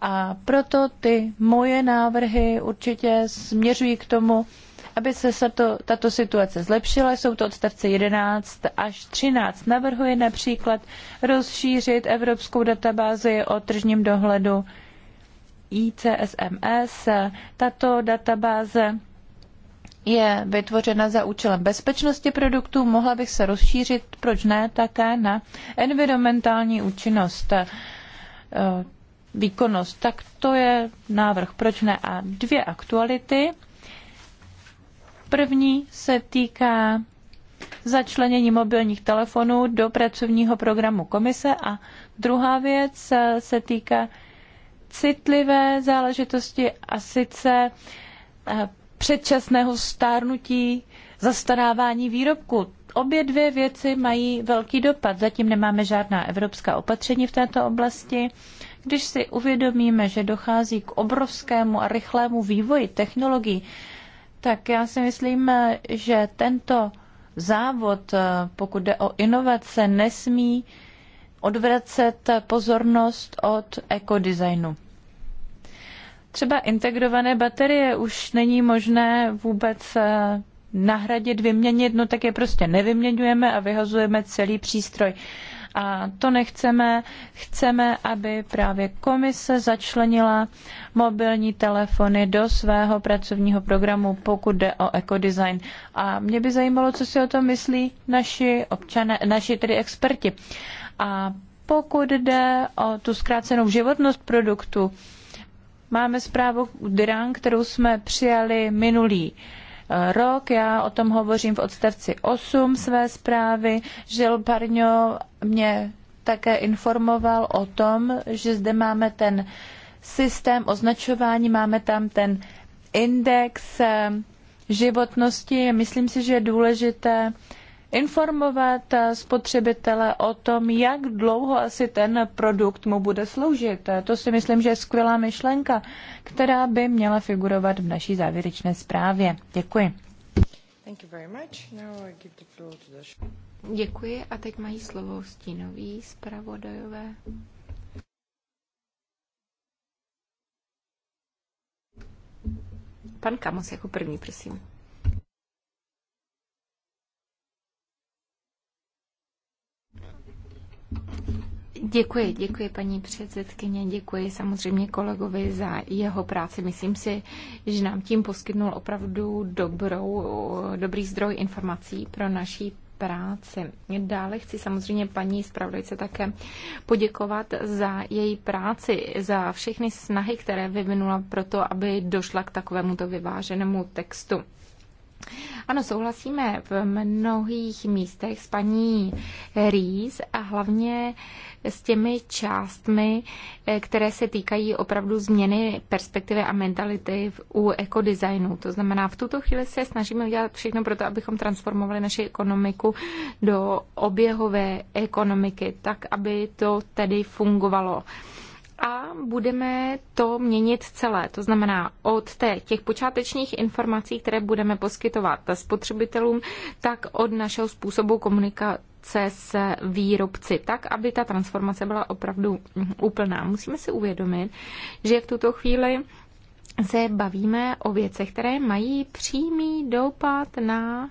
A proto ty moje návrhy určitě směřují k tomu, aby se, se to, tato situace zlepšila, jsou to odstavce 11 až 13. Navrhuje například rozšířit evropskou databázi o tržním dohledu ICSMS. Tato databáze je vytvořena za účelem bezpečnosti produktů, mohla bych se rozšířit, proč ne, také na environmentální účinnost, eh, výkonnost. Tak to je návrh, proč ne. A dvě aktuality. První se týká začlenění mobilních telefonů do pracovního programu komise a druhá věc eh, se týká citlivé záležitosti a sice eh, předčasného stárnutí, zastarávání výrobku. Obě dvě věci mají velký dopad. Zatím nemáme žádná evropská opatření v této oblasti. Když si uvědomíme, že dochází k obrovskému a rychlému vývoji technologií, tak já si myslím, že tento závod, pokud jde o inovace, nesmí odvracet pozornost od ekodesignu. Třeba integrované baterie už není možné vůbec eh, nahradit, vyměnit, no tak je prostě nevyměňujeme a vyhazujeme celý přístroj a to nechceme. Chceme, aby právě komise začlenila mobilní telefony do svého pracovního programu, pokud jde o ekodesign. A mě by zajímalo, co si o tom myslí naši občané, naši tedy experti. A pokud jde o tu zkrácenou životnost produktu, máme zprávu Dran, kterou jsme přijali minulý rok. Já o tom hovořím v odstavci 8 své zprávy. Žil Parňo mě také informoval o tom, že zde máme ten systém označování, máme tam ten index eh, životnosti. Myslím si, že je důležité informovat eh, spotřebitele o tom, jak dlouho asi ten produkt mu bude sloužit. Eh, to si myslím, že je skvělá myšlenka, která by měla figurovat v naší závěrečné zprávě. Děkuji. Děkuji a teď mají slovo stínoví zpravodajové. Pan Kamos jako první, prosím. Děkuji, děkuji paní předsedkyně, děkuji samozřejmě kolegovi za jeho práci. Myslím si, že nám tím poskytnul opravdu dobrou, dobrý zdroj informací pro naší práci. Dále chci samozřejmě paní zpravodajce také poděkovat za její práci, za všechny snahy, které vyvinula pro to, aby došla k takovému to vyváženému textu. Ano, souhlasíme v mnohých místech s paní Rýs a hlavně s těmi částmi, eh, které se týkají opravdu změny perspektivy a mentality u ekodesignu. To znamená, v tuto chvíli se snažíme udělat všechno pro to, abychom transformovali naši ekonomiku do oběhové ekonomiky, tak, aby to tedy fungovalo a budeme to měnit celé. To znamená od té, těch počátečních informací, které budeme poskytovat spotřebitelům, tak od našeho způsobu komunikace s výrobci, tak aby ta transformace byla opravdu úplná. Musíme si uvědomit, že v tuto chvíli se bavíme o věcech, které mají přímý dopad na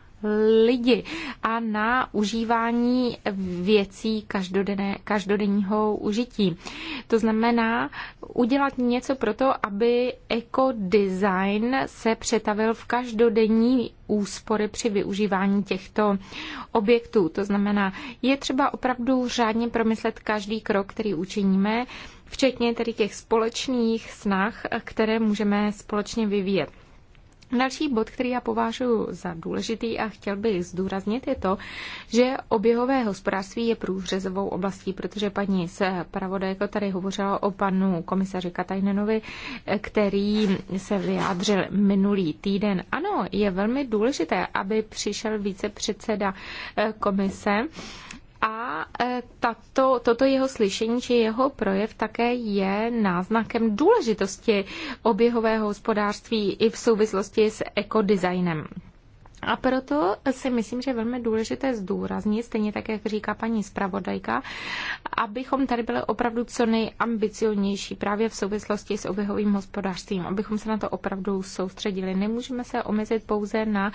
lidi a na užívání věcí každodenné, každodenního užití. To znamená udělat něco pro to, aby ekodesign se přetavil v každodenní úspory při využívání těchto objektů. To znamená, je třeba opravdu řádně promyslet každý krok, který učiníme, včetně tedy těch společných snah, které můžeme společně vyvíjet. Další bod, který já považuji za důležitý a chtěl bych zdůraznit, je to, že oběhové hospodářství je průřezovou oblastí, protože paní se pravodajko tady hovořila o panu komisaři Katajnenovi, který se vyjádřil minulý týden. Ano, je velmi důležité, aby přišel více předseda eh, komise a e, tato, toto jeho slyšení či jeho projev také je náznakem důležitosti oběhového hospodářství i v souvislosti s ekodesignem. A proto si myslím, že je velmi důležité zdůraznit, stejně tak, jak říká paní zpravodajka, abychom tady byli opravdu co nejambicionější právě v souvislosti s oběhovým hospodářstvím, abychom se na to opravdu soustředili. Nemůžeme se omezit pouze na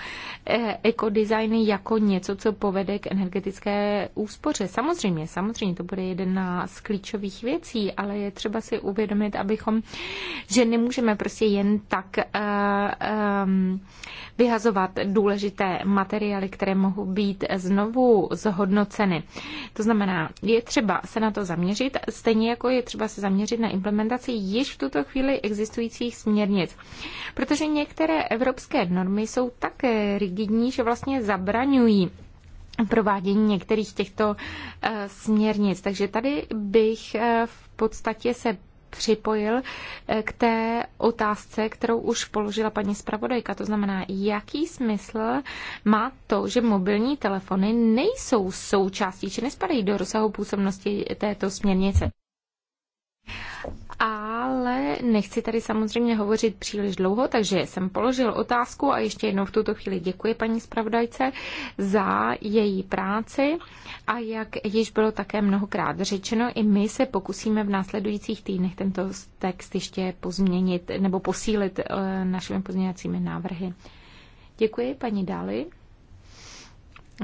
eh, ekodizajny jako něco, co povede k energetické úspoře. Samozřejmě, samozřejmě, to bude jedna z klíčových věcí, ale je třeba si uvědomit, abychom, že nemůžeme prostě jen tak uh, um, vyhazovat důležité důležité materiály, které mohou být znovu zhodnoceny. To znamená, je třeba se na to zaměřit, stejně jako je třeba se zaměřit na implementaci již v tuto chvíli existujících směrnic. Protože některé evropské normy jsou tak rigidní, že vlastně zabraňují provádění některých těchto eh, směrnic. Takže tady bych eh, v podstatě se připojil eh, k té otázce, kterou už položila paní zpravodajka. To znamená, jaký smysl má to, že mobilní telefony nejsou součástí, či nespadají do rozsahu působnosti této směrnice. Ale nechci tady samozřejmě hovořit příliš dlouho, takže jsem položil otázku a ještě jednou v tuto chvíli děkuji paní zpravodajce za její práci. A jak již bylo také mnohokrát řečeno, i my se pokusíme v následujících týdnech tento text ještě pozměnit nebo posílit eh, našimi pozměňovacími návrhy. Děkuji paní Dali.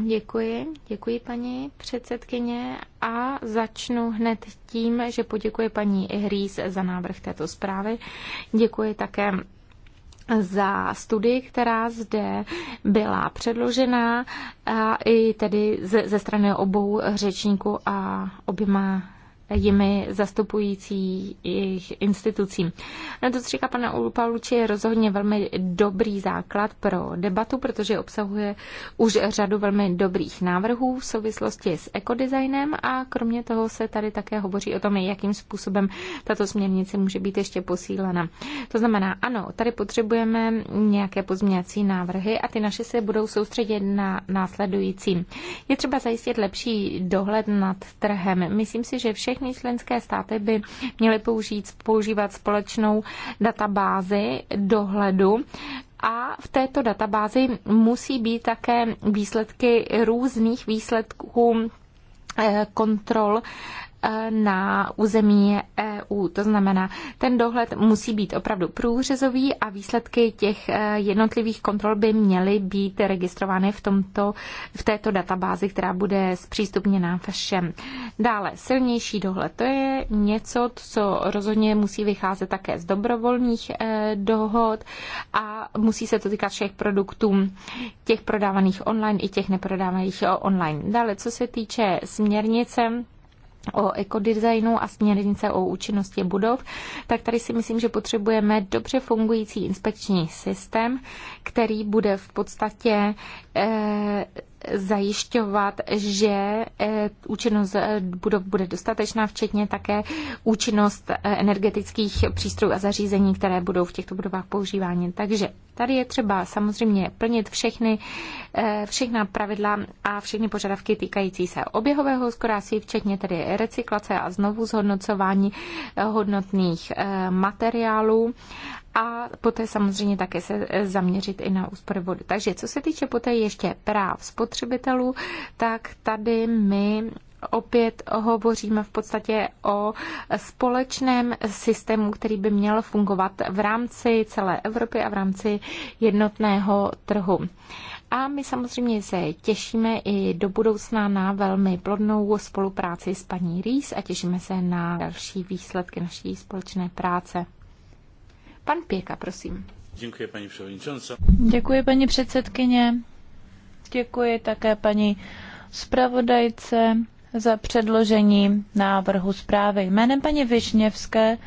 Děkuji, děkuji paní předsedkyně a začnu hned tím, že poděkuji paní Hries za návrh této zprávy. Děkuji také za studii, která zde byla předložena a i tedy ze, ze strany obou řečníků a oběma jimi zastupující jejich institucím. Na to, co říká pana Ulpaluči, je rozhodně velmi dobrý základ pro debatu, protože obsahuje už řadu velmi dobrých návrhů v souvislosti s ekodesignem a kromě toho se tady také hovoří o tom, jakým způsobem tato směrnice může být ještě posílena. To znamená, ano, tady potřebujeme nějaké pozměňovací návrhy a ty naše se budou soustředit na následující. Je třeba zajistit lepší dohled nad trhem. Myslím si, že vše všechny členské státy by měly použít, používat společnou databázi dohledu, a v této databázi musí být také výsledky různých výsledků eh, kontrol na území EU. To znamená, ten dohled musí být opravdu průřezový a výsledky těch eh, jednotlivých kontrol by měly být registrovány v, tomto, v této databázi, která bude zpřístupněná všem. Dále, silnější dohled. To je něco, co rozhodně musí vycházet také z dobrovolných eh, dohod a musí se to týkat všech produktů, těch prodávaných online i těch neprodávaných eh, online. Dále, co se týče směrnice, o ekodesignu a směrnice o účinnosti budov, tak tady si myslím, že potřebujeme dobře fungující inspekční systém, který bude v podstatě eh, zajišťovat, že eh, účinnost eh, budov bude dostatečná, včetně také účinnost eh, energetických přístrojů a zařízení, které budou v těchto budovách používány. Takže tady je třeba samozřejmě plnit všechny, všechna pravidla a všechny požadavky týkající se oběhového hospodářství, včetně tedy recyklace a znovu zhodnocování hodnotných materiálů a poté samozřejmě také se eh, zaměřit i na úspory vody. Takže co se týče poté ještě práv spotřebitelů, tak tady my opět hovoříme v podstatě o společném systému, který by měl fungovat v rámci celé Evropy a v rámci jednotného trhu. A my samozřejmě se těšíme i do budoucna na velmi plodnou spolupráci s paní Rýs a těšíme se na další výsledky naší společné práce. Pan Pěka, prosím. Děkuji, paní předsedkyně. Děkuji, paní předsedkyně. Děkuji také paní zpravodajce za předložení návrhu zprávy. Jménem paní Višněvské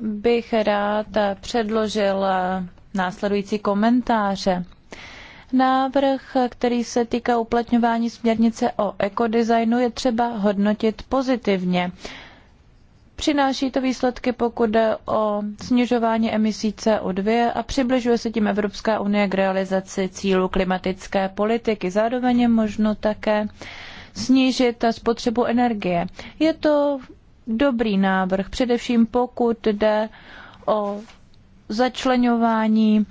bych rád předložil následující komentáře. Návrh, který se týká uplatňování směrnice o ekodesignu, je třeba hodnotit pozitivně. Přináší to výsledky, pokud jde o snižování emisí CO2 a přibližuje se tím Evropská unie k realizaci cílu klimatické politiky. Zároveň je možno také snížit spotřebu energie. Je to dobrý návrh, především pokud jde o začlenování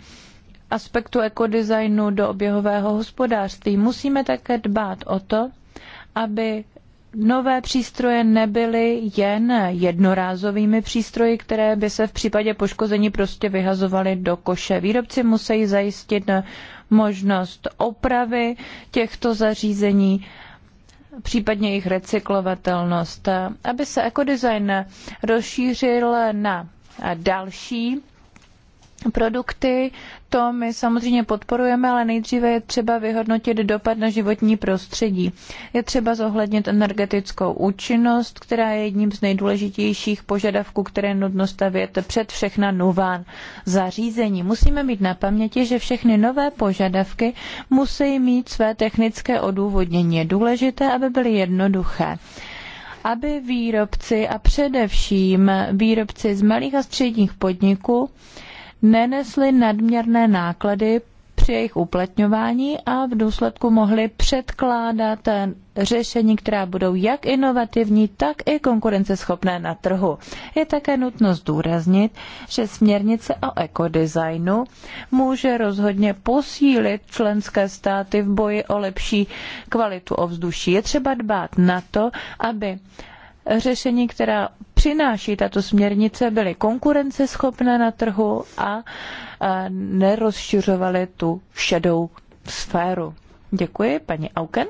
aspektu ekodesignu do oběhového hospodářství. Musíme také dbát o to, aby nové přístroje nebyly jen jednorázovými přístroji, které by se v případě poškození prostě vyhazovaly do koše. Výrobci musí zajistit možnost opravy těchto zařízení, případně jejich recyklovatelnost. Aby se ekodesign rozšířil na další produkty. To my samozřejmě podporujeme, ale nejdříve je třeba vyhodnotit dopad na životní prostředí. Je třeba zohlednit energetickou účinnost, která je jedním z nejdůležitějších požadavků, které je nutno stavět před všechna nová zařízení. Musíme mít na paměti, že všechny nové požadavky musí mít své technické odůvodnění. Je důležité, aby byly jednoduché aby výrobci a především výrobci z malých a středních podniků nenesly nadměrné náklady při jejich uplatňování a v důsledku mohly předkládat eh, řešení, která budou jak inovativní, tak i konkurenceschopné na trhu. Je také nutno zdůraznit, že směrnice o ekodesignu může rozhodně posílit členské státy v boji o lepší kvalitu ovzduší. Je třeba dbát na to, aby řešení, která přináší tato směrnice, byly konkurenceschopné na trhu a nerozšiřovaly tu šedou sféru. Děkuji, paní Auken.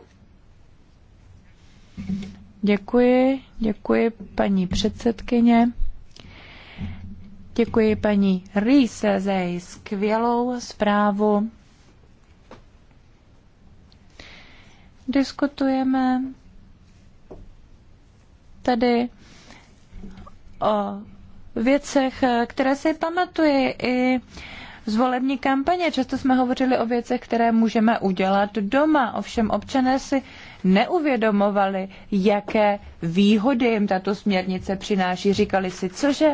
Děkuji, děkuji paní předsedkyně. Děkuji paní Rýse za její skvělou zprávu. Diskutujeme tady o věcech, které si pamatuji i z volební kampaně. Často jsme hovořili o věcech, které můžeme udělat doma. Ovšem občané si neuvědomovali, jaké výhody jim tato směrnice přináší. Říkali si, cože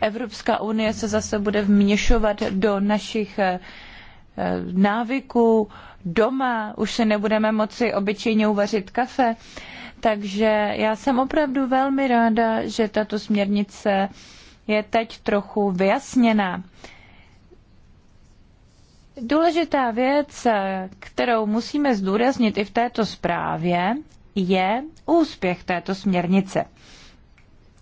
Evropská unie se zase bude vměšovat do našich Eh, návyků. Doma už se nebudeme moci obyčejně uvařit kafe. Takže já jsem opravdu velmi ráda, že tato směrnice je teď trochu vyjasněná. Důležitá věc, kterou musíme zdůraznit i v této zprávě, je úspěch této směrnice.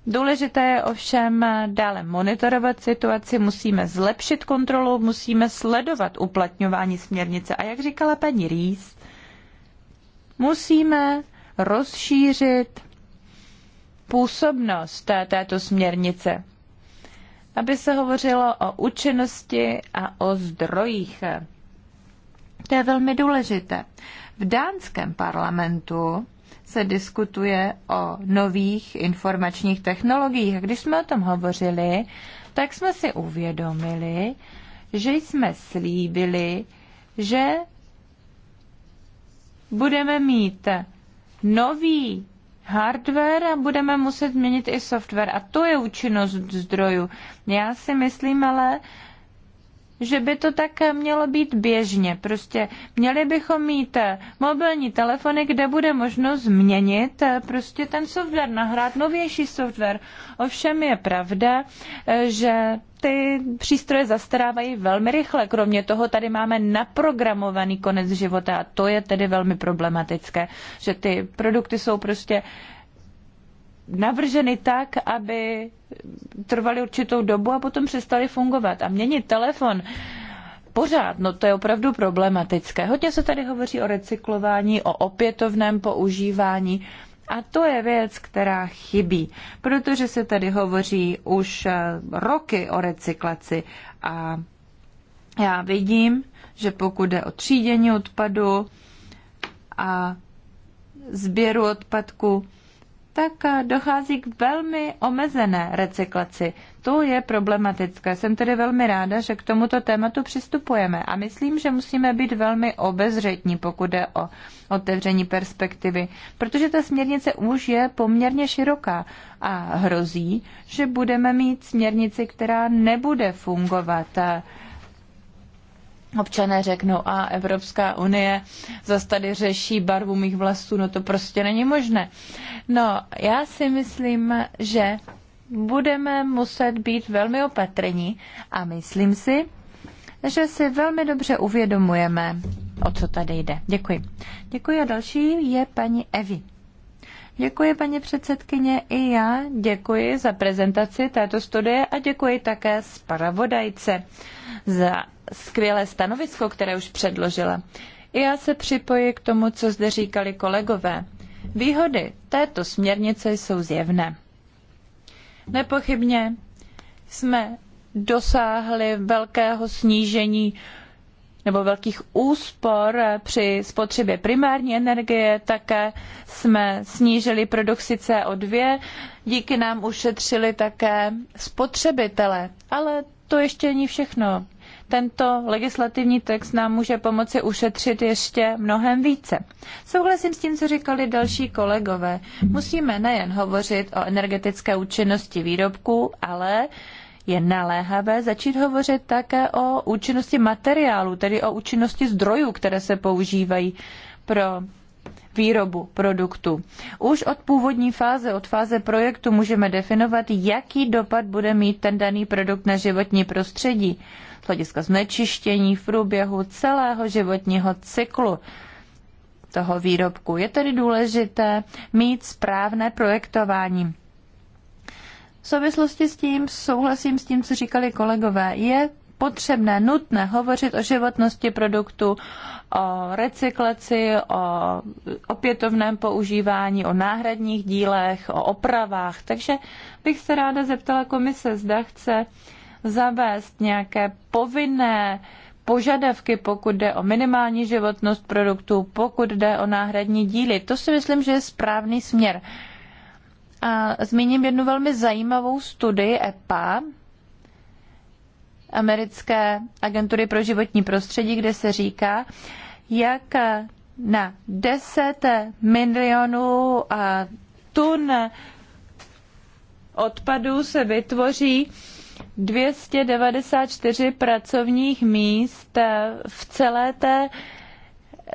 Důležité je ovšem dále monitorovat situaci, musíme zlepšit kontrolu, musíme sledovat uplatňování směrnice. A jak říkala paní Rýs, musíme rozšířit působnost této směrnice, aby se hovořilo o účinnosti a o zdrojích. To je velmi důležité. V dánském parlamentu se diskutuje o nových informačních technologiích. A když jsme o tom hovořili, tak jsme si uvědomili, že jsme slíbili, že budeme mít nový hardware a budeme muset měnit i software. A to je účinnost zdrojů. Já si myslím ale, že by to tak mělo být běžně. Prostě měli bychom mít mobilní telefony, kde bude možno změnit eh, prostě ten software, nahrát novější software. Ovšem je pravda, eh, že ty přístroje zastarávají velmi rychle. Kromě toho tady máme naprogramovaný konec života a to je tedy velmi problematické, že ty produkty jsou prostě navrženy tak, aby trvaly určitou dobu a potom přestaly fungovat. A měnit telefon pořád, no to je opravdu problematické. Hodně se tady hovoří o recyklování, o opětovném používání. A to je věc, která chybí, protože se tady hovoří už eh, roky o recyklaci a já vidím, že pokud jde o třídění odpadu a sběru odpadku, tak dochází k velmi omezené recyklaci. To je problematické. Jsem tedy velmi ráda, že k tomuto tématu přistupujeme a myslím, že musíme být velmi obezřetní, pokud jde o otevření perspektivy, protože ta směrnice už je poměrně široká a hrozí, že budeme mít směrnici, která nebude fungovat občané řeknou, a Evropská unie zase tady řeší barvu mých vlasů, no to prostě není možné. No, já si myslím, že budeme muset být velmi opatrní a myslím si, že si velmi dobře uvědomujeme, o co tady jde. Děkuji. Děkuji a další je paní Evi. Děkuji, paní předsedkyně, i já děkuji za prezentaci této studie a děkuji také zpravodajce za skvělé stanovisko, které už předložila. I já se připoji k tomu, co zde říkali kolegové. Výhody této směrnice jsou zjevné. Nepochybně jsme dosáhli velkého snížení nebo velkých úspor při spotřebě primární energie. Také jsme snížili produkci CO2, díky nám ušetřili také spotřebitele. Ale to ještě není všechno. Tento legislativní text nám může pomoci ušetřit ještě mnohem více. Souhlasím s tím, co říkali další kolegové. Musíme nejen hovořit o energetické účinnosti výrobků, ale je naléhavé začít hovořit také o účinnosti materiálu, tedy o účinnosti zdrojů, které se používají pro výrobu produktu. Už od původní fáze, od fáze projektu můžeme definovat, jaký dopad bude mít ten daný produkt na životní prostředí z hlediska znečištění v průběhu celého životního cyklu toho výrobku. Je tedy důležité mít správné projektování. V souvislosti s tím souhlasím s tím, co říkali kolegové. Je potřebné, nutné hovořit o životnosti produktu, o recyklaci, o opětovném používání, o náhradních dílech, o opravách. Takže bych se ráda zeptala komise, zda chce uh, zavést nějaké povinné požadavky, pokud jde o minimální životnost produktů, pokud jde o náhradní díly. To si myslím, že je správný směr. A zmíním jednu velmi zajímavou studii EPA, americké agentury pro životní prostředí, kde se říká, jak na 10 milionů tun odpadů se vytvoří 294 pracovních míst eh, v celé té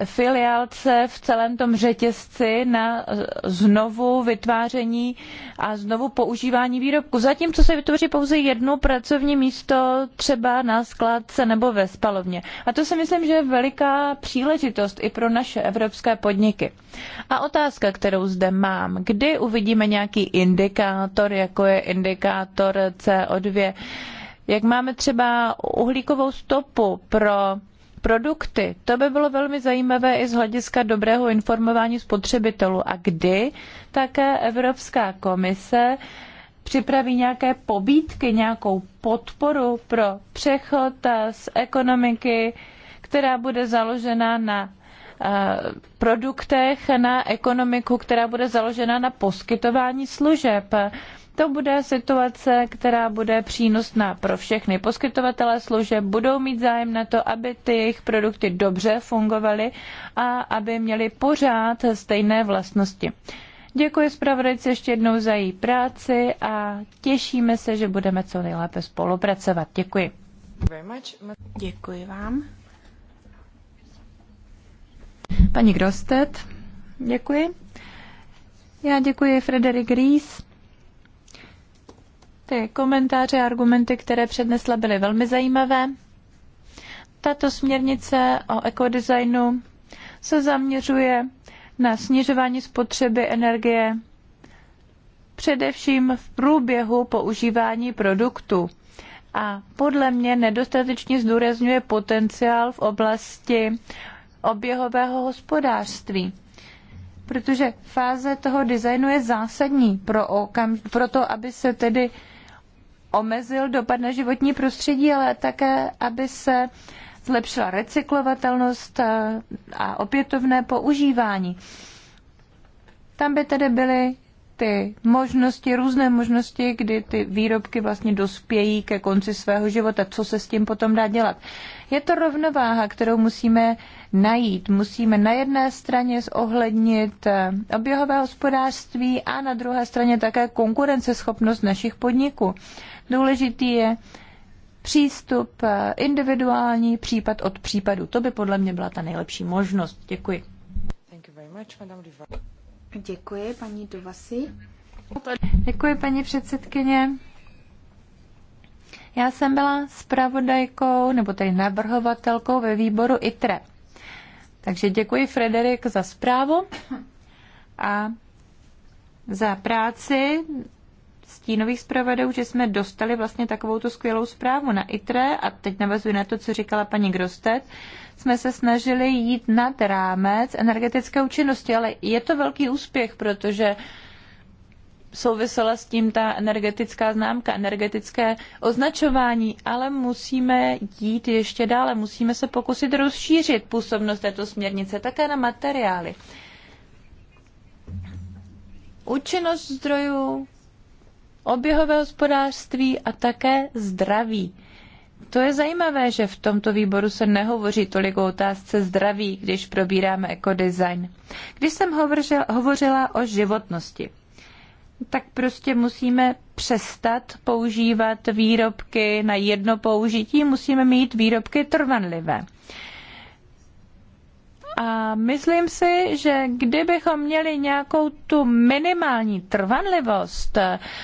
filiálce v celém tom řetězci na znovu vytváření a znovu používání výrobku. Zatímco se vytvoří pouze jedno pracovní místo třeba na skládce nebo ve spalovně. A to si myslím, že je veliká příležitost i pro naše evropské podniky. A otázka, kterou zde mám, kdy uvidíme nějaký indikátor, jako je indikátor CO2, jak máme třeba uhlíkovou stopu pro produkty. To by bylo velmi zajímavé i z hlediska dobrého informování spotřebitelů. A kdy také Evropská komise připraví nějaké pobídky, nějakou podporu pro přechod z ekonomiky, která bude založena na eh, produktech na ekonomiku, která bude založena na poskytování služeb. To bude situace, která bude přínosná pro všechny. poskytovatele služeb budou mít zájem na to, aby ty jejich produkty dobře fungovaly a aby měly pořád stejné vlastnosti. Děkuji zpravodajci ještě jednou za její práci a těšíme se, že budeme co nejlépe spolupracovat. Děkuji. Děkuji vám. Paní Grostet, děkuji. Já děkuji Frederik Ries ty komentáře a argumenty, které přednesla, byly velmi zajímavé. Tato směrnice o ekodesignu se zaměřuje na snižování spotřeby energie především v průběhu používání produktu a podle mě nedostatečně zdůrazňuje potenciál v oblasti oběhového hospodářství. Protože fáze toho designu je zásadní pro, okam, pro to, aby se tedy omezil dopad na životní prostředí, ale také, aby se zlepšila recyklovatelnost eh, a opětovné používání. Tam by tedy byly ty možnosti, různé možnosti, kdy ty výrobky vlastně dospějí ke konci svého života, co se s tím potom dá dělat. Je to rovnováha, kterou musíme najít. Musíme na jedné straně zohlednit eh, oběhové hospodářství a na druhé straně také konkurenceschopnost našich podniků. Důležitý je přístup eh, individuální, případ od případu. To by podle mě byla ta nejlepší možnost. Děkuji. Děkuji, paní Dovasi. Děkuji, paní předsedkyně. Já jsem byla zpravodajkou, nebo tedy navrhovatelkou ve výboru ITRE. Takže děkuji Frederik za zprávu a za práci stínových zpravodajů, že jsme dostali vlastně takovou tu skvělou zprávu na ITRE a teď navazuji na to, co říkala paní Grostet, jsme se snažili jít nad rámec energetické účinnosti, ale je to velký úspěch, protože souvisela s tím ta energetická známka, energetické označování, ale musíme jít ještě dále, musíme se pokusit rozšířit působnost této směrnice také na materiály. Účinnost zdrojů, oběhové hospodářství a také zdraví. To je zajímavé, že v tomto výboru se nehovoří tolik o otázce zdraví, když probíráme ekodesign. Když jsem hovořila o životnosti, tak prostě musíme přestat používat výrobky na jedno použití, musíme mít výrobky trvanlivé. A myslím si, že kdybychom měli nějakou tu minimální trvanlivost,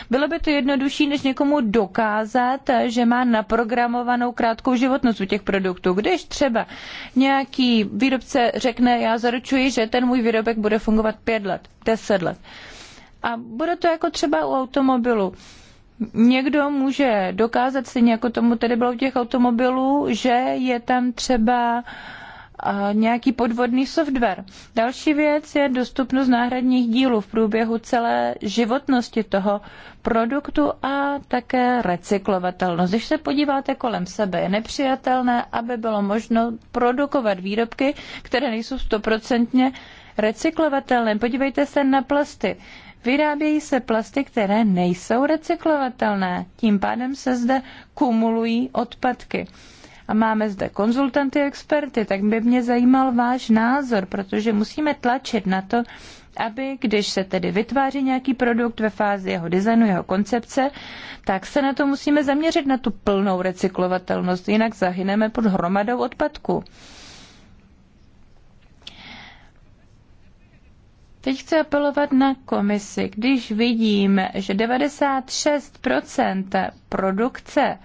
bylo by to jednodušší, než někomu dokázat, že má naprogramovanou krátkou životnost u těch produktů. Když třeba nějaký výrobce řekne, já zaručuji, že ten můj výrobek bude fungovat pět let, deset let, a bude to jako třeba u automobilu. Někdo může dokázat, stejně jako tomu tedy bylo u těch automobilů, že je tam třeba nějaký podvodný software. Další věc je dostupnost náhradních dílů v průběhu celé životnosti toho produktu a také recyklovatelnost. Když se podíváte kolem sebe, je nepřijatelné, aby bylo možno produkovat výrobky, které nejsou stoprocentně recyklovatelné. Podívejte se na plasty. Vyrábějí se plasty, které nejsou recyklovatelné. Tím pádem se zde kumulují odpadky. A máme zde konzultanty, experty, tak by mě zajímal váš názor, protože musíme tlačit na to, aby když se tedy vytváří nějaký produkt ve fázi jeho designu, jeho koncepce, tak se na to musíme zaměřit na tu plnou recyklovatelnost, jinak zahyneme pod hromadou odpadků. Teď chci apelovat na komisi. Když vidím, že 96% produkce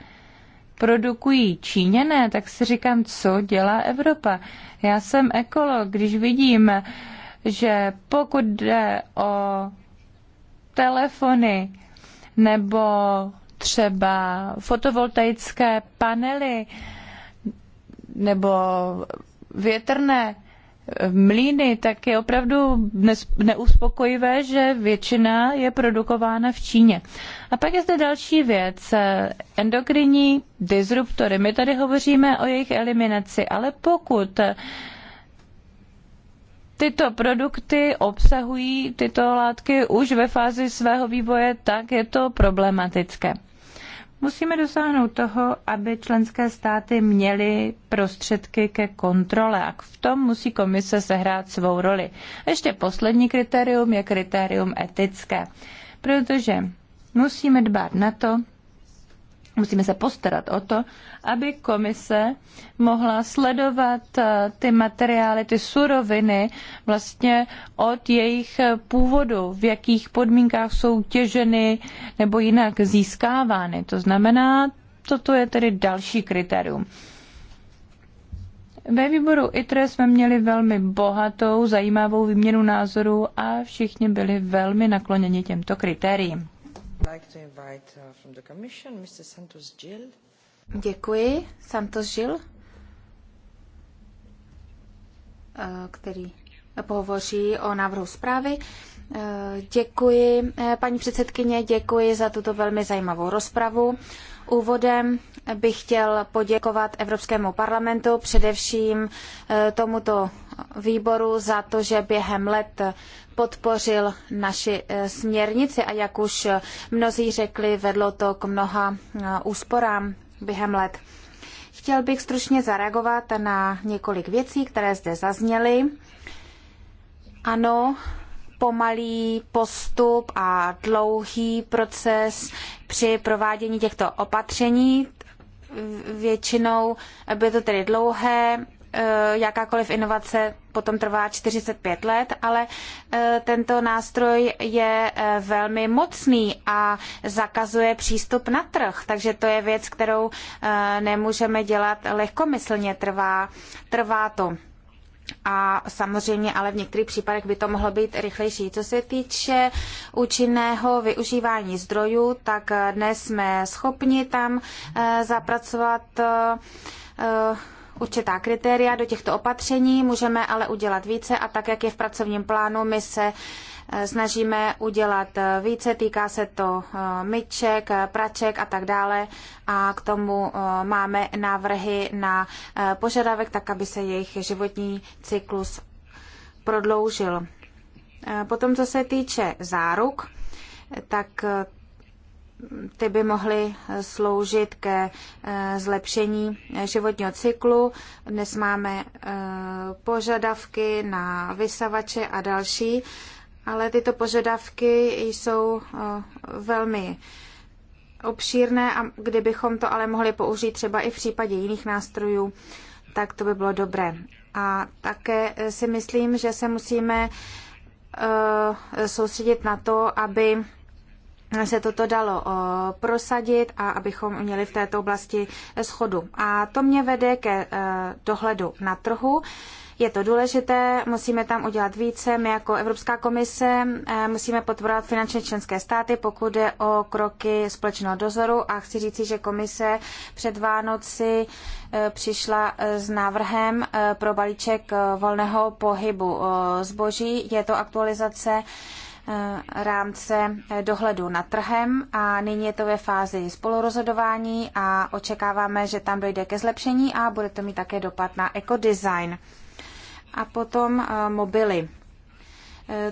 produkují Číněné, tak si říkám, co dělá Evropa. Já jsem ekolog, když vidím, že pokud jde o telefony nebo třeba fotovoltaické panely nebo větrné mlýny, tak je opravdu neuspokojivé, že většina je produkována v Číně. A pak je zde další věc. Endokrinní disruptory. My tady hovoříme o jejich eliminaci, ale pokud tyto produkty obsahují tyto látky už ve fázi svého vývoje, tak je to problematické. Musíme dosáhnout toho, aby členské státy měly prostředky ke kontrole a v tom musí komise sehrát svou roli. A ještě poslední kritérium je kritérium etické, protože musíme dbát na to, Musíme se postarat o to, aby komise mohla sledovat eh, ty materiály, ty suroviny vlastně od jejich původu, v jakých podmínkách jsou těženy nebo jinak získávány. To znamená, toto je tedy další kritérium. Ve výboru ITRE jsme měli velmi bohatou, zajímavou výměnu názorů a všichni byli velmi nakloněni těmto kritériím. Uh, děkuji. Santos Gil, eh, který pohovoří o návrhu zprávy. Eh, děkuji, eh, paní předsedkyně, děkuji za tuto velmi zajímavou rozpravu. Úvodem bych chtěl poděkovat Evropskému parlamentu, především tomuto výboru za to, že během let podpořil naši e, směrnici a jak už mnozí řekli, vedlo to k mnoha e, úsporám během let. Chtěl bych stručně zareagovat na několik věcí, které zde zazněly. Ano, pomalý postup a dlouhý proces při provádění těchto opatření. Většinou by to tedy dlouhé, Eh, jakákoliv inovace potom trvá 45 let, ale eh, tento nástroj je eh, velmi mocný a zakazuje přístup na trh, takže to je věc, kterou nemůžeme dělat lehkomyslně, trvá, trvá to. A samozřejmě, ale v některých případech by to mohlo být rychlejší. Co se týče účinného využívání zdrojů, tak dnes jsme schopni tam zapracovat určitá kritéria do těchto opatření, můžeme ale udělat více a tak, jak je v pracovním plánu, my se eh, snažíme udělat eh, více, týká se to eh, myček, praček a tak dále a k tomu máme návrhy na požadavek, tak aby se jejich životní cyklus prodloužil. Potom, co se týče záruk, tak ty by mohly sloužit ke eh, zlepšení životního cyklu. Dnes máme eh, požadavky na vysavače a další, ale tyto požadavky jsou eh, velmi obšírné a kdybychom to ale mohli použít třeba i v případě jiných nástrojů, tak to by bylo dobré. A také si myslím, že se musíme soustředit na to, aby se toto dalo eh, prosadit a abychom měli v této oblasti schodu. A to mě vede ke eh, dohledu na trhu. Je to důležité, musíme tam udělat více. My jako Evropská komise eh, musíme podporovat finančně členské státy, pokud je o kroky společného dozoru. A chci říci, že komise před Vánoci přišla s návrhem pro balíček volného pohybu zboží. Je to aktualizace Eh, rámce eh, dohledu nad trhem a nyní je to ve fázi spolurozhodování a očekáváme, že tam dojde ke zlepšení a bude to mít také dopad na ekodesign. A potom eh, mobily.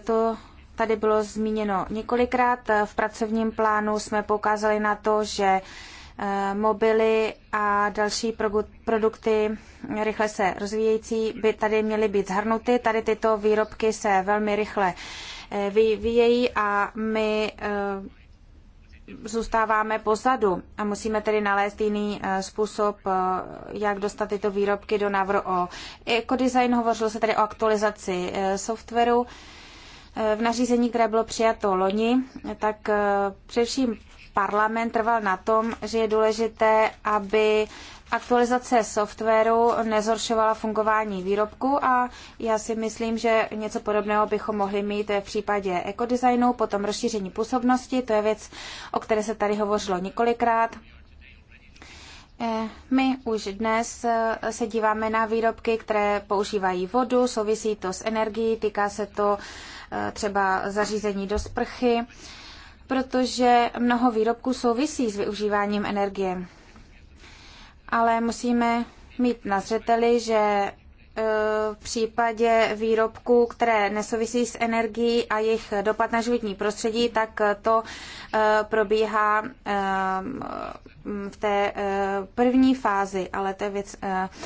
To tady bylo zmíněno několikrát. V pracovním plánu jsme poukázali na to, že mobily a další produkty rychle se rozvíjející by tady měly být zhrnuty. Tady tyto výrobky se velmi rychle Eh, vyvíjejí a my eh, zůstáváme pozadu a musíme tedy nalézt jiný eh, způsob, jak dostat tyto výrobky do návrhu o ekodesign. Hovořilo se tedy o aktualizaci softwaru. V nařízení, které bylo přijato loni, tak především parlament trval na tom, že je důležité, aby aktualizace softwaru nezhoršovala fungování výrobku a já si myslím, že něco podobného bychom mohli mít v případě ekodesignu, potom rozšíření působnosti, to je věc, o které se tady hovořilo několikrát. Eh, my už dnes eh, se díváme na výrobky, které používají vodu, souvisí to s energií, týká se to eh, třeba zařízení do sprchy, protože mnoho výrobků souvisí s využíváním energie ale musíme mít na zřeteli, že e, v případě výrobků, které nesouvisí s energií a jejich dopad na životní prostředí, tak to e, probíhá e, v té první fázi, ale to je věc,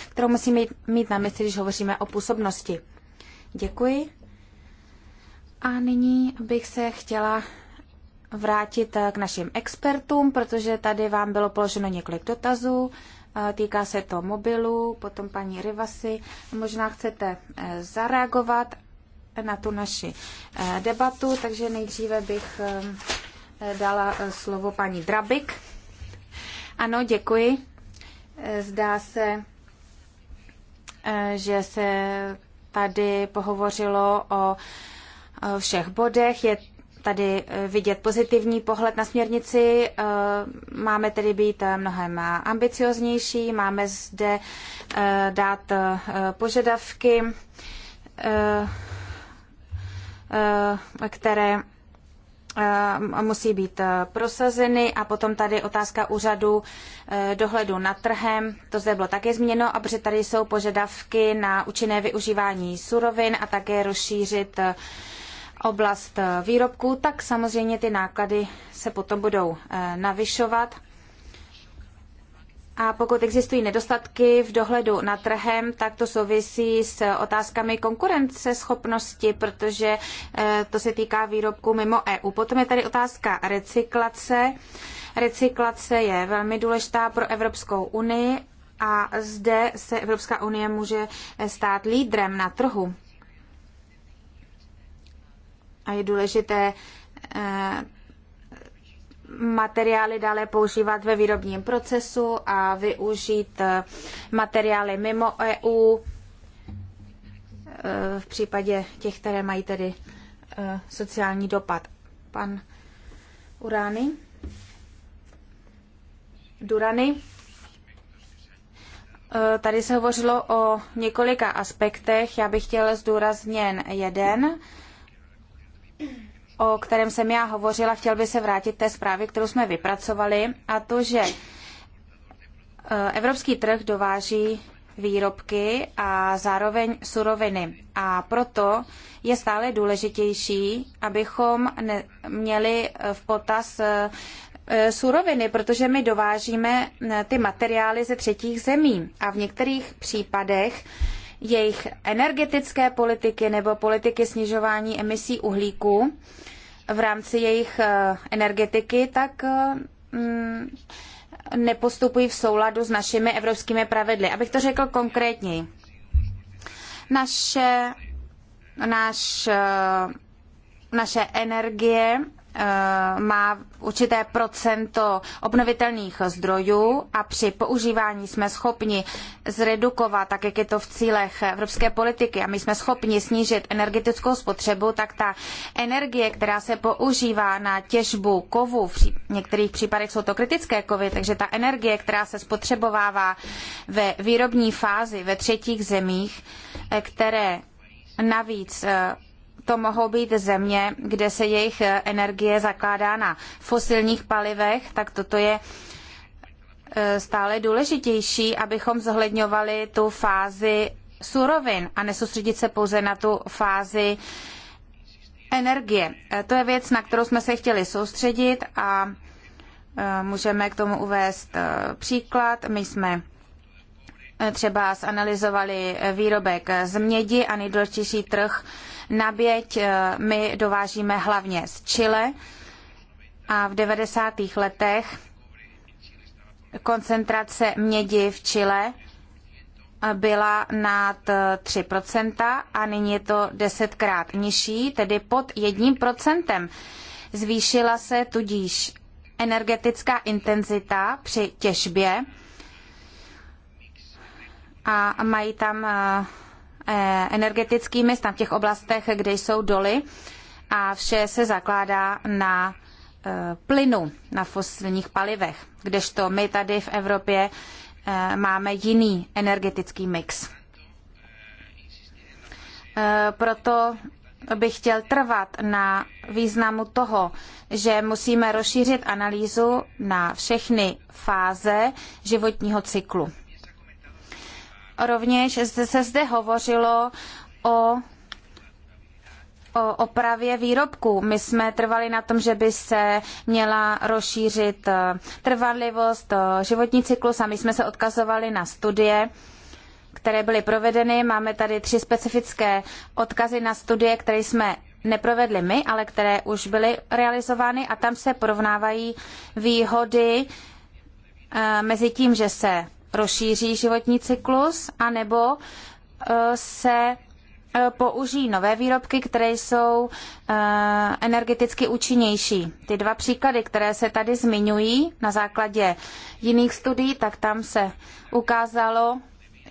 kterou musíme mít na mysli, když hovoříme o působnosti. Děkuji. A nyní bych se chtěla vrátit k našim expertům, protože tady vám bylo položeno několik dotazů. Týká se to mobilu, potom paní Rivasy. Možná chcete eh, zareagovat na tu naši eh, debatu, takže nejdříve bych eh, dala slovo paní Drabik. Ano, děkuji. Zdá se, že se tady pohovořilo o všech bodech. Je tady eh, vidět pozitivní pohled na směrnici. Eh, máme tedy být eh, mnohem ambicioznější, máme zde dát požadavky, které musí být prosazeny a potom tady otázka úřadu dohledu nad trhem, to zde bylo také změněno a protože tady jsou požadavky na účinné využívání surovin a také rozšířit oblast eh, výrobků, tak samozřejmě ty náklady se potom budou eh, navyšovat. A pokud existují nedostatky v dohledu na trhem, tak to souvisí s otázkami konkurenceschopnosti, protože eh, to se týká výrobků mimo EU. Potom je tady otázka recyklace. Recyklace je velmi důležitá pro Evropskou unii a zde se Evropská unie může stát lídrem na trhu a je důležité eh, materiály dále používat ve výrobním procesu a využít eh, materiály mimo EU eh, v případě těch, které mají tedy sociální dopad. Pan Urány? Durany? Tady se hovořilo o několika aspektech. Já bych chtěl zdůrazněn jeden o kterém jsem já hovořila, chtěl by se vrátit té zprávě, kterou jsme vypracovali, a to, že e, evropský trh dováží výrobky a zároveň suroviny. A proto je stále důležitější, abychom ne, měli v potaz e, e, suroviny, protože my dovážíme ty materiály ze třetích zemí a v některých případech jejich energetické politiky nebo politiky snižování emisí uhlíku v rámci jejich eh, energetiky, tak eh, mm, nepostupují v souladu s našimi evropskými pravidly. Abych to řekl konkrétněji. Naše, naš, eh, naše energie Eh, má určité procento obnovitelných zdrojů a při používání jsme schopni zredukovat, tak jak je to v cílech evropské politiky, a my jsme schopni snížit energetickou spotřebu, tak ta energie, která se používá na těžbu kovu, v některých případech jsou to kritické kovy, takže ta energie, která se spotřebovává ve výrobní fázi ve třetích zemích, eh, které navíc eh, to mohou být země, kde se jejich energie zakládá na fosilních palivech, tak toto je e, stále důležitější, abychom zohledňovali tu fázi surovin a nesoustředit se pouze na tu fázi energie. E, to je věc, na kterou jsme se chtěli soustředit a e, můžeme k tomu uvést příklad. My jsme třeba zanalizovali výrobek z mědi a nejdůležitější trh na běť eh, my dovážíme hlavně z Chile a v 90. letech koncentrace mědi v Chile byla nad 3% eh, a nyní je to desetkrát nižší, tedy pod 1%. Zvýšila se tudíž energetická intenzita při těžbě a mají tam eh, eh, energetický mix tam v těch oblastech, kde jsou doly a vše se zakládá na eh, plynu, na fosilních palivech, kdežto my tady v Evropě máme jiný energetický mix. Proto bych chtěl trvat na významu toho, že musíme rozšířit analýzu na všechny fáze životního cyklu rovněž se zde hovořilo o o opravě výrobků. My jsme trvali na tom, že by se měla rozšířit eh, trvanlivost, eh, životní cyklus a my jsme se odkazovali na studie, které byly provedeny. Máme tady tři specifické odkazy na studie, které jsme neprovedli my, ale které už byly realizovány a tam se porovnávají výhody eh, mezi tím, že se rozšíří životní cyklus, anebo e, se e, použijí nové výrobky, které jsou e, energeticky účinnější. Ty dva příklady, které se tady zmiňují na základě jiných studií, tak tam se ukázalo,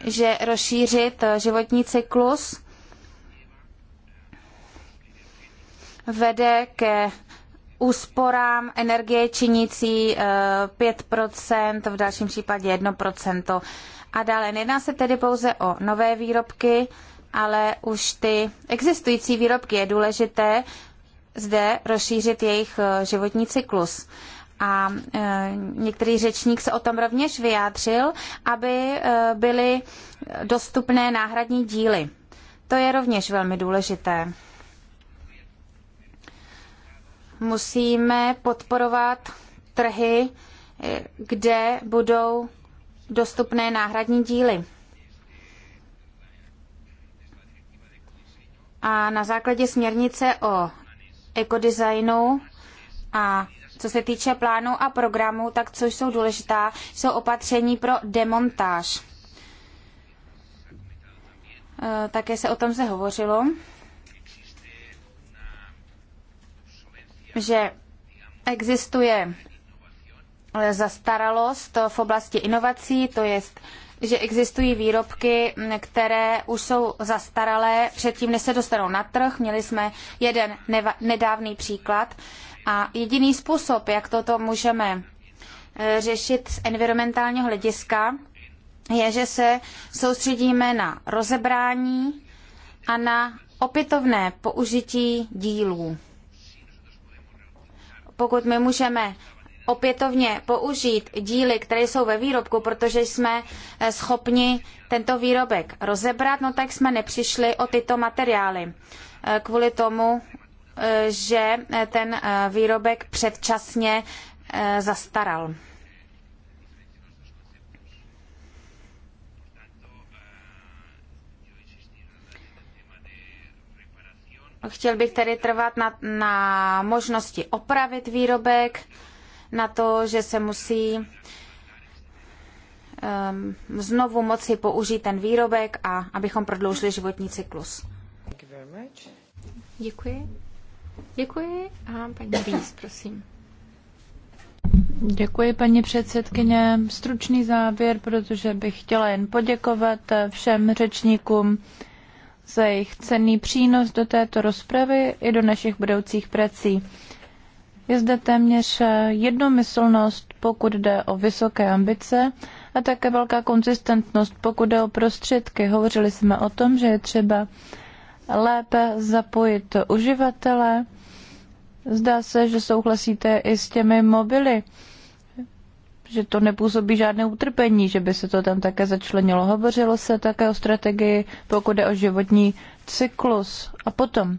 že rozšířit životní cyklus vede ke úsporám energie činící 5%, eh, v dalším případě 1%. A dále nejedná se tedy pouze o nové výrobky, ale už ty existující výrobky je důležité zde rozšířit jejich eh, životní cyklus. A eh, některý řečník se o tom rovněž vyjádřil, aby byly dostupné náhradní díly. To je rovněž velmi důležité musíme podporovat trhy, eh, kde budou dostupné náhradní díly. A na základě směrnice o ekodesignu a co se týče plánu a programu, tak co jsou důležitá, jsou opatření pro demontáž. Eh, také se o tom se hovořilo. že existuje zastaralost v oblasti inovací, to je, že existují výrobky, které už jsou zastaralé, předtím než se dostanou na trh. Měli jsme jeden nedávný příklad a jediný způsob, jak toto můžeme e, řešit z environmentálního hlediska, je, že se soustředíme na rozebrání a na opětovné použití dílů pokud my můžeme opětovně použít díly, které jsou ve výrobku, protože jsme eh, schopni tento výrobek rozebrat, no tak jsme nepřišli o tyto materiály. Eh, kvůli tomu, eh, že ten výrobek předčasně zastaral. Chtěl bych tedy trvat na, na možnosti opravit výrobek, na to, že se musí um, znovu moci použít ten výrobek a abychom prodloužili životní cyklus. Děkuji. Děkuji a paní Rýs, prosím. Děkuji, paní předsedkyně. Stručný závěr, protože bych chtěla jen poděkovat eh, všem řečníkům za jejich cenný přínos do této rozpravy i do našich budoucích prací. Je zde téměř jednomyslnost, pokud jde o vysoké ambice, a také velká konzistentnost, pokud jde o prostředky. Hovořili jsme o tom, že je třeba lépe zapojit uživatele. Zdá se, že souhlasíte i s těmi mobily že to nepůsobí žádné utrpení, že by se to tam také začlenilo. Hovořilo se také o strategii, pokud je o životní cyklus. A potom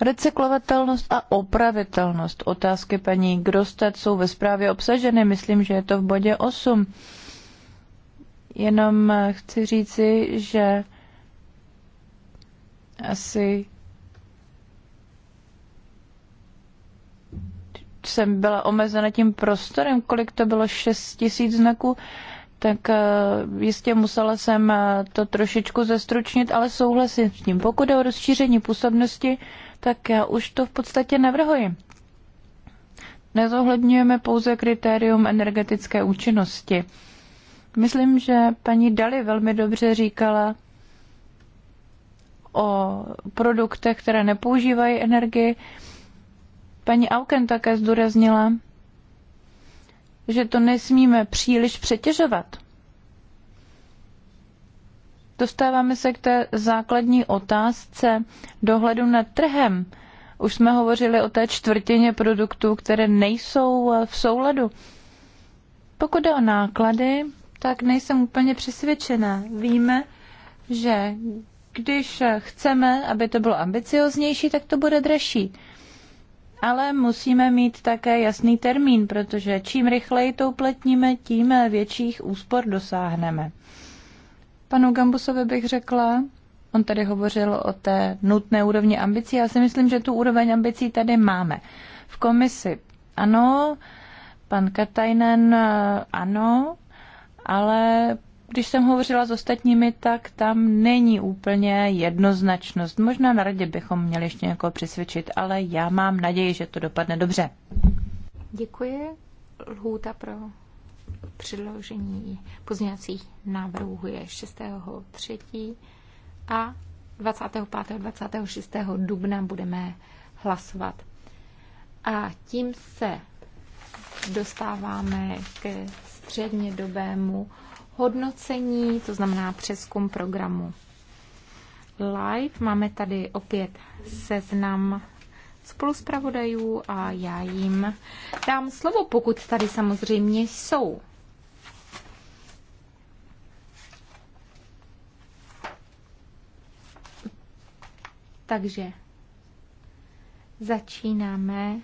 recyklovatelnost a opravitelnost. Otázky paní Grostet jsou ve zprávě obsaženy, myslím, že je to v bodě 8. Jenom chci říci, že asi jsem byla omezena tím prostorem, kolik to bylo, 6 tisíc znaků, tak eh, jistě musela jsem eh, to trošičku zestručnit, ale souhlasím s tím. Pokud je o rozšíření působnosti, tak já už to v podstatě navrhuji. Nezohledňujeme pouze kritérium energetické účinnosti. Myslím, že paní Dali velmi dobře říkala o produktech, které nepoužívají energii. Paní Auken také zdůraznila, že to nesmíme příliš přetěžovat. Dostáváme se k té základní otázce dohledu nad trhem. Už jsme hovořili o té čtvrtině produktů, které nejsou v souladu. Pokud jde o náklady, tak nejsem úplně přesvědčená. Víme, že když chceme, aby to bylo ambicioznější, tak to bude dražší ale musíme mít také jasný termín, protože čím rychleji to upletníme, tím větších úspor dosáhneme. Panu Gambusovi bych řekla, on tady hovořil o té nutné úrovni ambicí, já si myslím, že tu úroveň ambicí tady máme. V komisi ano, pan Katajnen eh, ano, ale když jsem hovořila s ostatními, tak tam není úplně jednoznačnost. Možná na radě bychom měli ještě někoho přesvědčit, ale já mám naději, že to dopadne dobře. Děkuji. Lhůta pro předložení pozměňovacích návrhů je 6.3. a 25. a 26. dubna budeme hlasovat. A tím se dostáváme k střednědobému hodnocení, to znamená přeskum programu live. Máme tady opět seznam spoluspravodajů a já jim dám slovo, pokud tady samozřejmě jsou. Takže začínáme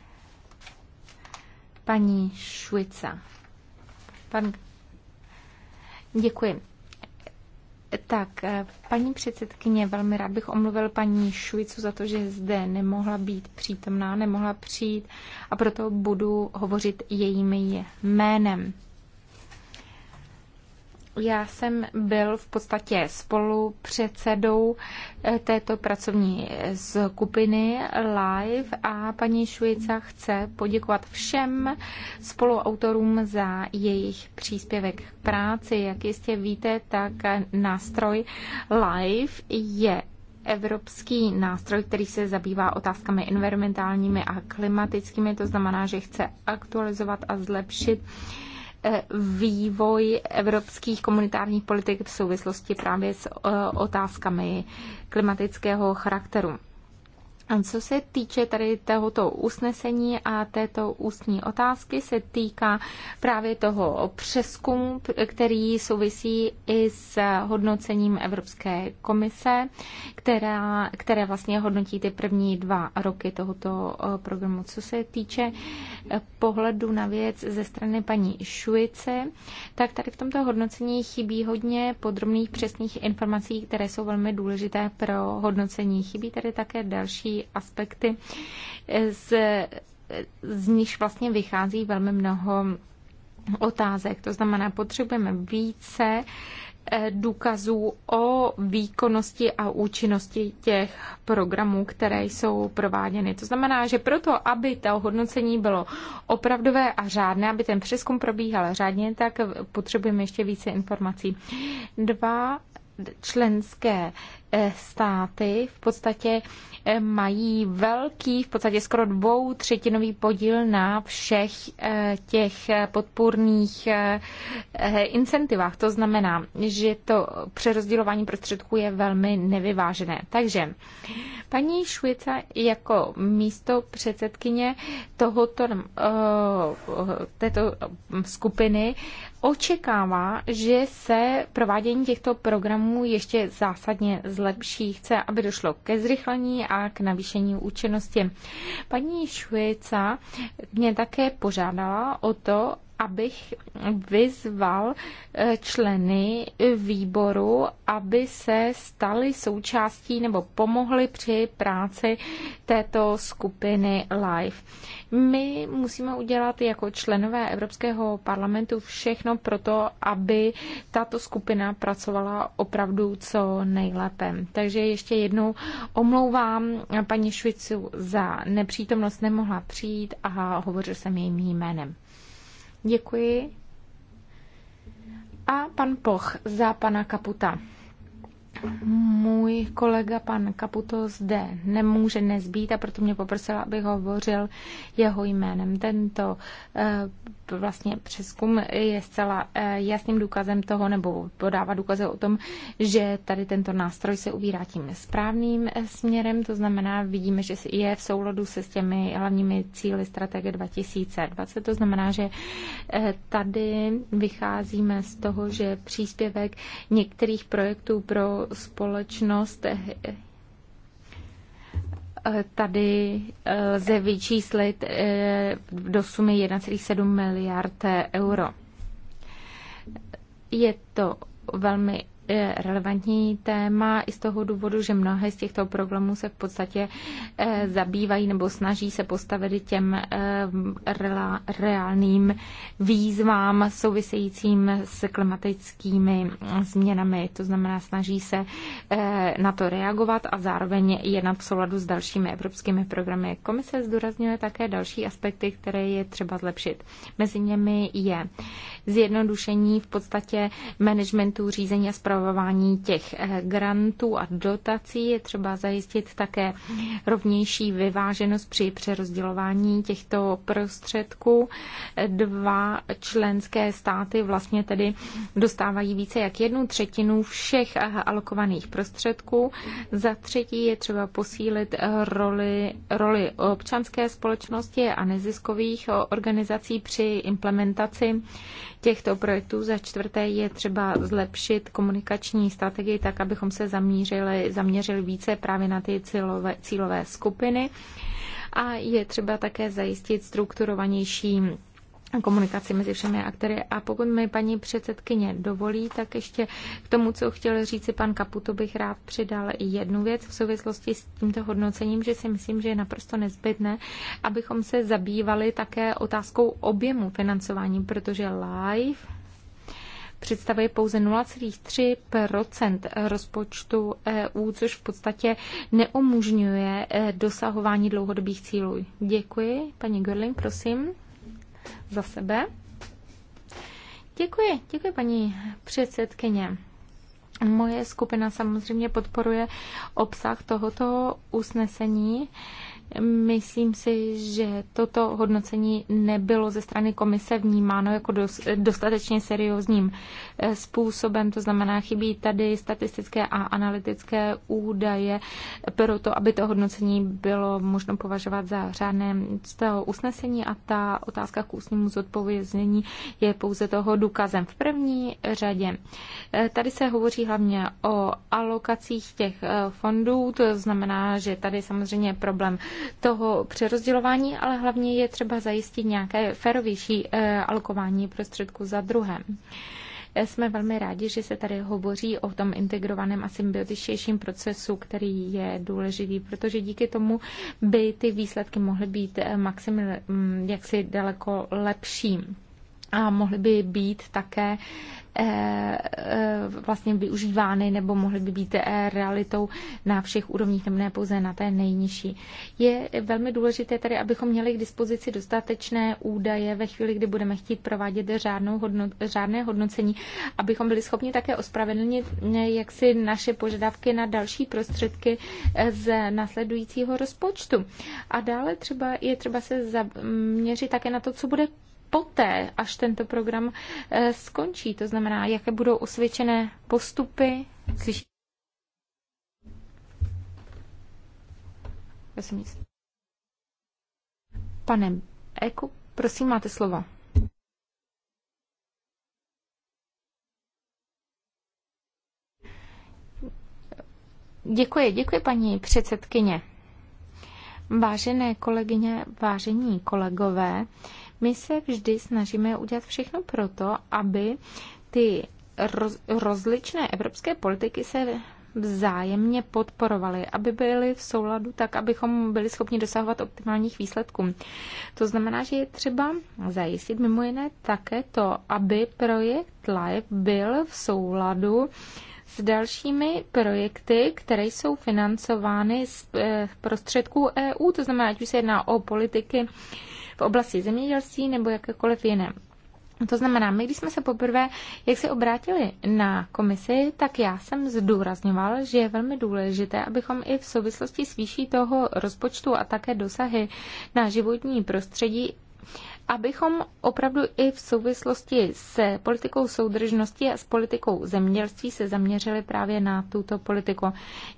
paní Švica. Pan Děkuji. Tak, eh, paní předsedkyně, velmi rád bych omluvil paní Švicu za to, že zde nemohla být přítomná, nemohla přijít a proto budu hovořit jejím jménem. Já jsem byl v podstatě spolu předsedou eh, této pracovní skupiny live a paní Švica chce poděkovat všem spoluautorům za jejich příspěvek k práci. Jak jistě víte, tak nástroj live je evropský nástroj, který se zabývá otázkami environmentálními a klimatickými. To znamená, že chce aktualizovat a zlepšit Eh, vývoj evropských komunitárních politik v souvislosti právě s eh, otázkami klimatického charakteru. A co se týče tady tohoto usnesení a této ústní otázky, se týká právě toho přeskumu, který souvisí i s hodnocením Evropské komise, která, které vlastně hodnotí ty první dva roky tohoto eh, programu. Co se týče eh, pohledu na věc ze strany paní Šuice, tak tady v tomto hodnocení chybí hodně podrobných přesných informací, které jsou velmi důležité pro hodnocení. Chybí tady také další další aspekty, eh, z, eh, z nich vlastně vychází velmi mnoho otázek. To znamená, potřebujeme více eh, důkazů o výkonnosti a účinnosti těch programů, které jsou prováděny. To znamená, že proto, aby to hodnocení bylo opravdové a řádné, aby ten přeskum probíhal řádně, tak potřebujeme ještě více informací. Dva členské E, státy v podstatě e, mají velký, v podstatě skoro dvou třetinový podíl na všech e, těch podpůrných incentivách. To znamená, že to přerozdělování prostředků je velmi nevyvážené. Takže paní Švica jako místo předsedkyně tohoto, této skupiny očekává, že se provádění těchto programů ještě zásadně zlepší zlepší. Chce, aby došlo ke zrychlení a k navýšení účinnosti. Paní Švejca mě také požádala o to, abych vyzval eh, členy výboru, aby se stali součástí nebo pomohli při práci této skupiny live. My musíme udělat jako členové Evropského parlamentu všechno pro to, aby tato skupina pracovala opravdu co nejlépe. Takže ještě jednou omlouvám paní Švicu za nepřítomnost, nemohla přijít a hovořil jsem jejím jménem. Děkuji. A pan Poch za pana Kaputa. Můj kolega pan Kaputo zde nemůže nezbýt a proto mě poprosila, abych hovořil jeho jménem. Tento eh, vlastně přeskum je zcela eh, jasným důkazem toho, nebo podává důkazy o tom, že tady tento nástroj se ubírá tím správným eh, směrem, to znamená, vidíme, že je v souladu se s těmi hlavními cíly strategie 2020, to znamená, že tady vycházíme z toho, že příspěvek některých projektů pro společnost eh, eh, tady eh, lze vyčíslit do sumy 1,7 miliard euro. Je to velmi relevantní téma i z toho důvodu, že mnohé z těchto programů se v podstatě eh, zabývají nebo snaží se postavit těm eh, reálným výzvám souvisejícím s klimatickými změnami. To znamená, snaží se eh, na to reagovat a zároveň jednat v souladu s dalšími evropskými programy. Komise zdůrazňuje také další aspekty, které je třeba zlepšit. Mezi nimi je zjednodušení v podstatě managementu řízení a zpravování udělování těch eh, grantů a dotací. Je třeba zajistit také rovnější vyváženost při přerozdělování těchto prostředků. Dva členské státy vlastně tedy dostávají více jak jednu třetinu všech eh, alokovaných prostředků. Za třetí je třeba posílit roli, roli občanské společnosti a neziskových eh, organizací při implementaci těchto projektů. Za čtvrté je třeba zlepšit komunikaci komunikační strategii tak, abychom se zaměřili, zaměřili více právě na ty cílové, cílové skupiny. A je třeba také zajistit strukturovanější komunikaci mezi všemi aktéry. A pokud mi paní předsedkyně dovolí, tak ještě k tomu, co chtěl říci pan Kaputo, bych rád přidal jednu věc v souvislosti s tímto hodnocením, že si myslím, že je naprosto nezbytné, abychom se zabývali také otázkou objemu financování, protože live představuje pouze 0,3 rozpočtu EU, což v podstatě neumožňuje eh, dosahování dlouhodobých cílů. Děkuji. Paní Görling, prosím, za sebe. Děkuji, děkuji paní předsedkyně. Moje skupina samozřejmě podporuje obsah tohoto usnesení. Myslím si, že toto hodnocení nebylo ze strany komise vnímáno jako dostatečně seriózním eh, způsobem, to znamená, chybí tady statistické a analytické údaje pro to, aby to hodnocení bylo možno považovat za řádné z toho usnesení a ta otázka k ústnímu zodpovězení je pouze toho důkazem. V první řadě eh, tady se hovoří hlavně o alokacích těch eh, fondů, to znamená, že tady samozřejmě problém toho přerozdělování, ale hlavně je třeba zajistit nějaké férovější eh, alokování prostředků za druhem eh, jsme velmi rádi, že se tady hovoří o tom integrovaném a symbiotičtějším procesu, který je důležitý, protože díky tomu by ty výsledky mohly být eh, maximálně mm, jaksi daleko lepší a mohly by být také eh, eh, vlastně využívány nebo mohly by být eh, realitou na všech úrovních, nebo ne pouze na té nejnižší. Je velmi důležité tady, abychom měli k dispozici dostatečné údaje ve chvíli, kdy budeme chtít provádět řádnou hodno, řádné hodnocení, abychom byli schopni také ospravedlnit jaksi naše požadavky na další prostředky z následujícího rozpočtu. A dále třeba je třeba se zaměřit také na to, co bude poté, až tento program eh, skončí? To znamená, jaké budou osvědčené postupy? Slyší? Pane Eku, prosím, máte slovo. Děkuji, děkuji paní předsedkyně. Vážené kolegyně, vážení kolegové, my se vždy snažíme udělat všechno proto, aby ty roz, rozličné evropské politiky se vzájemně podporovaly, aby byly v souladu tak, abychom byli schopni dosahovat optimálních výsledků. To znamená, že je třeba zajistit mimo jiné také to, aby projekt LIFE byl v souladu s dalšími projekty, které jsou financovány z eh, prostředků EU, to znamená, ať už se jedná o politiky oblasti zemědělství nebo jakékoliv jiné. To znamená, my když jsme se poprvé, jak se obrátili na komisi, tak já jsem zdůrazňoval, že je velmi důležité, abychom i v souvislosti s výší toho rozpočtu a také dosahy na životní prostředí abychom opravdu i v souvislosti s politikou soudržnosti a s politikou zemědělství se zaměřili právě na tuto politiku.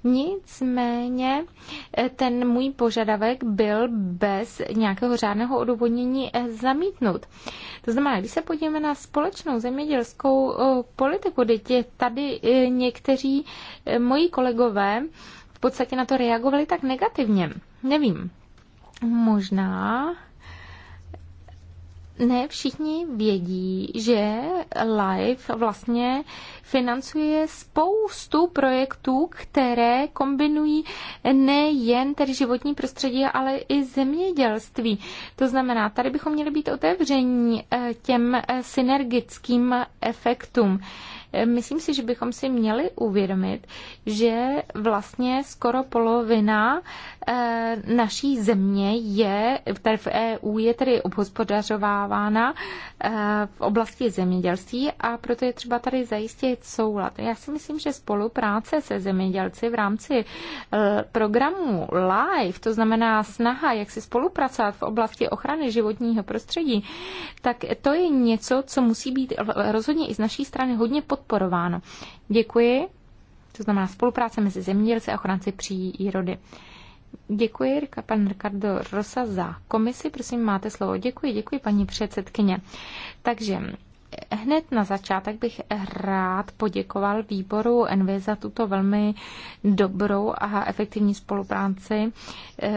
Nicméně eh, ten můj požadavek byl bez nějakého řádného odůvodnění eh, zamítnut. To znamená, když se podíváme na společnou zemědělskou eh, politiku, teď je tady někteří moji kolegové v podstatě na to reagovali tak negativně. Nevím. Možná ne všichni vědí, že Life vlastně financuje spoustu projektů, které kombinují nejen tedy životní prostředí, ale i zemědělství. To znamená, tady bychom měli být otevření eh, těm eh, synergickým efektům. Myslím si, že bychom si měli uvědomit, že vlastně skoro polovina eh, naší země je, tady v EU je tedy obhospodařovávána eh, v oblasti zemědělství a proto je třeba tady zajistit soulad. Já si myslím, že spolupráce se zemědělci v rámci eh, programu LIFE, to znamená snaha, jak si spolupracovat v oblasti ochrany životního prostředí, tak to je něco, co musí být rozhodně i z naší strany hodně pod podporováno. Děkuji, to znamená spolupráce mezi zemědělci a ochranci přírody. Děkuji, pan Ricardo Rosa za komisi. Prosím, máte slovo. Děkuji, děkuji, paní předsedkyně. Takže hned na začátek bych rád poděkoval výboru NV za tuto velmi dobrou a efektivní spolupráci eh,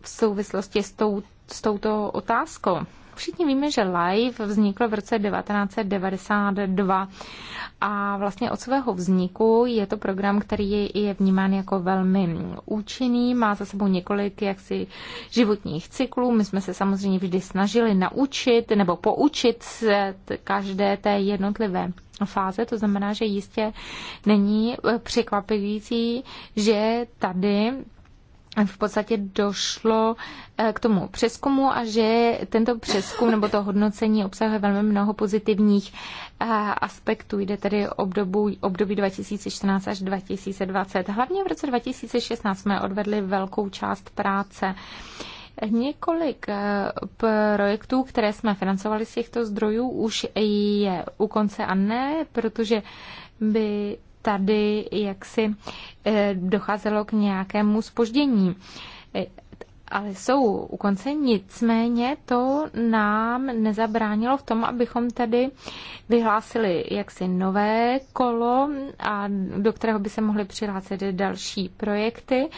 v souvislosti s, tou, s touto otázkou. Všichni víme, že live vzniklo v roce 1992 a vlastně od svého vzniku je to program, který je vnímán jako velmi účinný, má za sebou několik jaksi životních cyklů. My jsme se samozřejmě vždy snažili naučit nebo poučit se každé té jednotlivé fáze, to znamená, že jistě není překvapující, že tady v podstatě došlo eh, k tomu přeskumu a že tento přeskum nebo to hodnocení obsahuje velmi mnoho pozitivních eh, aspektů. Jde tedy obdobu, období 2014 až 2020. Hlavně v roce 2016 jsme odvedli velkou část práce. Několik eh, projektů, které jsme financovali z těchto zdrojů, už je u konce a ne, protože by tady jaksi eh, docházelo k nějakému spoždění eh, ale jsou u konce. Nicméně to nám nezabránilo v tom, abychom tedy vyhlásili jaksi nové kolo, a do kterého by se mohly přihlásit další projekty.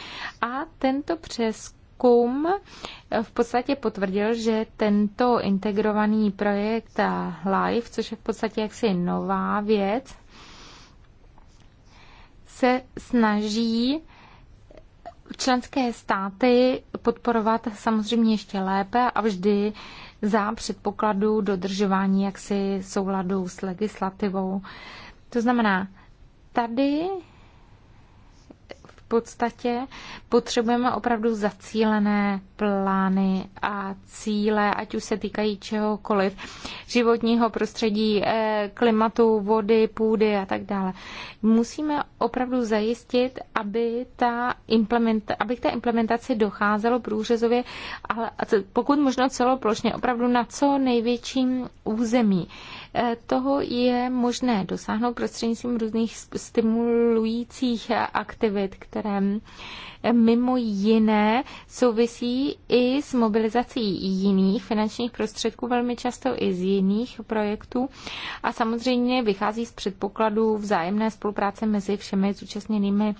A tento přeskum v podstatě potvrdil, že tento integrovaný projekt LIFE, což je v podstatě jaksi nová věc, se snaží členské státy podporovat samozřejmě ještě lépe a vždy za předpokladu dodržování jaksi souladu s legislativou. To znamená, tady podstatě potřebujeme opravdu zacílené plány a cíle, ať už se týkají čehokoliv, životního prostředí, eh, klimatu, vody, půdy a tak dále. Musíme opravdu zajistit, aby, ta implementa, aby k té implementaci docházelo průřezově, ale pokud možno celoplošně, opravdu na co největším území toho je možné dosáhnout prostřednictvím různých stimulujících aktivit, které eh, mimo jiné souvisí i s mobilizací jiných finančních prostředků, velmi často i z jiných projektů a samozřejmě vychází z předpokladu vzájemné spolupráce mezi všemi zúčastněnými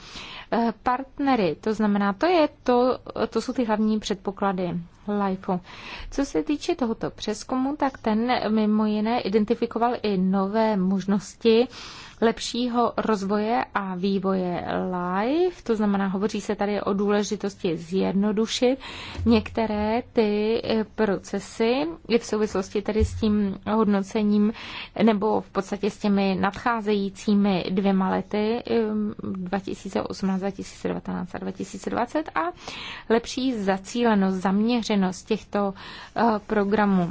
eh, partnery. To znamená, to, je to, to jsou ty hlavní předpoklady Lifeu. Co se týče tohoto přeskumu, tak ten mimo jiné identifikoval i nové možnosti lepšího rozvoje a vývoje live, to znamená, hovoří se tady o důležitosti zjednodušit některé ty eh, procesy v souvislosti tedy s tím hodnocením nebo v podstatě s těmi nadcházejícími dvěma lety 2018, 2019 a 2020 a lepší zacílenost, zaměřenost těchto eh, programů.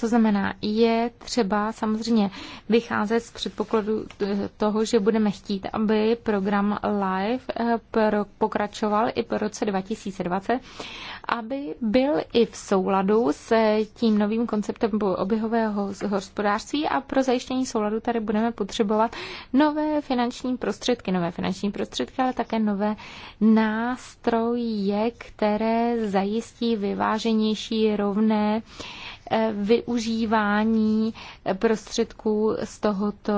To znamená, je třeba samozřejmě vycházet z předpokladu eh, toho, že budeme chtít, aby program live eh, pokračoval i po roce 2020, aby byl i v souladu s tím novým konceptem oběhového hospodářství a pro zajištění souladu tady budeme potřebovat nové finanční prostředky, nové finanční prostředky, ale také nové nástroje, které zajistí vyváženější rovné využívání prostředků z tohoto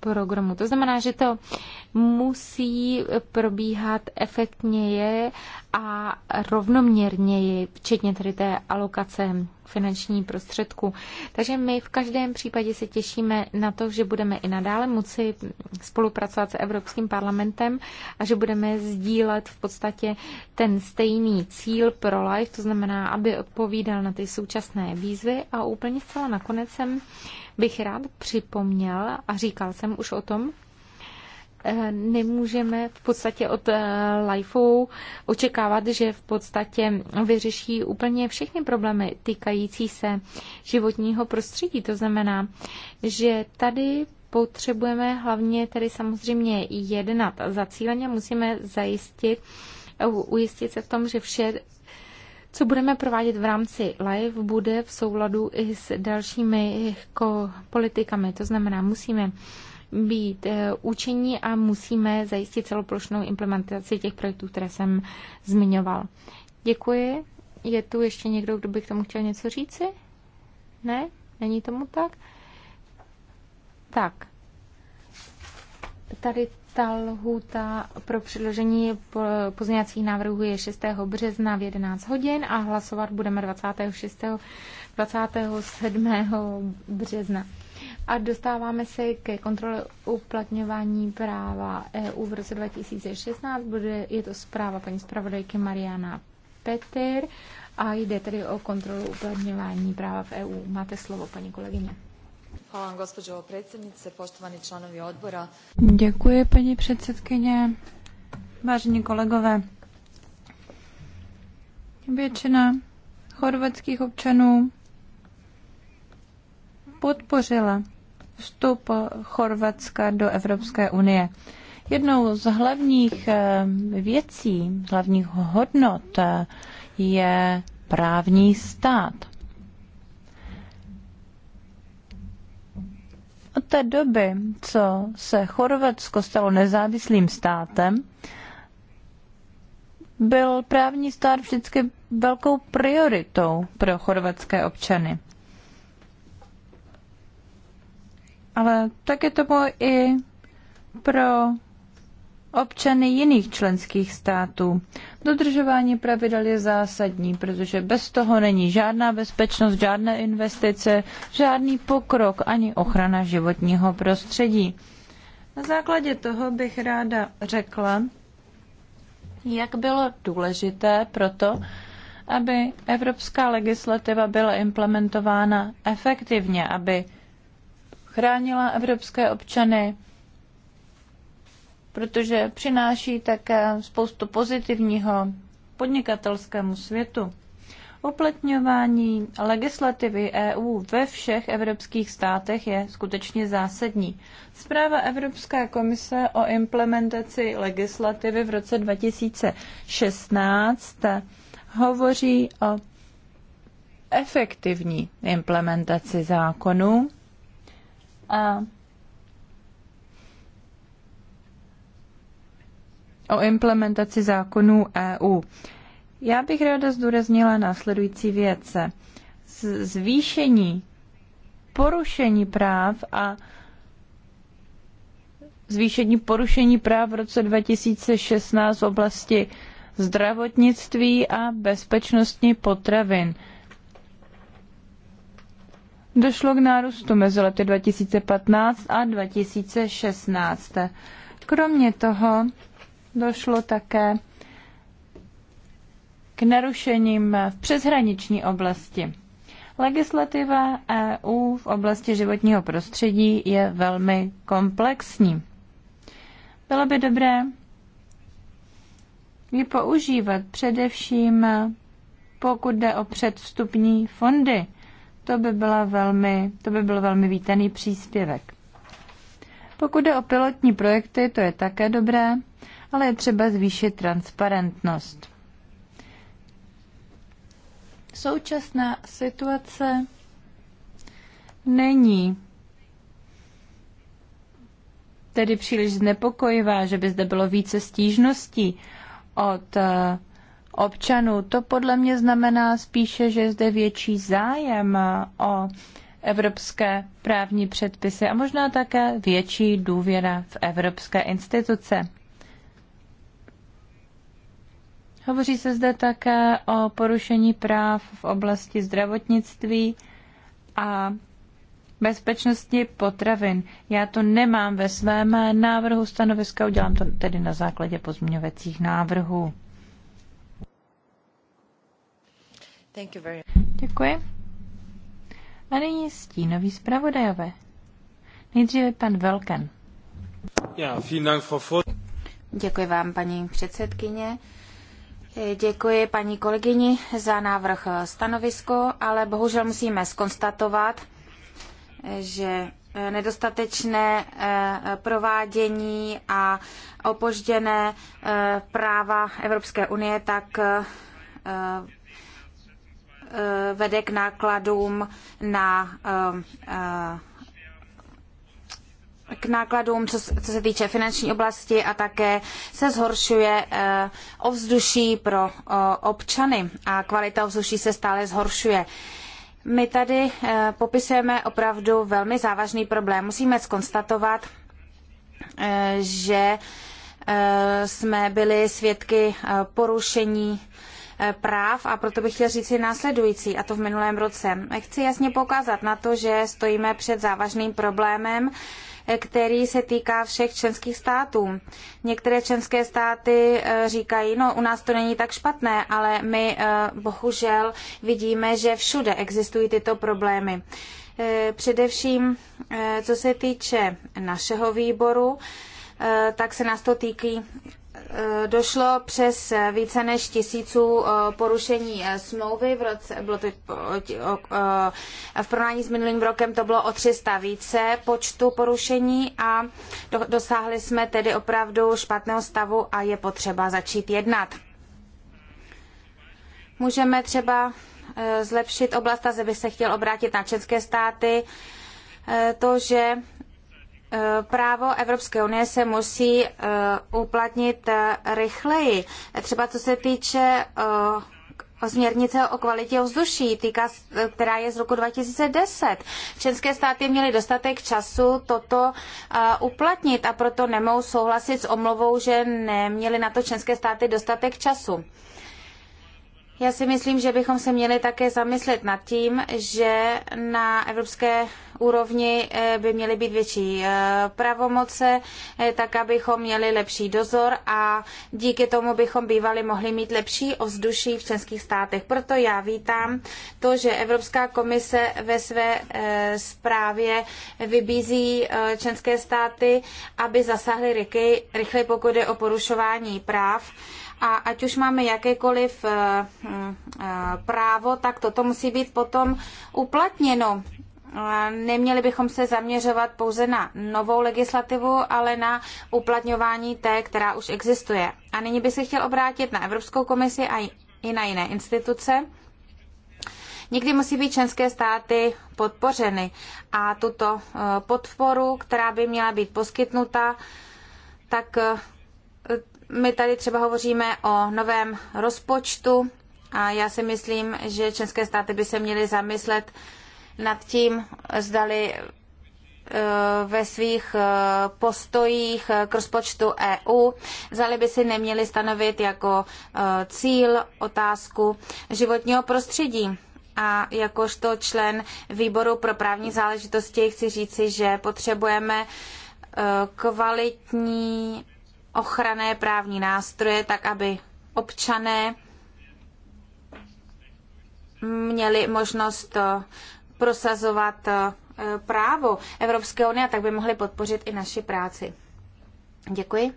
programu. To znamená, že to musí probíhat efektněji a rovnoměrněji, včetně tedy té alokace finanční prostředku. Takže my v každém případě se těšíme na to, že budeme i nadále moci spolupracovat s Evropským parlamentem a že budeme sdílet v podstatě ten stejný cíl pro life, to znamená, aby odpovídal na ty současné výzvy a úplně zcela nakonec jsem bych rád připomněl a říkal jsem už o tom, Eh, nemůžeme v podstatě od eh, LIFEu očekávat, že v podstatě vyřeší úplně všechny problémy týkající se životního prostředí. To znamená, že tady potřebujeme hlavně tedy samozřejmě jednat zacíleně, musíme zajistit, eh, ujistit se v tom, že vše co budeme provádět v rámci live, bude v souladu i s dalšími politikami. To znamená, musíme být eh, účinní a musíme zajistit celoplošnou implementaci těch projektů, které jsem zmiňoval. Děkuji. Je tu ještě někdo, kdo by k tomu chtěl něco říci? Ne? Není tomu tak? Tak. Tady ta lhůta pro předložení pozměňovacích návrhů je 6. března v 11 hodin a hlasovat budeme 26. 27. března. A dostáváme se ke kontrole uplatňování práva EU v roce 2016. Bude, je to zpráva paní zpravodajky Mariana Petr a jde tedy o kontrolu uplatňování práva v EU. Máte slovo, paní kolegyně. Děkuji, paní předsedkyně. Vážení kolegové, většina chorvatských občanů podpořila vstup Chorvatska do Evropské unie. Jednou z hlavních eh, věcí, hlavních hodnot eh, je právní stát. Od té doby, co se Chorvatsko stalo nezávislým státem, byl právní stát vždycky velkou prioritou pro chorvatské občany. ale tak je tomu i pro občany jiných členských států. Dodržování pravidel je zásadní, protože bez toho není žádná bezpečnost, žádné investice, žádný pokrok ani ochrana životního prostředí. Na základě toho bych ráda řekla, jak bylo důležité proto, aby evropská legislativa byla implementována efektivně, aby chránila evropské občany, protože přináší také spoustu pozitivního podnikatelskému světu. Uplatňování legislativy EU ve všech evropských státech je skutečně zásadní. Zpráva Evropské komise o implementaci legislativy v roce 2016 hovoří o efektivní implementaci zákonů o implementaci zákonů EU. Já bych ráda zdůraznila následující věce: Zvýšení porušení práv a zvýšení porušení práv v roce 2016 v oblasti zdravotnictví a bezpečnostní potravin. Došlo k nárůstu mezi lety 2015 a 2016. Kromě toho došlo také k narušením v přeshraniční oblasti. Legislativa EU v oblasti životního prostředí je velmi komplexní. Bylo by dobré ji používat především, pokud jde o předvstupní fondy to by, byla velmi, to by byl velmi vítaný příspěvek. Pokud jde o pilotní projekty, to je také dobré, ale je třeba zvýšit transparentnost. Současná situace není tedy příliš znepokojivá, že by zde bylo více stížností od eh, občanů. To podle mě znamená spíše, že je zde větší zájem o evropské právní předpisy a možná také větší důvěra v evropské instituce. Hovoří se zde také o porušení práv v oblasti zdravotnictví a bezpečnosti potravin. Já to nemám ve svém návrhu stanoviska, udělám to tedy na základě pozměňovacích návrhů. Děkuji. A nyní stínoví zpravodajové. Nejdříve pan Velken. Děkuji vám, paní předsedkyně. Děkuji paní kolegyni za návrh stanovisko, ale bohužel musíme skonstatovat, že nedostatečné eh, provádění a opožděné eh, práva Evropské unie tak eh, Eh, vede k nákladům na eh, eh, k nákladům, co, co, se týče finanční oblasti a také se zhoršuje uh, ovzduší pro uh, občany a kvalita ovzduší se stále zhoršuje. My tady uh, popisujeme opravdu velmi závažný problém. Musíme skonstatovat, že jsme byli svědky porušení Eh, práv a proto bych chtěl říci následující, a to v minulém roce. Chci jasně poukázat na to, že stojíme před závažným problémem, eh, který se týká všech členských států. Některé členské státy eh, říkají, no u nás to není tak špatné, ale my bohužel vidíme, že všude existují tyto problémy. Především, co se týče našeho výboru, tak se nás to týká. Eh, došlo přes eh, více než tisíců eh, porušení smlouvy. V, roce, bylo to, v porovnání s minulým rokem to bylo o 300 více počtu porušení a dosáhli jsme tedy opravdu špatného stavu a je potřeba začít jednat. Můžeme třeba zlepšit oblast, a zde bych se chtěl obrátit na české státy, to, že Eh, právo Evropské unie se musí eh, uplatnit eh, rychleji. Třeba co se týče směrnice o kvalitě ovzduší, týká, která je z roku 2010. České státy měly dostatek času toto uplatnit a proto nemohou souhlasit s omluvou, že neměly na to české státy dostatek času. Já si myslím, že bychom se měli také zamyslet nad tím, že na evropské úrovni eh, by měly být větší eh, pravomoce, eh, tak abychom měli lepší dozor a díky tomu bychom bývali mohli mít lepší ovzduší v českých státech. Proto já vítám to, že Evropská komise ve své zprávě vybízí členské státy, aby zasáhly rychy, rychle, pokud je o porušování práv a ať už máme jakékoliv eh, eh, právo, tak toto musí být potom uplatněno. Eh, neměli bychom se zaměřovat pouze na novou legislativu, ale na uplatňování té, která už existuje. A nyní bych se chtěl obrátit na Evropskou komisi a i na jiné instituce. Někdy musí být členské státy podpořeny a tuto podporu, která by měla být poskytnuta, tak my tady třeba hovoříme o novém rozpočtu a já si myslím, že české státy by se měly zamyslet nad tím, zdali e, ve svých e, postojích e, k rozpočtu EU. Zali by si neměli stanovit jako cíl otázku životního prostředí. A jakožto člen výboru pro právní záležitosti chci říci, že potřebujeme kvalitní ochranné právní nástroje, tak aby občané měli možnost eh, prosazovat eh, právo Evropské unie, tak by mohli podpořit i naši práci. Děkuji.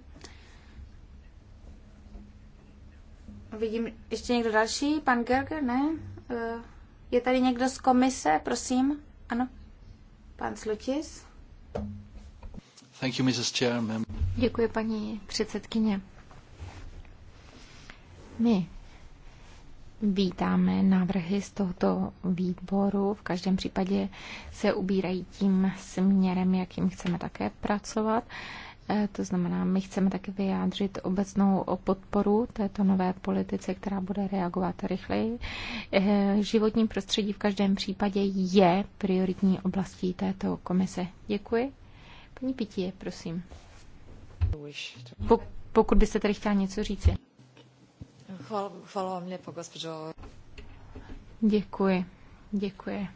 Vidím ještě někdo další? Pan Gerger, ne? Eh, je tady někdo z komise, prosím? Ano. Pan Slutis? Děkuji, paní předsedkyně. My vítáme návrhy z tohoto výboru. V každém případě se ubírají tím směrem, jakým chceme také pracovat. E, to znamená, my chceme také vyjádřit obecnou podporu této nové politice, která bude reagovat rychleji. E, životní prostředí v každém případě je prioritní oblastí této komise. Děkuji. Paní Pití, prosím. Po, pokud byste tady chtěla něco říct. Chvala, chvala Děkuji, děkuji.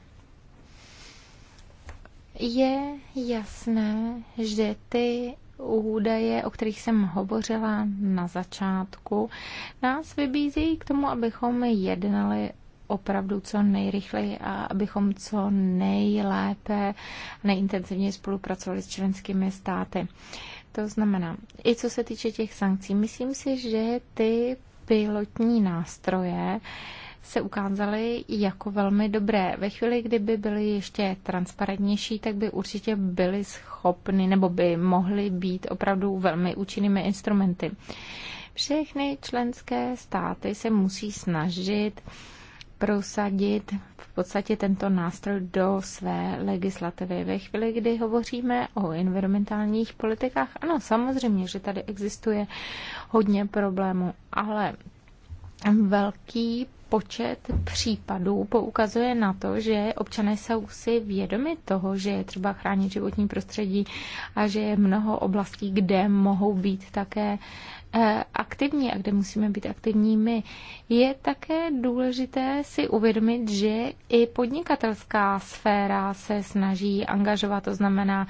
Je jasné, že ty údaje, o kterých jsem hovořila na začátku, nás vybízejí k tomu, abychom jednali opravdu co nejrychleji a abychom co nejlépe, nejintenzivněji spolupracovali s členskými státy. To znamená, i co se týče těch sankcí, myslím si, že ty pilotní nástroje se ukázaly jako velmi dobré. Ve chvíli, kdyby byly ještě transparentnější, tak by určitě byly schopny nebo by mohly být opravdu velmi účinnými instrumenty. Všechny členské státy se musí snažit prosadit v podstatě tento nástroj do své legislativy. Ve chvíli, kdy hovoříme o environmentálních politikách, ano, samozřejmě, že tady existuje hodně problémů, ale velký počet případů poukazuje na to, že občané jsou si vědomi toho, že je třeba chránit životní prostředí a že je mnoho oblastí, kde mohou být také Eh, aktivní a kde musíme být aktivní my, je také důležité si uvědomit, že i podnikatelská sféra se snaží angažovat, to znamená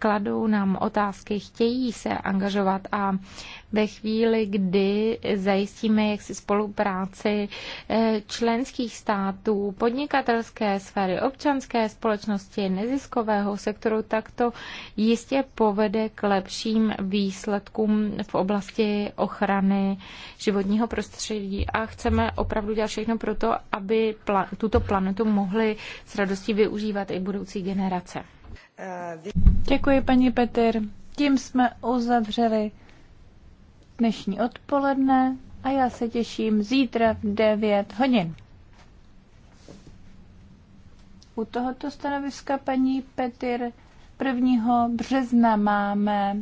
kladou nám otázky, chtějí se angažovat a ve chvíli, kdy zajistíme jaksi spolupráci eh, členských států, podnikatelské sféry, občanské společnosti, neziskového sektoru, tak to jistě povede k lepším výsledkům v oblasti ochrany životního prostředí a chceme opravdu dělat všechno pro to, aby pla- tuto planetu mohly s radostí využívat i budoucí generace. Děkuji, paní Petr. Tím jsme uzavřeli dnešní odpoledne a já se těším zítra v 9 hodin. U tohoto stanoviska paní Petr 1. března máme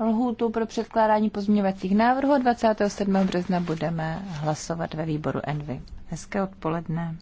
lhůtu pro předkládání pozměňovacích návrhů. 27. března budeme hlasovat ve výboru Envy. Hezké odpoledne.